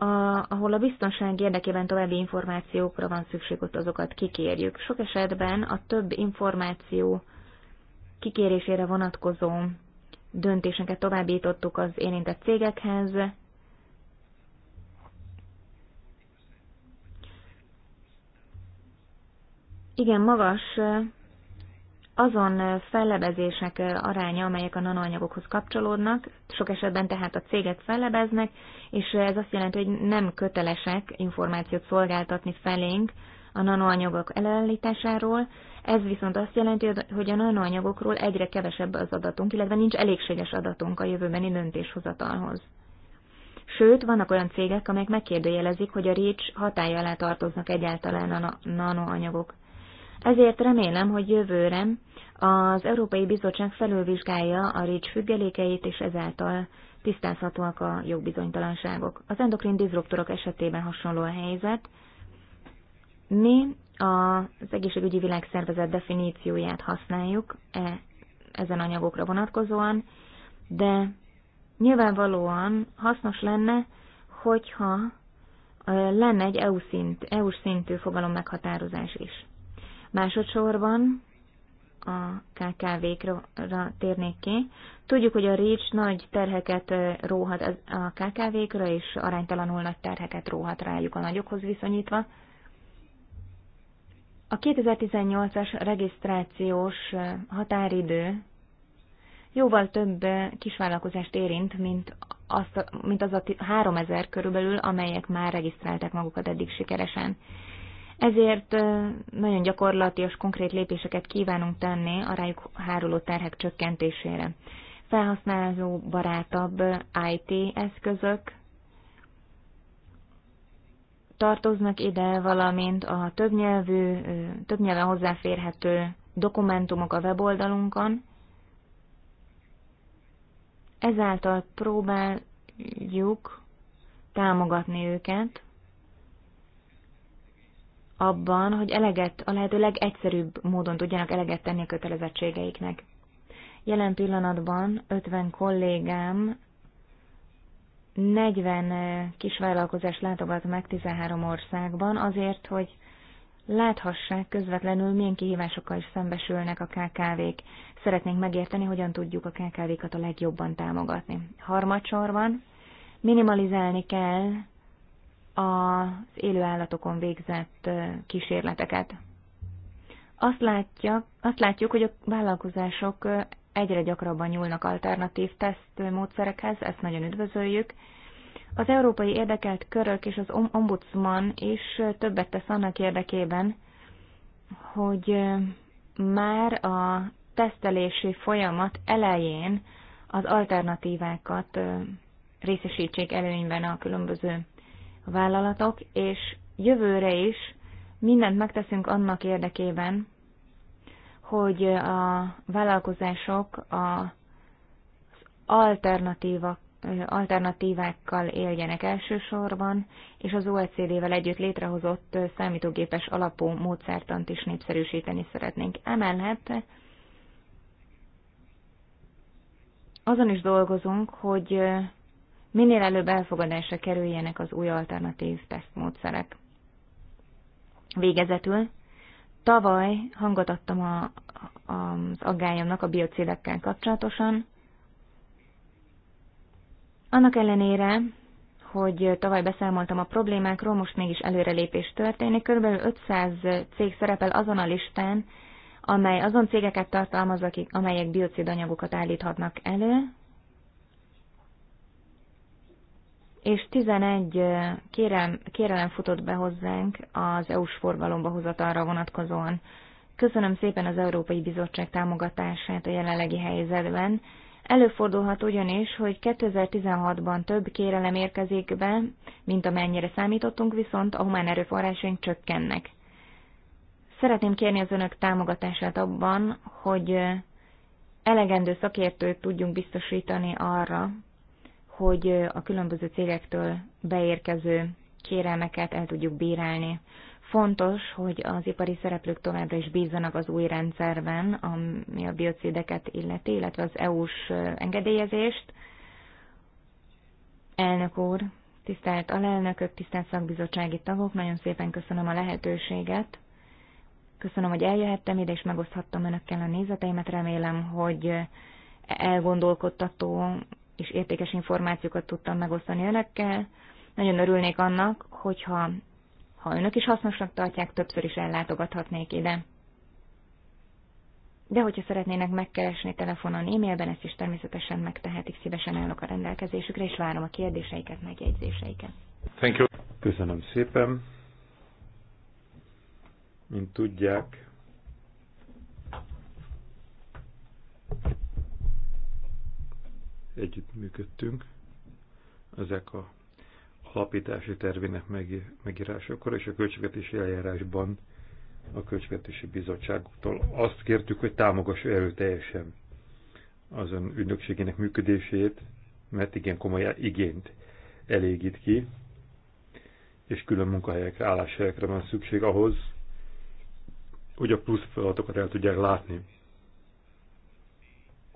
a, ahol a biztonság érdekében további információkra van szükség, ott azokat kikérjük. Sok esetben a több információ kikérésére vonatkozó döntéseket továbbítottuk az érintett cégekhez. Igen, magas azon fellebezések aránya, amelyek a nanoanyagokhoz kapcsolódnak, sok esetben tehát a cégek fellebeznek, és ez azt jelenti, hogy nem kötelesek információt szolgáltatni felénk a nanoanyagok elállításáról, ez viszont azt jelenti, hogy a nanoanyagokról egyre kevesebb az adatunk, illetve nincs elégséges adatunk a jövőbeni döntéshozatalhoz. Sőt, vannak olyan cégek, amelyek megkérdőjelezik, hogy a REACH hatája alá tartoznak egyáltalán a nanoanyagok. Ezért remélem, hogy jövőre az Európai Bizottság felülvizsgálja a rics függelékeit, és ezáltal tisztázhatóak a jogbizonytalanságok. Az endokrin diszruptorok esetében hasonló a helyzet. Mi az egészségügyi világszervezet definícióját használjuk e, ezen anyagokra vonatkozóan, de nyilvánvalóan hasznos lenne, hogyha lenne egy EU-szint, EU-s szintű fogalom meghatározás is. Másodszorban a KKV-kra térnék ki. Tudjuk, hogy a REACH nagy terheket róhat a KKV-kra, és aránytalanul nagy terheket róhat rájuk a nagyokhoz viszonyítva. A 2018-as regisztrációs határidő jóval több kisvállalkozást érint, mint, az, mint az a 3000 körülbelül, amelyek már regisztrálták magukat eddig sikeresen. Ezért nagyon és konkrét lépéseket kívánunk tenni a rájuk háruló terhek csökkentésére. Felhasználó barátabb IT eszközök tartoznak ide, valamint a többnyelvű, többnyelven hozzáférhető dokumentumok a weboldalunkon. Ezáltal próbáljuk támogatni őket, abban, hogy eleget, a lehető legegyszerűbb módon tudjanak eleget tenni a kötelezettségeiknek. Jelen pillanatban 50 kollégám 40 eh, kisvállalkozást látogat meg 13 országban azért, hogy láthassák közvetlenül, milyen kihívásokkal is szembesülnek a KKV-k. Szeretnénk megérteni, hogyan tudjuk a KKV-kat a legjobban támogatni. Harmadsorban minimalizálni kell az élő állatokon végzett kísérleteket. Azt, látja, azt látjuk, hogy a vállalkozások egyre gyakrabban nyúlnak alternatív módszerekhez, ezt nagyon üdvözöljük. Az európai érdekelt körök és az ombudsman is többet tesz annak érdekében, hogy már a tesztelési folyamat elején az alternatívákat részesítsék előnyben a különböző a vállalatok, és jövőre is mindent megteszünk annak érdekében, hogy a vállalkozások a alternatíva, alternatívákkal éljenek elsősorban, és az OECD-vel együtt létrehozott számítógépes alapú módszertant is népszerűsíteni szeretnénk. Emellett azon is dolgozunk, hogy minél előbb elfogadásra kerüljenek az új alternatív tesztmódszerek. Végezetül, tavaly hangot adtam a, az aggályomnak a biocidekkel kapcsolatosan. Annak ellenére, hogy tavaly beszámoltam a problémákról, most mégis előrelépés történik. Körülbelül 500 cég szerepel azon a listán, amely azon cégeket tartalmaz, akik, amelyek biocidanyagokat állíthatnak elő, és 11 kérem, kérelem futott be hozzánk az EU-s forgalomba hozatalra vonatkozóan. Köszönöm szépen az Európai Bizottság támogatását a jelenlegi helyzetben. Előfordulhat ugyanis, hogy 2016-ban több kérelem érkezik be, mint amennyire számítottunk, viszont a humán erőforrásaink csökkennek. Szeretném kérni az önök támogatását abban, hogy elegendő szakértőt tudjunk biztosítani arra, hogy a különböző cégektől beérkező kérelmeket el tudjuk bírálni. Fontos, hogy az ipari szereplők továbbra is bízzanak az új rendszerben, ami a biocideket illeti, illetve az EU-s engedélyezést. Elnök úr, tisztelt alelnökök, tisztelt szakbizottsági tagok, nagyon szépen köszönöm a lehetőséget. Köszönöm, hogy eljöhettem ide, és megoszthattam önökkel a nézeteimet. Remélem, hogy elgondolkodtató és értékes információkat tudtam megosztani önökkel. Nagyon örülnék annak, hogyha ha önök is hasznosnak tartják, többször is ellátogathatnék ide. De hogyha szeretnének megkeresni telefonon, e-mailben, ezt is természetesen megtehetik, szívesen állok a rendelkezésükre, és várom a kérdéseiket, megjegyzéseiket. Thank you. Köszönöm szépen. Mint tudják, együttműködtünk ezek a alapítási tervének megírásakor, és a költségvetési eljárásban a Költségvetési Bizottságoktól azt kértük, hogy támogassa erőteljesen az ön ügynökségének működését, mert igen komoly igényt elégít ki, és külön munkahelyekre, álláshelyekre van szükség ahhoz, hogy a plusz feladatokat el tudják látni.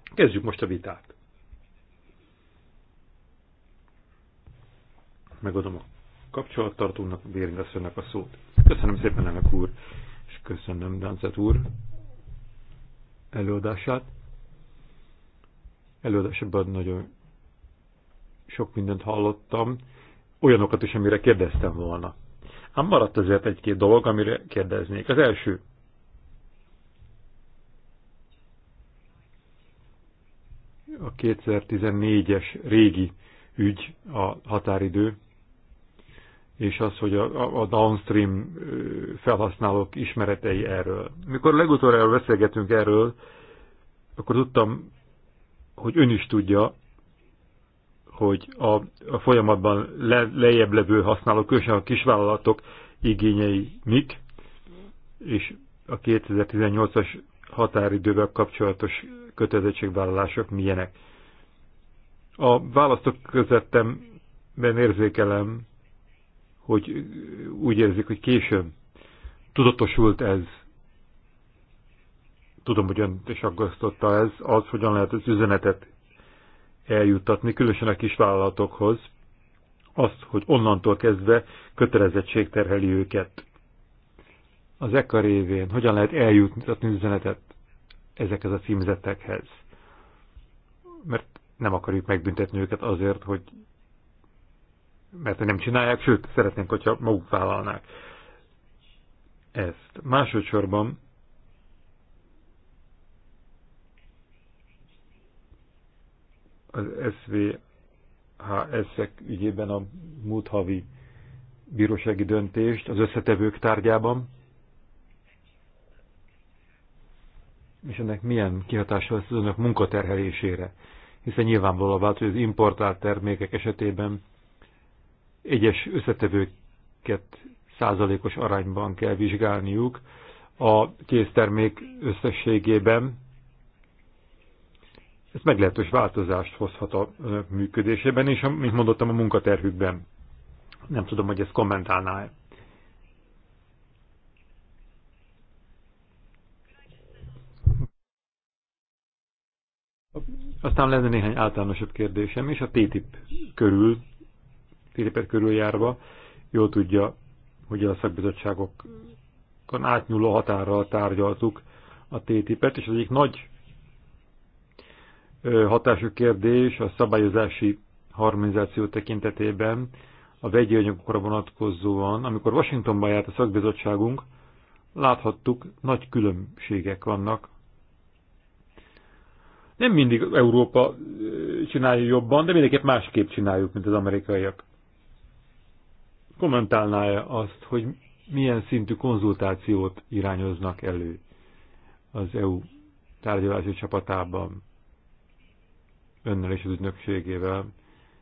Kezdjük most a vitát. megadom a kapcsolattartónak, Béring a szót. Köszönöm szépen, elnök úr, és köszönöm Dancet úr előadását. Előadásában nagyon sok mindent hallottam, olyanokat is, amire kérdeztem volna. Ám maradt azért egy-két dolog, amire kérdeznék. Az első, a 2014-es régi ügy, a határidő, és az, hogy a, a downstream felhasználók ismeretei erről. Mikor legutoljára beszélgetünk erről, akkor tudtam, hogy ön is tudja, hogy a, a folyamatban le, lejjebb levő használók, különösen a kisvállalatok igényei mik, és a 2018-as határidővel kapcsolatos kötelezettségvállalások milyenek. A választok közöttemben érzékelem, hogy úgy érzik, hogy későn tudatosult ez. Tudom, hogy önt is aggasztotta ez, az, hogyan lehet az üzenetet eljuttatni, különösen a kisvállalatokhoz, azt, hogy onnantól kezdve kötelezettség terheli őket. Az ekkor révén hogyan lehet az üzenetet ezekhez a címzettekhez? Mert nem akarjuk megbüntetni őket azért, hogy mert nem csinálják, sőt, szeretnénk, hogyha maguk vállalnák ezt. Másodszorban az SVHS-ek ügyében a múlt havi bírósági döntést az összetevők tárgyában, és ennek milyen kihatása lesz az önök munkaterhelésére, hiszen nyilvánvalóan vált, hogy az importált termékek esetében egyes összetevőket százalékos arányban kell vizsgálniuk a késztermék összességében. Ez meglehetős változást hozhat a működésében, és mint mondottam, a munkaterhükben. Nem tudom, hogy ezt kommentálná -e. Aztán lenne néhány általánosabb kérdésem, és a TTIP körül fél körüljárva, jól tudja, hogy a szakbizottságokon átnyúló határral tárgyaltuk a TTIP-et, és az egyik nagy hatású kérdés a szabályozási harmonizáció tekintetében a vegyi anyagokra vonatkozóan, amikor Washingtonban járt a szakbizottságunk, láthattuk, nagy különbségek vannak. Nem mindig Európa csinálja jobban, de mindenképp másképp csináljuk, mint az amerikaiak kommentálná-e azt, hogy milyen szintű konzultációt irányoznak elő az EU tárgyalási csapatában önnel és az ügynökségével,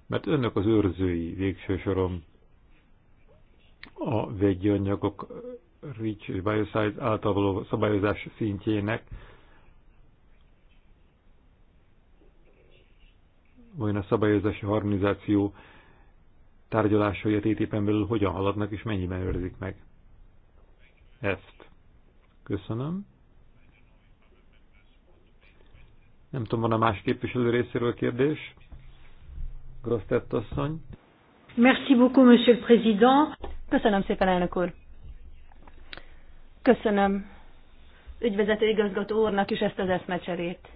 mert önök az őrzői végső soron a vegyi anyagok REACH és Bioscience által való szabályozás szintjének, vagy a szabályozási harmonizáció tárgyalásai a ttp en belül hogyan haladnak és mennyiben őrzik meg ezt. Köszönöm. Nem tudom, van a más képviselő részéről kérdés? Grosztett asszony. Merci beaucoup, monsieur le président. Köszönöm szépen, elnök úr. Köszönöm ügyvezető igazgató úrnak is ezt az eszmecserét.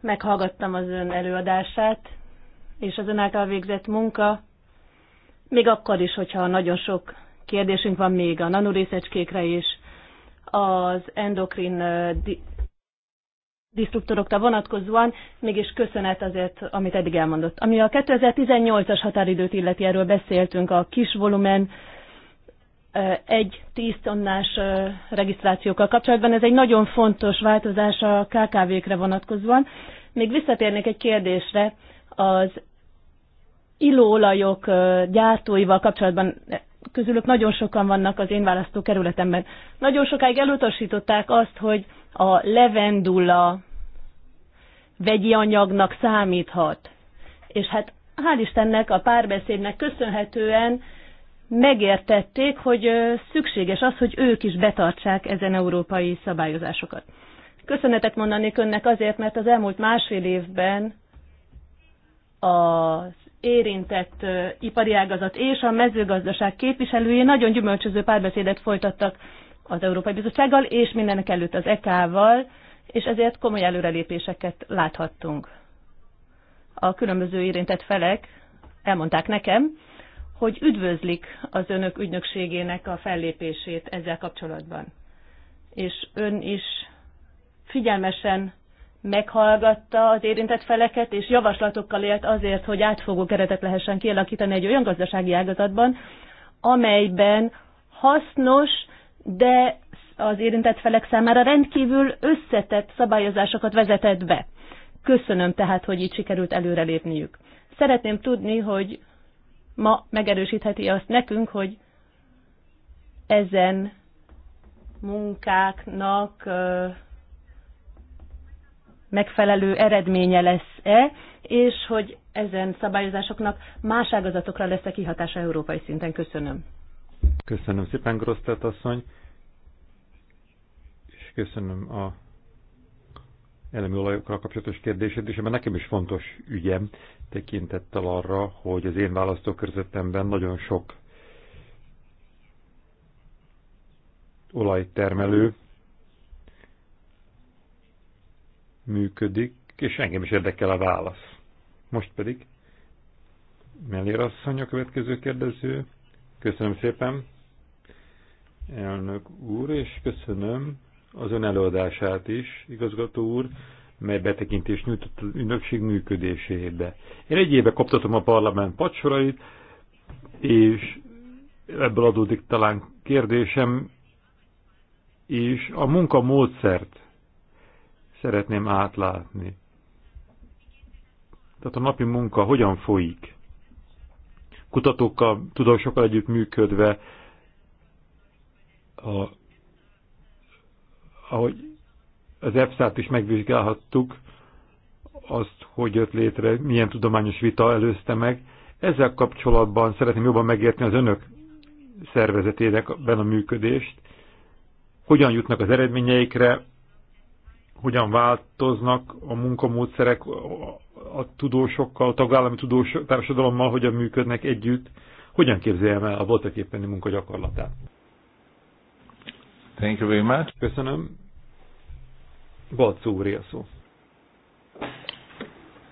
Meghallgattam az ön előadását, és az ön által végzett munka, még akkor is, hogyha nagyon sok kérdésünk van még a nanorészecskékre is, az endokrin disruptorokra vonatkozóan, mégis köszönet azért, amit eddig elmondott. Ami a 2018-as határidőt illeti, erről beszéltünk, a kis volumen egy 10 tonnás regisztrációkkal kapcsolatban. Ez egy nagyon fontos változás a KKV-kre vonatkozóan. Még visszatérnék egy kérdésre, az illóolajok gyártóival kapcsolatban közülük nagyon sokan vannak az én választókerületemben. Nagyon sokáig elutasították azt, hogy a levendula vegyi anyagnak számíthat. És hát hál' Istennek a párbeszédnek köszönhetően megértették, hogy szükséges az, hogy ők is betartsák ezen európai szabályozásokat. Köszönetet mondanék önnek azért, mert az elmúlt másfél évben az érintett ipari ágazat és a mezőgazdaság képviselői nagyon gyümölcsöző párbeszédet folytattak az Európai Bizottsággal, és mindenek előtt az EK-val, és ezért komoly előrelépéseket láthattunk. A különböző érintett felek elmondták nekem, hogy üdvözlik az önök ügynökségének a fellépését ezzel kapcsolatban. És ön is figyelmesen meghallgatta az érintett feleket, és javaslatokkal élt azért, hogy átfogó keretet lehessen kialakítani egy olyan gazdasági ágazatban, amelyben hasznos, de az érintett felek számára rendkívül összetett szabályozásokat vezetett be. Köszönöm tehát, hogy így sikerült előrelépniük. Szeretném tudni, hogy ma megerősítheti azt nekünk, hogy ezen munkáknak megfelelő eredménye lesz-e, és hogy ezen szabályozásoknak más ágazatokra lesz-e kihatása európai szinten. Köszönöm. Köszönöm szépen, Grosztát asszony, és köszönöm a elemi olajokra kapcsolatos kérdését, és ebben nekem is fontos ügyem tekintettel arra, hogy az én választókörzetemben nagyon sok olajtermelő működik, és engem is érdekel a válasz. Most pedig Mellér asszony a következő kérdező. Köszönöm szépen, elnök úr, és köszönöm az ön előadását is, igazgató úr, mely betekintést nyújtott az ügynökség működésébe. Én egy éve koptatom a parlament pacsorait, és ebből adódik talán kérdésem, és a munkamódszert szeretném átlátni. Tehát a napi munka hogyan folyik? Kutatókkal, tudósokkal együtt működve, a, ahogy az EFSA-t is megvizsgálhattuk, azt, hogy jött létre, milyen tudományos vita előzte meg. Ezzel kapcsolatban szeretném jobban megérteni az önök szervezetének a működést, hogyan jutnak az eredményeikre, hogyan változnak a munkamódszerek a tudósokkal, a tagállami tudós társadalommal, hogyan működnek együtt, hogyan képzeljem el a voltak munka munkagyakorlatát. Thank you very much. Köszönöm. Balcó úr, a szó.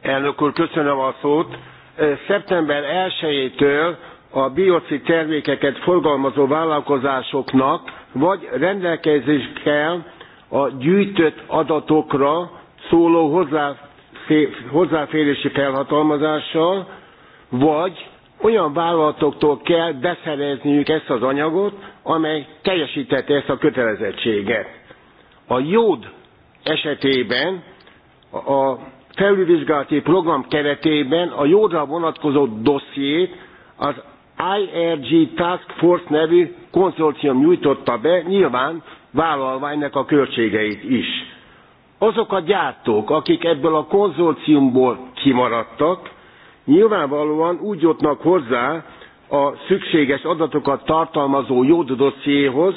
Elnök úr, köszönöm a szót. Szeptember 1-től a bioci termékeket forgalmazó vállalkozásoknak vagy rendelkezés kell a gyűjtött adatokra szóló hozzáférési felhatalmazással, vagy olyan vállalatoktól kell beszerezniük ezt az anyagot, amely teljesítette ezt a kötelezettséget. A jód esetében a felülvizsgálati program keretében a jódra vonatkozó dossziét az IRG Task Force nevű konzorcium nyújtotta be, nyilván vállalványnak a költségeit is. Azok a gyártók, akik ebből a konzorciumból kimaradtak, nyilvánvalóan úgy jutnak hozzá a szükséges adatokat tartalmazó jod dossziéhoz,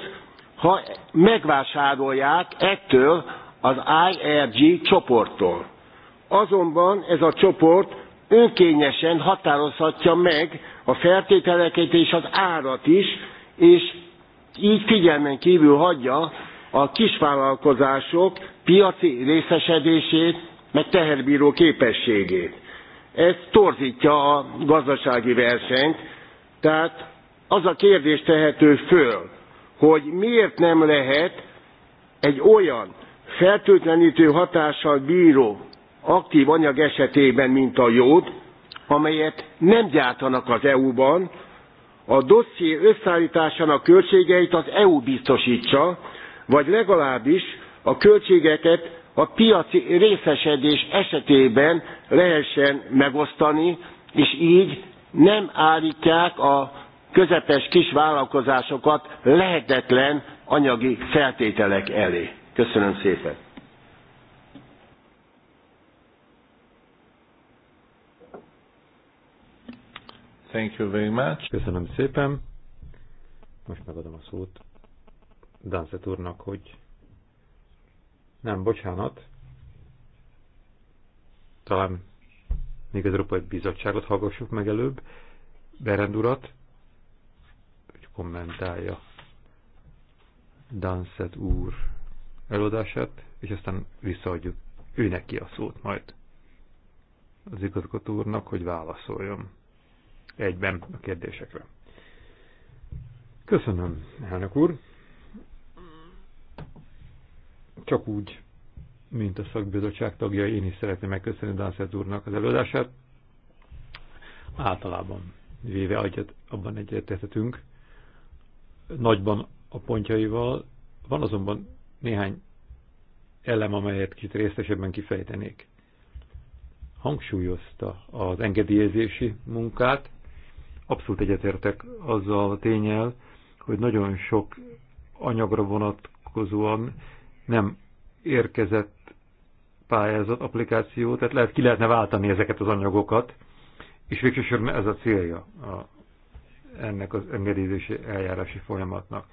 ha megvásárolják ettől az IRG csoporttól. Azonban ez a csoport önkényesen határozhatja meg a feltételeket és az árat is, és így figyelmen kívül hagyja a kisvállalkozások piaci részesedését, meg teherbíró képességét. Ez torzítja a gazdasági versenyt, tehát az a kérdés tehető föl, hogy miért nem lehet egy olyan fertőtlenítő hatással bíró aktív anyag esetében, mint a jód, amelyet nem gyártanak az EU-ban, a dosszié összeállításának költségeit az EU biztosítsa, vagy legalábbis a költségeket a piaci részesedés esetében lehessen megosztani, és így nem állítják a közepes kis vállalkozásokat lehetetlen anyagi feltételek elé. Köszönöm szépen! Thank you very much. Köszönöm szépen. Most megadom a szót Danszet úrnak, hogy nem, bocsánat. Talán még az Európai Bizottságot hallgassuk meg előbb. Berend urat, hogy kommentálja Danszet úr előadását, és aztán visszaadjuk ő neki a szót majd az igazgató úrnak, hogy válaszoljon egyben a kérdésekre. Köszönöm, elnök úr. Csak úgy, mint a szakbizottság tagja, én is szeretném megköszönni Dánszert úrnak az előadását. Általában véve agyat, abban egyetértetünk. Nagyban a pontjaival. Van azonban néhány elem, amelyet kicsit részesebben kifejtenék. Hangsúlyozta az engedélyezési munkát, Abszolút egyetértek azzal a tényel, hogy nagyon sok anyagra vonatkozóan nem érkezett pályázat, applikáció, tehát lehet ki lehetne váltani ezeket az anyagokat, és végsősorban ez a célja a, ennek az engedélyzési eljárási folyamatnak.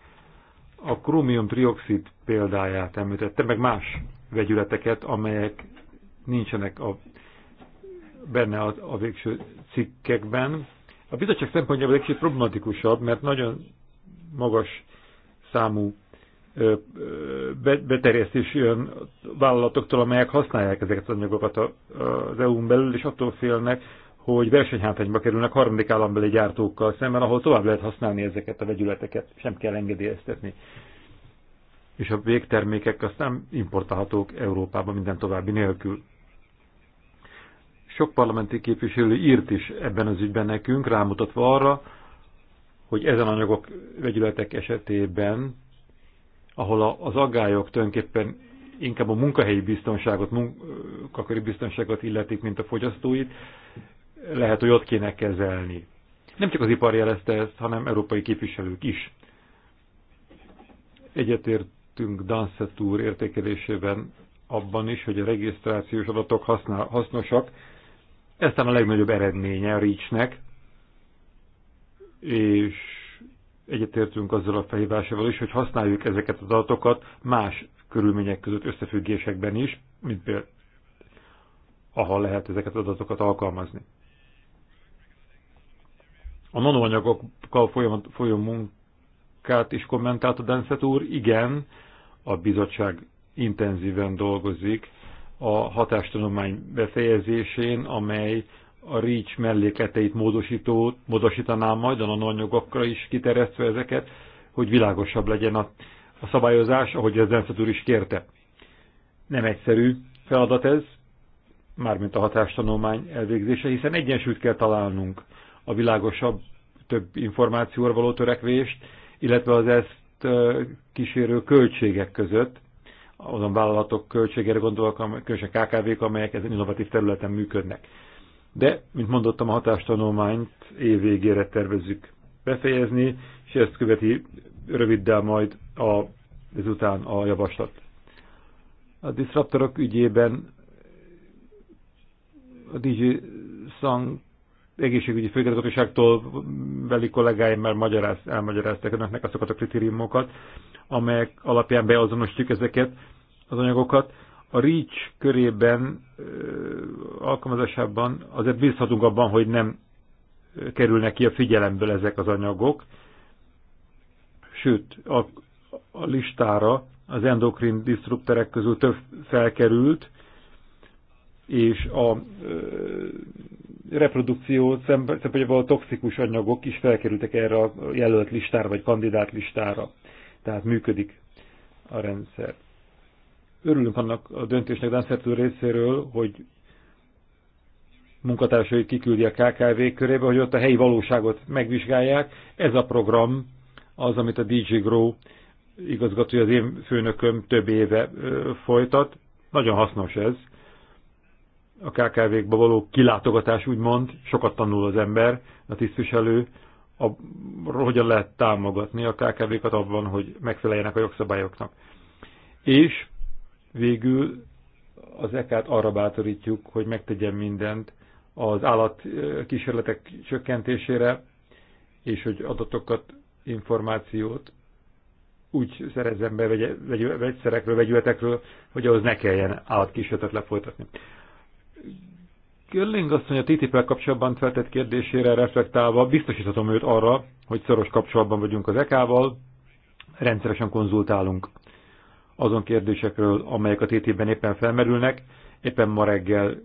A krómium-trioxid példáját említette, meg más vegyületeket, amelyek nincsenek a, benne a, a végső cikkekben, a bizottság szempontjából egy kicsit problematikusabb, mert nagyon magas számú beterjesztés jön vállalatoktól, amelyek használják ezeket az anyagokat az EU-n belül, és attól félnek, hogy versenyhátrányba kerülnek harmadik állambeli gyártókkal szemben, ahol tovább lehet használni ezeket a vegyületeket, sem kell engedélyeztetni. És a végtermékek aztán importálhatók Európába minden további nélkül. Sok parlamenti képviselő írt is ebben az ügyben nekünk, rámutatva arra, hogy ezen anyagok, vegyületek esetében, ahol az aggályok tulajdonképpen inkább a munkahelyi biztonságot, munkaköri biztonságot illetik, mint a fogyasztóit, lehet, hogy ott kéne kezelni. Nem csak az ipar jelezte ezt, hanem európai képviselők is. Egyetértünk Danszett úr értékelésében abban is, hogy a regisztrációs adatok használ, hasznosak, ez a legnagyobb eredménye a Reachnek, és egyetértünk azzal a felhívásával is, hogy használjuk ezeket az adatokat más körülmények között összefüggésekben is, mint például ahol lehet ezeket az adatokat alkalmazni. A nanoanyagokkal folyó munkát is kommentált a Denszet úr. Igen, a bizottság intenzíven dolgozik a hatástanulmány befejezésén, amely a REACH mellékleteit módosító, módosítaná majd, a nanoanyagokra is kiterjesztve ezeket, hogy világosabb legyen a, a szabályozás, ahogy az Zenszet úr is kérte. Nem egyszerű feladat ez, mármint a hatástanulmány elvégzése, hiszen egyensúlyt kell találnunk a világosabb, több információra való törekvést, illetve az ezt kísérő költségek között, azon vállalatok költségére gondolok, különösen KKV-k, amelyek ezen innovatív területen működnek. De, mint mondottam, a hatástanulmányt év végére tervezzük befejezni, és ezt követi röviddel majd a, ezután a javaslat. A disruptorok ügyében a DJ Sang egészségügyi főigazgatóságtól veli kollégáim már magyaráz, elmagyarázták önöknek azokat a kritériumokat, amelyek alapján beazonosítjuk ezeket az anyagokat. A REACH körében alkalmazásában azért bízhatunk abban, hogy nem kerülnek ki a figyelemből ezek az anyagok, sőt, a, a listára az endokrin disrupterek közül több felkerült, és a ö, reprodukció szempontjából a toxikus anyagok is felkerültek erre a jelölt listára, vagy kandidát listára. Tehát működik a rendszer. Örülünk annak a döntésnek Danszertől részéről, hogy munkatársai kiküldi a KKV körébe, hogy ott a helyi valóságot megvizsgálják. Ez a program az, amit a DJ Grow igazgatója az én főnököm több éve folytat. Nagyon hasznos ez. A KKV-kba való kilátogatás úgymond, sokat tanul az ember, a tisztviselő, a, hogyan lehet támogatni a KKV-kat abban, hogy megfeleljenek a jogszabályoknak. És végül az EK-t arra bátorítjuk, hogy megtegyen mindent az állatkísérletek csökkentésére, és hogy adatokat, információt úgy szerezzen be vegy, vegy, vegyszerekről, vegyületekről, hogy ahhoz ne kelljen állatkísérletet lefolytatni. Görling asszony a ttip kapcsolatban feltett kérdésére reflektálva biztosíthatom őt arra, hogy szoros kapcsolatban vagyunk az EK-val, rendszeresen konzultálunk azon kérdésekről, amelyek a TTIP-ben éppen felmerülnek. Éppen ma reggel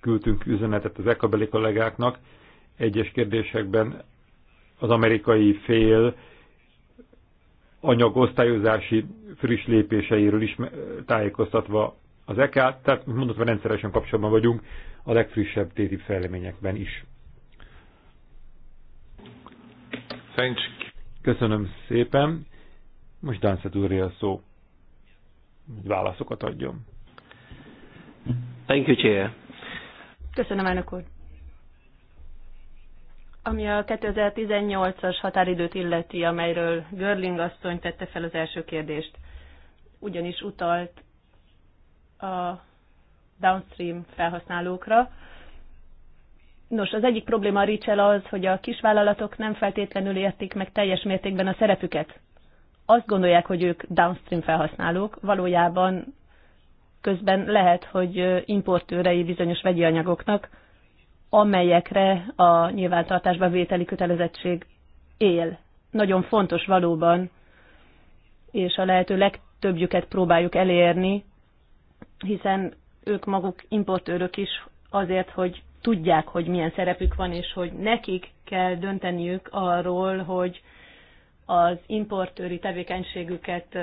küldtünk üzenetet az EK beli kollégáknak. Egyes kérdésekben az amerikai fél anyagosztályozási friss lépéseiről is tájékoztatva az EK, tehát mondhatva rendszeresen kapcsolatban vagyunk a legfrissebb téti fejleményekben is. Thanks. Köszönöm szépen. Most Dánszet a szó, hogy válaszokat adjon. Thank you, Chair. Köszönöm, elnök úr. Ami a 2018-as határidőt illeti, amelyről Görling asszony tette fel az első kérdést, ugyanis utalt a downstream felhasználókra. Nos, az egyik probléma a Richel az, hogy a kisvállalatok nem feltétlenül értik meg teljes mértékben a szerepüket. Azt gondolják, hogy ők downstream felhasználók, valójában közben lehet, hogy importőrei bizonyos vegyi anyagoknak, amelyekre a nyilvántartásba vételi kötelezettség él. Nagyon fontos valóban, és a lehető legtöbbjüket próbáljuk elérni, hiszen ők maguk importőrök is azért, hogy tudják, hogy milyen szerepük van, és hogy nekik kell dönteniük arról, hogy az importőri tevékenységüket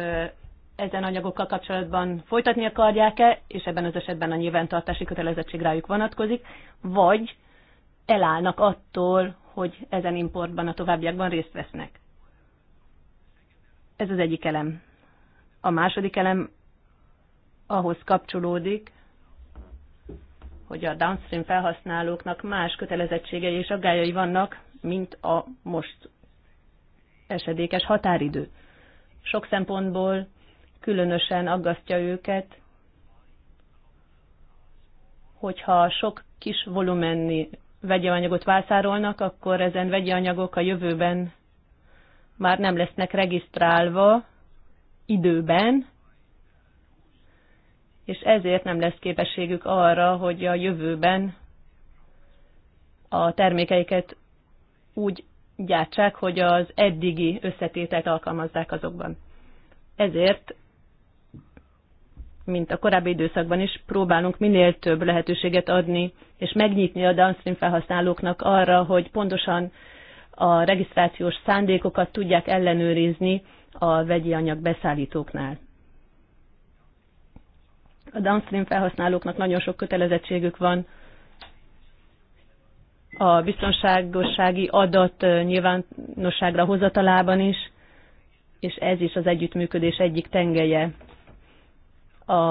ezen anyagokkal kapcsolatban folytatni akarják-e, és ebben az esetben a nyilvántartási kötelezettség rájuk vonatkozik, vagy elállnak attól, hogy ezen importban a továbbiakban részt vesznek. Ez az egyik elem. A második elem ahhoz kapcsolódik, hogy a downstream felhasználóknak más kötelezettségei és aggályai vannak, mint a most esedékes határidő. Sok szempontból különösen aggasztja őket, hogyha sok kis volumenni vegyi anyagot vásárolnak, akkor ezen vegyi anyagok a jövőben már nem lesznek regisztrálva időben, és ezért nem lesz képességük arra, hogy a jövőben a termékeiket úgy gyártsák, hogy az eddigi összetételt alkalmazzák azokban. Ezért, mint a korábbi időszakban is, próbálunk minél több lehetőséget adni, és megnyitni a downstream felhasználóknak arra, hogy pontosan a regisztrációs szándékokat tudják ellenőrizni a vegyi anyag beszállítóknál a downstream felhasználóknak nagyon sok kötelezettségük van a biztonságossági adat nyilvánosságra hozatalában is, és ez is az együttműködés egyik tengelye a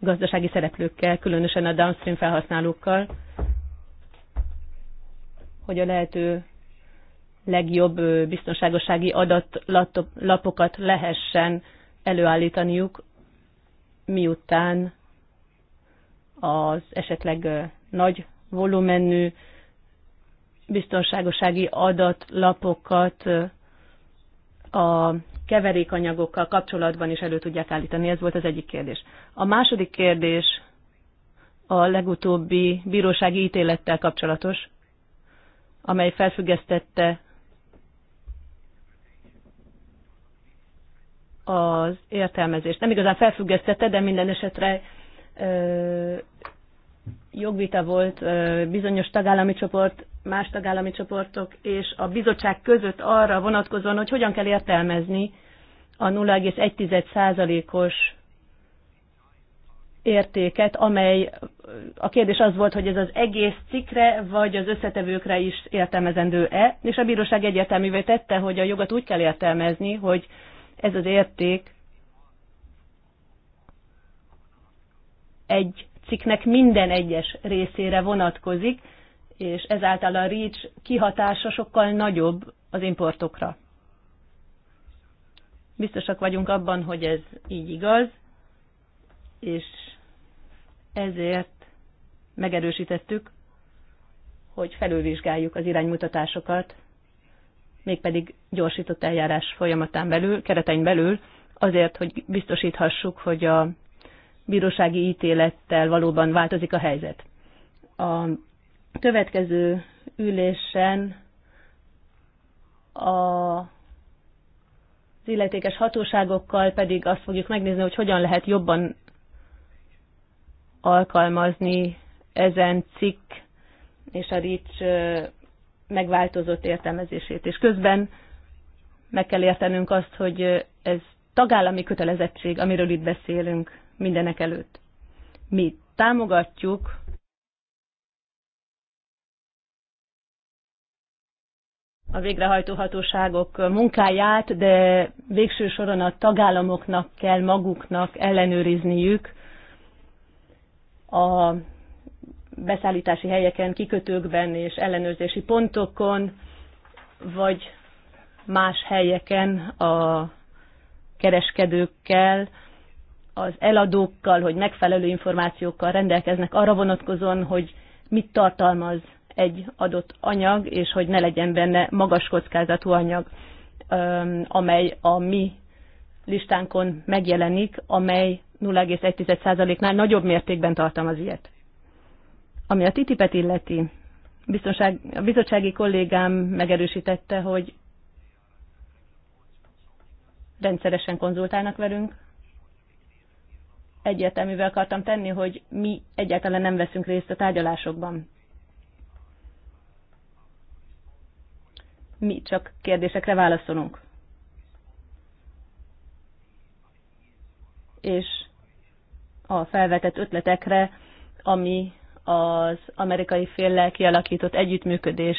gazdasági szereplőkkel, különösen a downstream felhasználókkal, hogy a lehető legjobb biztonságossági adatlapokat lehessen előállítaniuk miután az esetleg nagy volumenű biztonságosági adatlapokat a keverékanyagokkal kapcsolatban is elő tudják állítani. Ez volt az egyik kérdés. A második kérdés a legutóbbi bírósági ítélettel kapcsolatos, amely felfüggesztette az értelmezést. Nem igazán felfüggesztette, de minden esetre ö, jogvita volt ö, bizonyos tagállami csoport, más tagállami csoportok és a bizottság között arra vonatkozóan, hogy hogyan kell értelmezni a 0,1%-os értéket, amely a kérdés az volt, hogy ez az egész cikre vagy az összetevőkre is értelmezendő-e, és a bíróság egyértelművé tette, hogy a jogot úgy kell értelmezni, hogy ez az érték egy cikknek minden egyes részére vonatkozik, és ezáltal a REACH kihatása sokkal nagyobb az importokra. Biztosak vagyunk abban, hogy ez így igaz, és ezért megerősítettük, hogy felülvizsgáljuk az iránymutatásokat mégpedig gyorsított eljárás folyamatán belül, keretein belül, azért, hogy biztosíthassuk, hogy a bírósági ítélettel valóban változik a helyzet. A következő ülésen a az illetékes hatóságokkal pedig azt fogjuk megnézni, hogy hogyan lehet jobban alkalmazni ezen cikk és a RICS megváltozott értelmezését. És közben meg kell értenünk azt, hogy ez tagállami kötelezettség, amiről itt beszélünk mindenek előtt. Mi támogatjuk a végrehajtó hatóságok munkáját, de végső soron a tagállamoknak kell maguknak ellenőrizniük a beszállítási helyeken, kikötőkben és ellenőrzési pontokon, vagy más helyeken a kereskedőkkel, az eladókkal, hogy megfelelő információkkal rendelkeznek arra vonatkozóan, hogy mit tartalmaz egy adott anyag, és hogy ne legyen benne magas kockázatú anyag, amely a mi listánkon megjelenik, amely 0,1%-nál nagyobb mértékben tartalmaz ilyet. Ami a titipet illeti, biztonság, a bizottsági kollégám megerősítette, hogy rendszeresen konzultálnak velünk. Egyértelművel akartam tenni, hogy mi egyáltalán nem veszünk részt a tárgyalásokban. Mi csak kérdésekre válaszolunk. És a felvetett ötletekre, ami az amerikai féllel kialakított együttműködés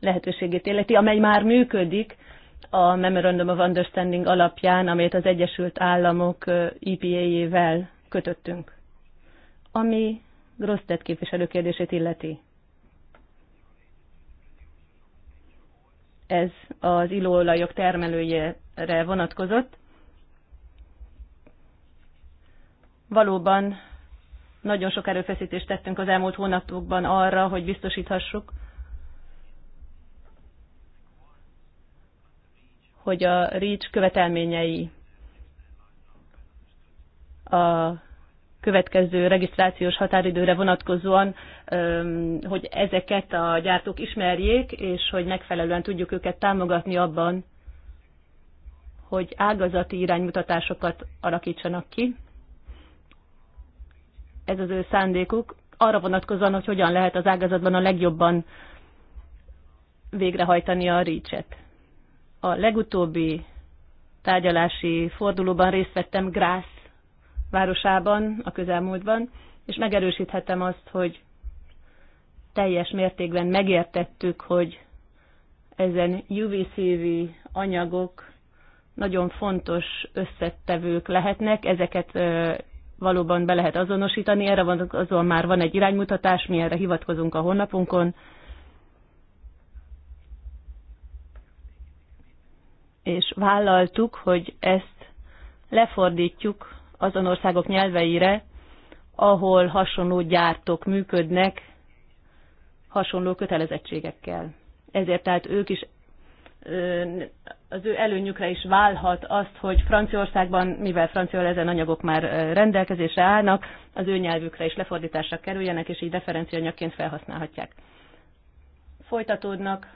lehetőségét illeti, amely már működik a Memorandum of Understanding alapján, amelyet az Egyesült Államok EPA-jével kötöttünk. Ami Grosztet képviselő kérdését illeti. Ez az illóolajok termelőjére vonatkozott. Valóban nagyon sok erőfeszítést tettünk az elmúlt hónapokban arra, hogy biztosíthassuk, hogy a REACH követelményei a következő regisztrációs határidőre vonatkozóan, hogy ezeket a gyártók ismerjék, és hogy megfelelően tudjuk őket támogatni abban, hogy ágazati iránymutatásokat alakítsanak ki, ez az ő szándékuk, arra vonatkozóan, hogy hogyan lehet az ágazatban a legjobban végrehajtani a rícset. A legutóbbi tárgyalási fordulóban részt vettem Grász városában a közelmúltban, és megerősíthetem azt, hogy teljes mértékben megértettük, hogy ezen UVCV anyagok nagyon fontos összetevők lehetnek, ezeket valóban be lehet azonosítani. Erre van, azon már van egy iránymutatás, mi erre hivatkozunk a honlapunkon. És vállaltuk, hogy ezt lefordítjuk azon országok nyelveire, ahol hasonló gyártók működnek hasonló kötelezettségekkel. Ezért tehát ők is az ő előnyükre is válhat azt, hogy Franciaországban, mivel francia ezen anyagok már rendelkezésre állnak, az ő nyelvükre is lefordításra kerüljenek, és így referenciaanyagként felhasználhatják. Folytatódnak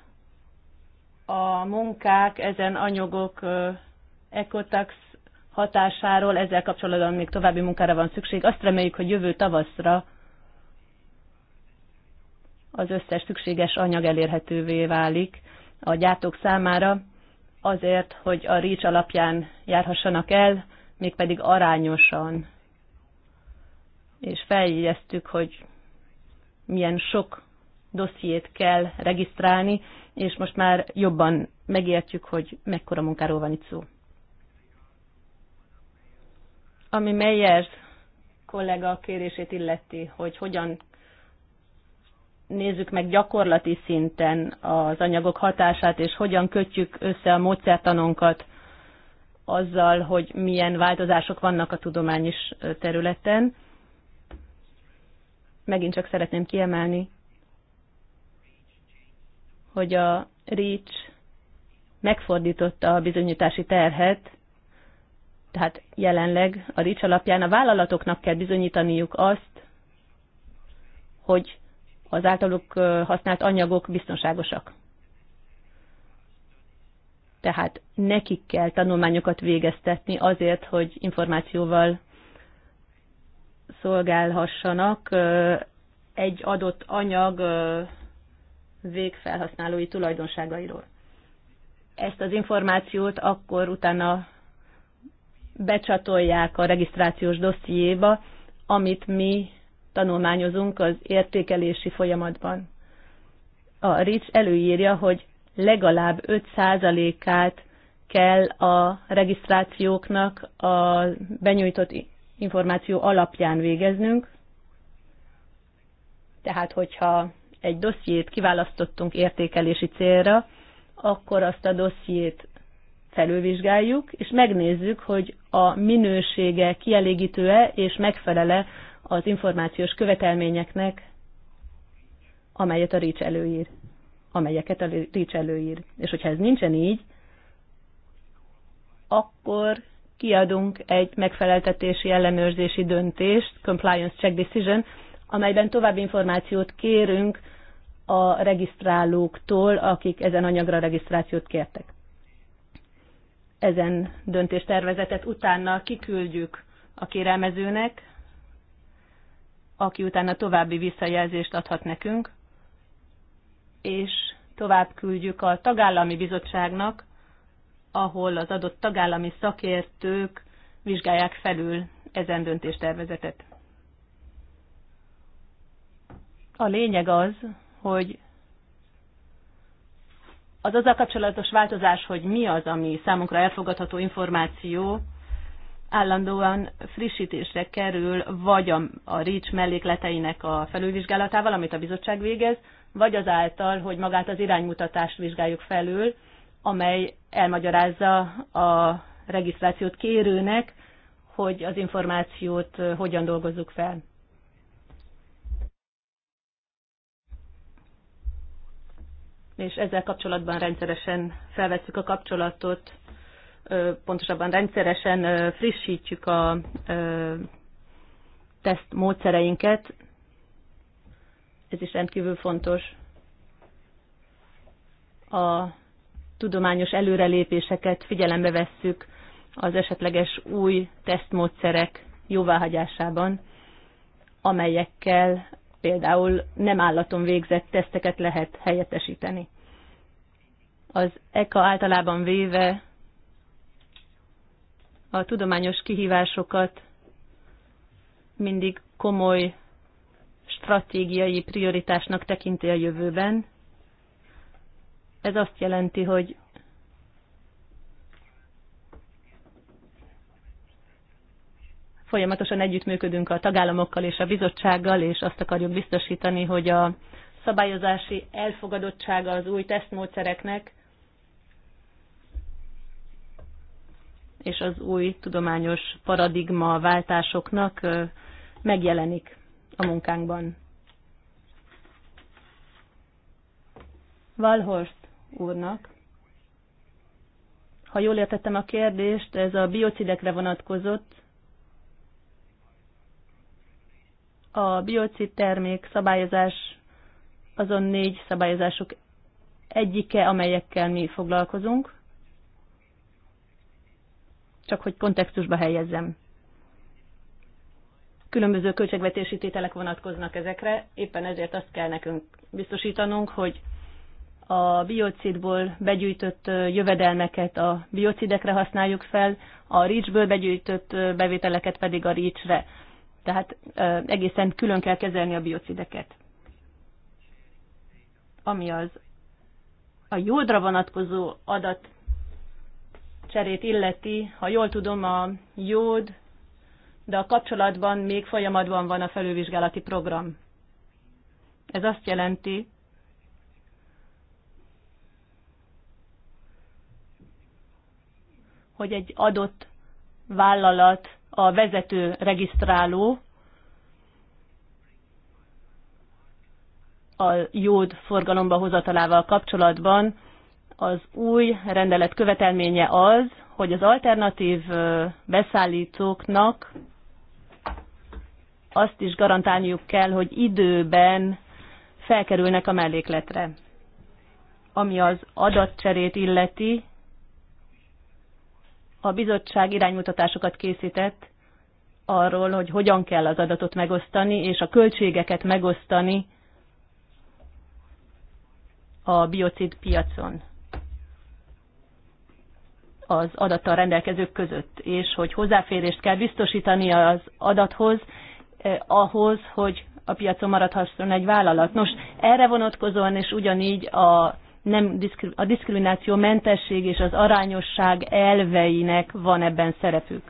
a munkák ezen anyagok ecotax hatásáról, ezzel kapcsolatban még további munkára van szükség. Azt reméljük, hogy jövő tavaszra az összes szükséges anyag elérhetővé válik a gyártók számára, azért, hogy a rics alapján járhassanak el, mégpedig arányosan. És feljegyeztük, hogy milyen sok dossziét kell regisztrálni, és most már jobban megértjük, hogy mekkora munkáról van itt szó. Ami Meyers kollega kérését illeti, hogy hogyan nézzük meg gyakorlati szinten az anyagok hatását, és hogyan kötjük össze a módszertanunkat azzal, hogy milyen változások vannak a tudományos területen. Megint csak szeretném kiemelni, hogy a REACH megfordította a bizonyítási terhet, tehát jelenleg a REACH alapján a vállalatoknak kell bizonyítaniuk azt, hogy az általuk használt anyagok biztonságosak. Tehát nekik kell tanulmányokat végeztetni azért, hogy információval szolgálhassanak egy adott anyag végfelhasználói tulajdonságairól. Ezt az információt akkor utána becsatolják a regisztrációs dossziéba, amit mi tanulmányozunk az értékelési folyamatban. A RICS előírja, hogy legalább 5%-át kell a regisztrációknak a benyújtott információ alapján végeznünk. Tehát, hogyha egy dossziét kiválasztottunk értékelési célra, akkor azt a dossziét felülvizsgáljuk, és megnézzük, hogy a minősége kielégítő-e és megfelele az információs követelményeknek, amelyet a rics előír, amelyeket a rics előír. És hogyha ez nincsen így, akkor kiadunk egy megfeleltetési ellenőrzési döntést, compliance check decision, amelyben további információt kérünk a regisztrálóktól, akik ezen anyagra regisztrációt kértek. Ezen döntéstervezetet utána kiküldjük a kérelmezőnek, aki utána további visszajelzést adhat nekünk, és tovább küldjük a tagállami bizottságnak, ahol az adott tagállami szakértők vizsgálják felül ezen döntéstervezetet. A lényeg az, hogy az azzal kapcsolatos változás, hogy mi az, ami számunkra elfogadható információ, állandóan frissítésre kerül, vagy a, a REACH mellékleteinek a felülvizsgálatával, amit a bizottság végez, vagy azáltal, hogy magát az iránymutatást vizsgáljuk felül, amely elmagyarázza a regisztrációt kérőnek, hogy az információt hogyan dolgozzuk fel. És ezzel kapcsolatban rendszeresen felvesszük a kapcsolatot pontosabban rendszeresen frissítjük a teszt módszereinket. Ez is rendkívül fontos. A tudományos előrelépéseket figyelembe vesszük az esetleges új tesztmódszerek jóváhagyásában, amelyekkel például nem állaton végzett teszteket lehet helyettesíteni. Az ECA általában véve a tudományos kihívásokat mindig komoly stratégiai prioritásnak tekinti a jövőben. Ez azt jelenti, hogy folyamatosan együttműködünk a tagállamokkal és a bizottsággal, és azt akarjuk biztosítani, hogy a szabályozási elfogadottsága az új tesztmódszereknek és az új tudományos paradigma váltásoknak megjelenik a munkánkban. Valhorst úrnak, ha jól értettem a kérdést, ez a biocidekre vonatkozott. A biocid termék szabályozás azon négy szabályozások egyike, amelyekkel mi foglalkozunk csak hogy kontextusba helyezzem. Különböző költségvetési tételek vonatkoznak ezekre, éppen ezért azt kell nekünk biztosítanunk, hogy a biocidból begyűjtött jövedelmeket a biocidekre használjuk fel, a ricsből begyűjtött bevételeket pedig a ricsre. Tehát egészen külön kell kezelni a biocideket. Ami az a jódra vonatkozó adat cserét illeti, ha jól tudom, a jód, de a kapcsolatban még folyamatban van a felülvizsgálati program. Ez azt jelenti, hogy egy adott vállalat a vezető regisztráló a jód forgalomba hozatalával kapcsolatban az új rendelet követelménye az, hogy az alternatív beszállítóknak azt is garantálniuk kell, hogy időben felkerülnek a mellékletre. Ami az adatcserét illeti, a bizottság iránymutatásokat készített arról, hogy hogyan kell az adatot megosztani, és a költségeket megosztani a biocid piacon az adattal rendelkezők között, és hogy hozzáférést kell biztosítani az adathoz, eh, ahhoz, hogy a piacon maradhasson egy vállalat. Nos, erre vonatkozóan és ugyanígy a, nem, a diszkrimináció mentesség és az arányosság elveinek van ebben szerepük.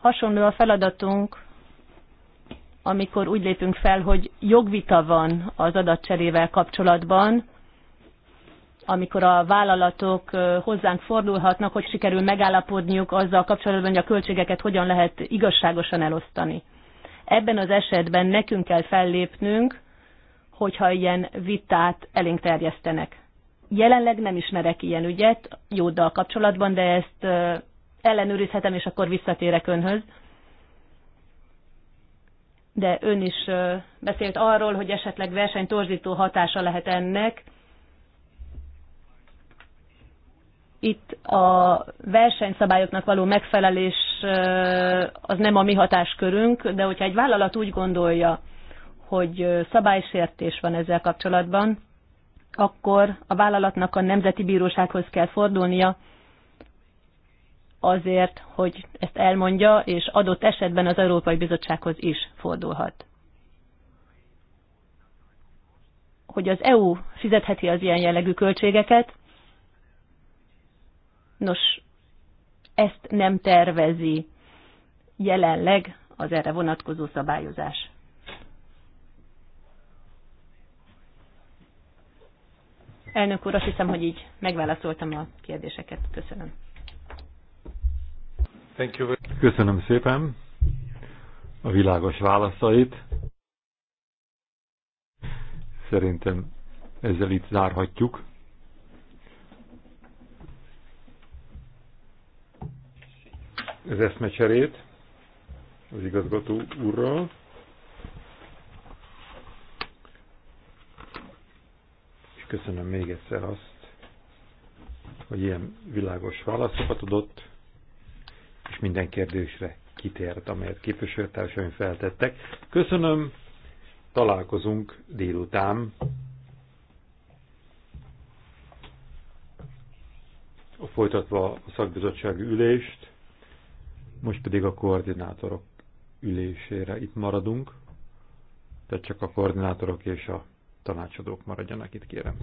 Hasonló a feladatunk, amikor úgy lépünk fel, hogy jogvita van az adatcserével kapcsolatban, amikor a vállalatok hozzánk fordulhatnak, hogy sikerül megállapodniuk azzal kapcsolatban, hogy a költségeket hogyan lehet igazságosan elosztani. Ebben az esetben nekünk kell fellépnünk, hogyha ilyen vitát elénk terjesztenek. Jelenleg nem ismerek ilyen ügyet jóddal kapcsolatban, de ezt ellenőrizhetem, és akkor visszatérek önhöz. De ön is beszélt arról, hogy esetleg versenytorzító hatása lehet ennek, itt a versenyszabályoknak való megfelelés az nem a mi hatáskörünk, de hogyha egy vállalat úgy gondolja, hogy szabálysértés van ezzel kapcsolatban, akkor a vállalatnak a Nemzeti Bírósághoz kell fordulnia azért, hogy ezt elmondja, és adott esetben az Európai Bizottsághoz is fordulhat. Hogy az EU fizetheti az ilyen jellegű költségeket, Nos, ezt nem tervezi jelenleg az erre vonatkozó szabályozás. Elnök úr, azt hiszem, hogy így megválaszoltam a kérdéseket. Köszönöm. Thank you. Köszönöm szépen a világos válaszait. Szerintem ezzel itt zárhatjuk az eszmecserét az igazgató úrral. És köszönöm még egyszer azt, hogy ilyen világos válaszokat adott, és minden kérdésre kitért, amelyet képviselőtársaim feltettek. Köszönöm, találkozunk délután. Folytatva a szakbizottsági ülést, most pedig a koordinátorok ülésére itt maradunk, tehát csak a koordinátorok és a tanácsadók maradjanak itt, kérem.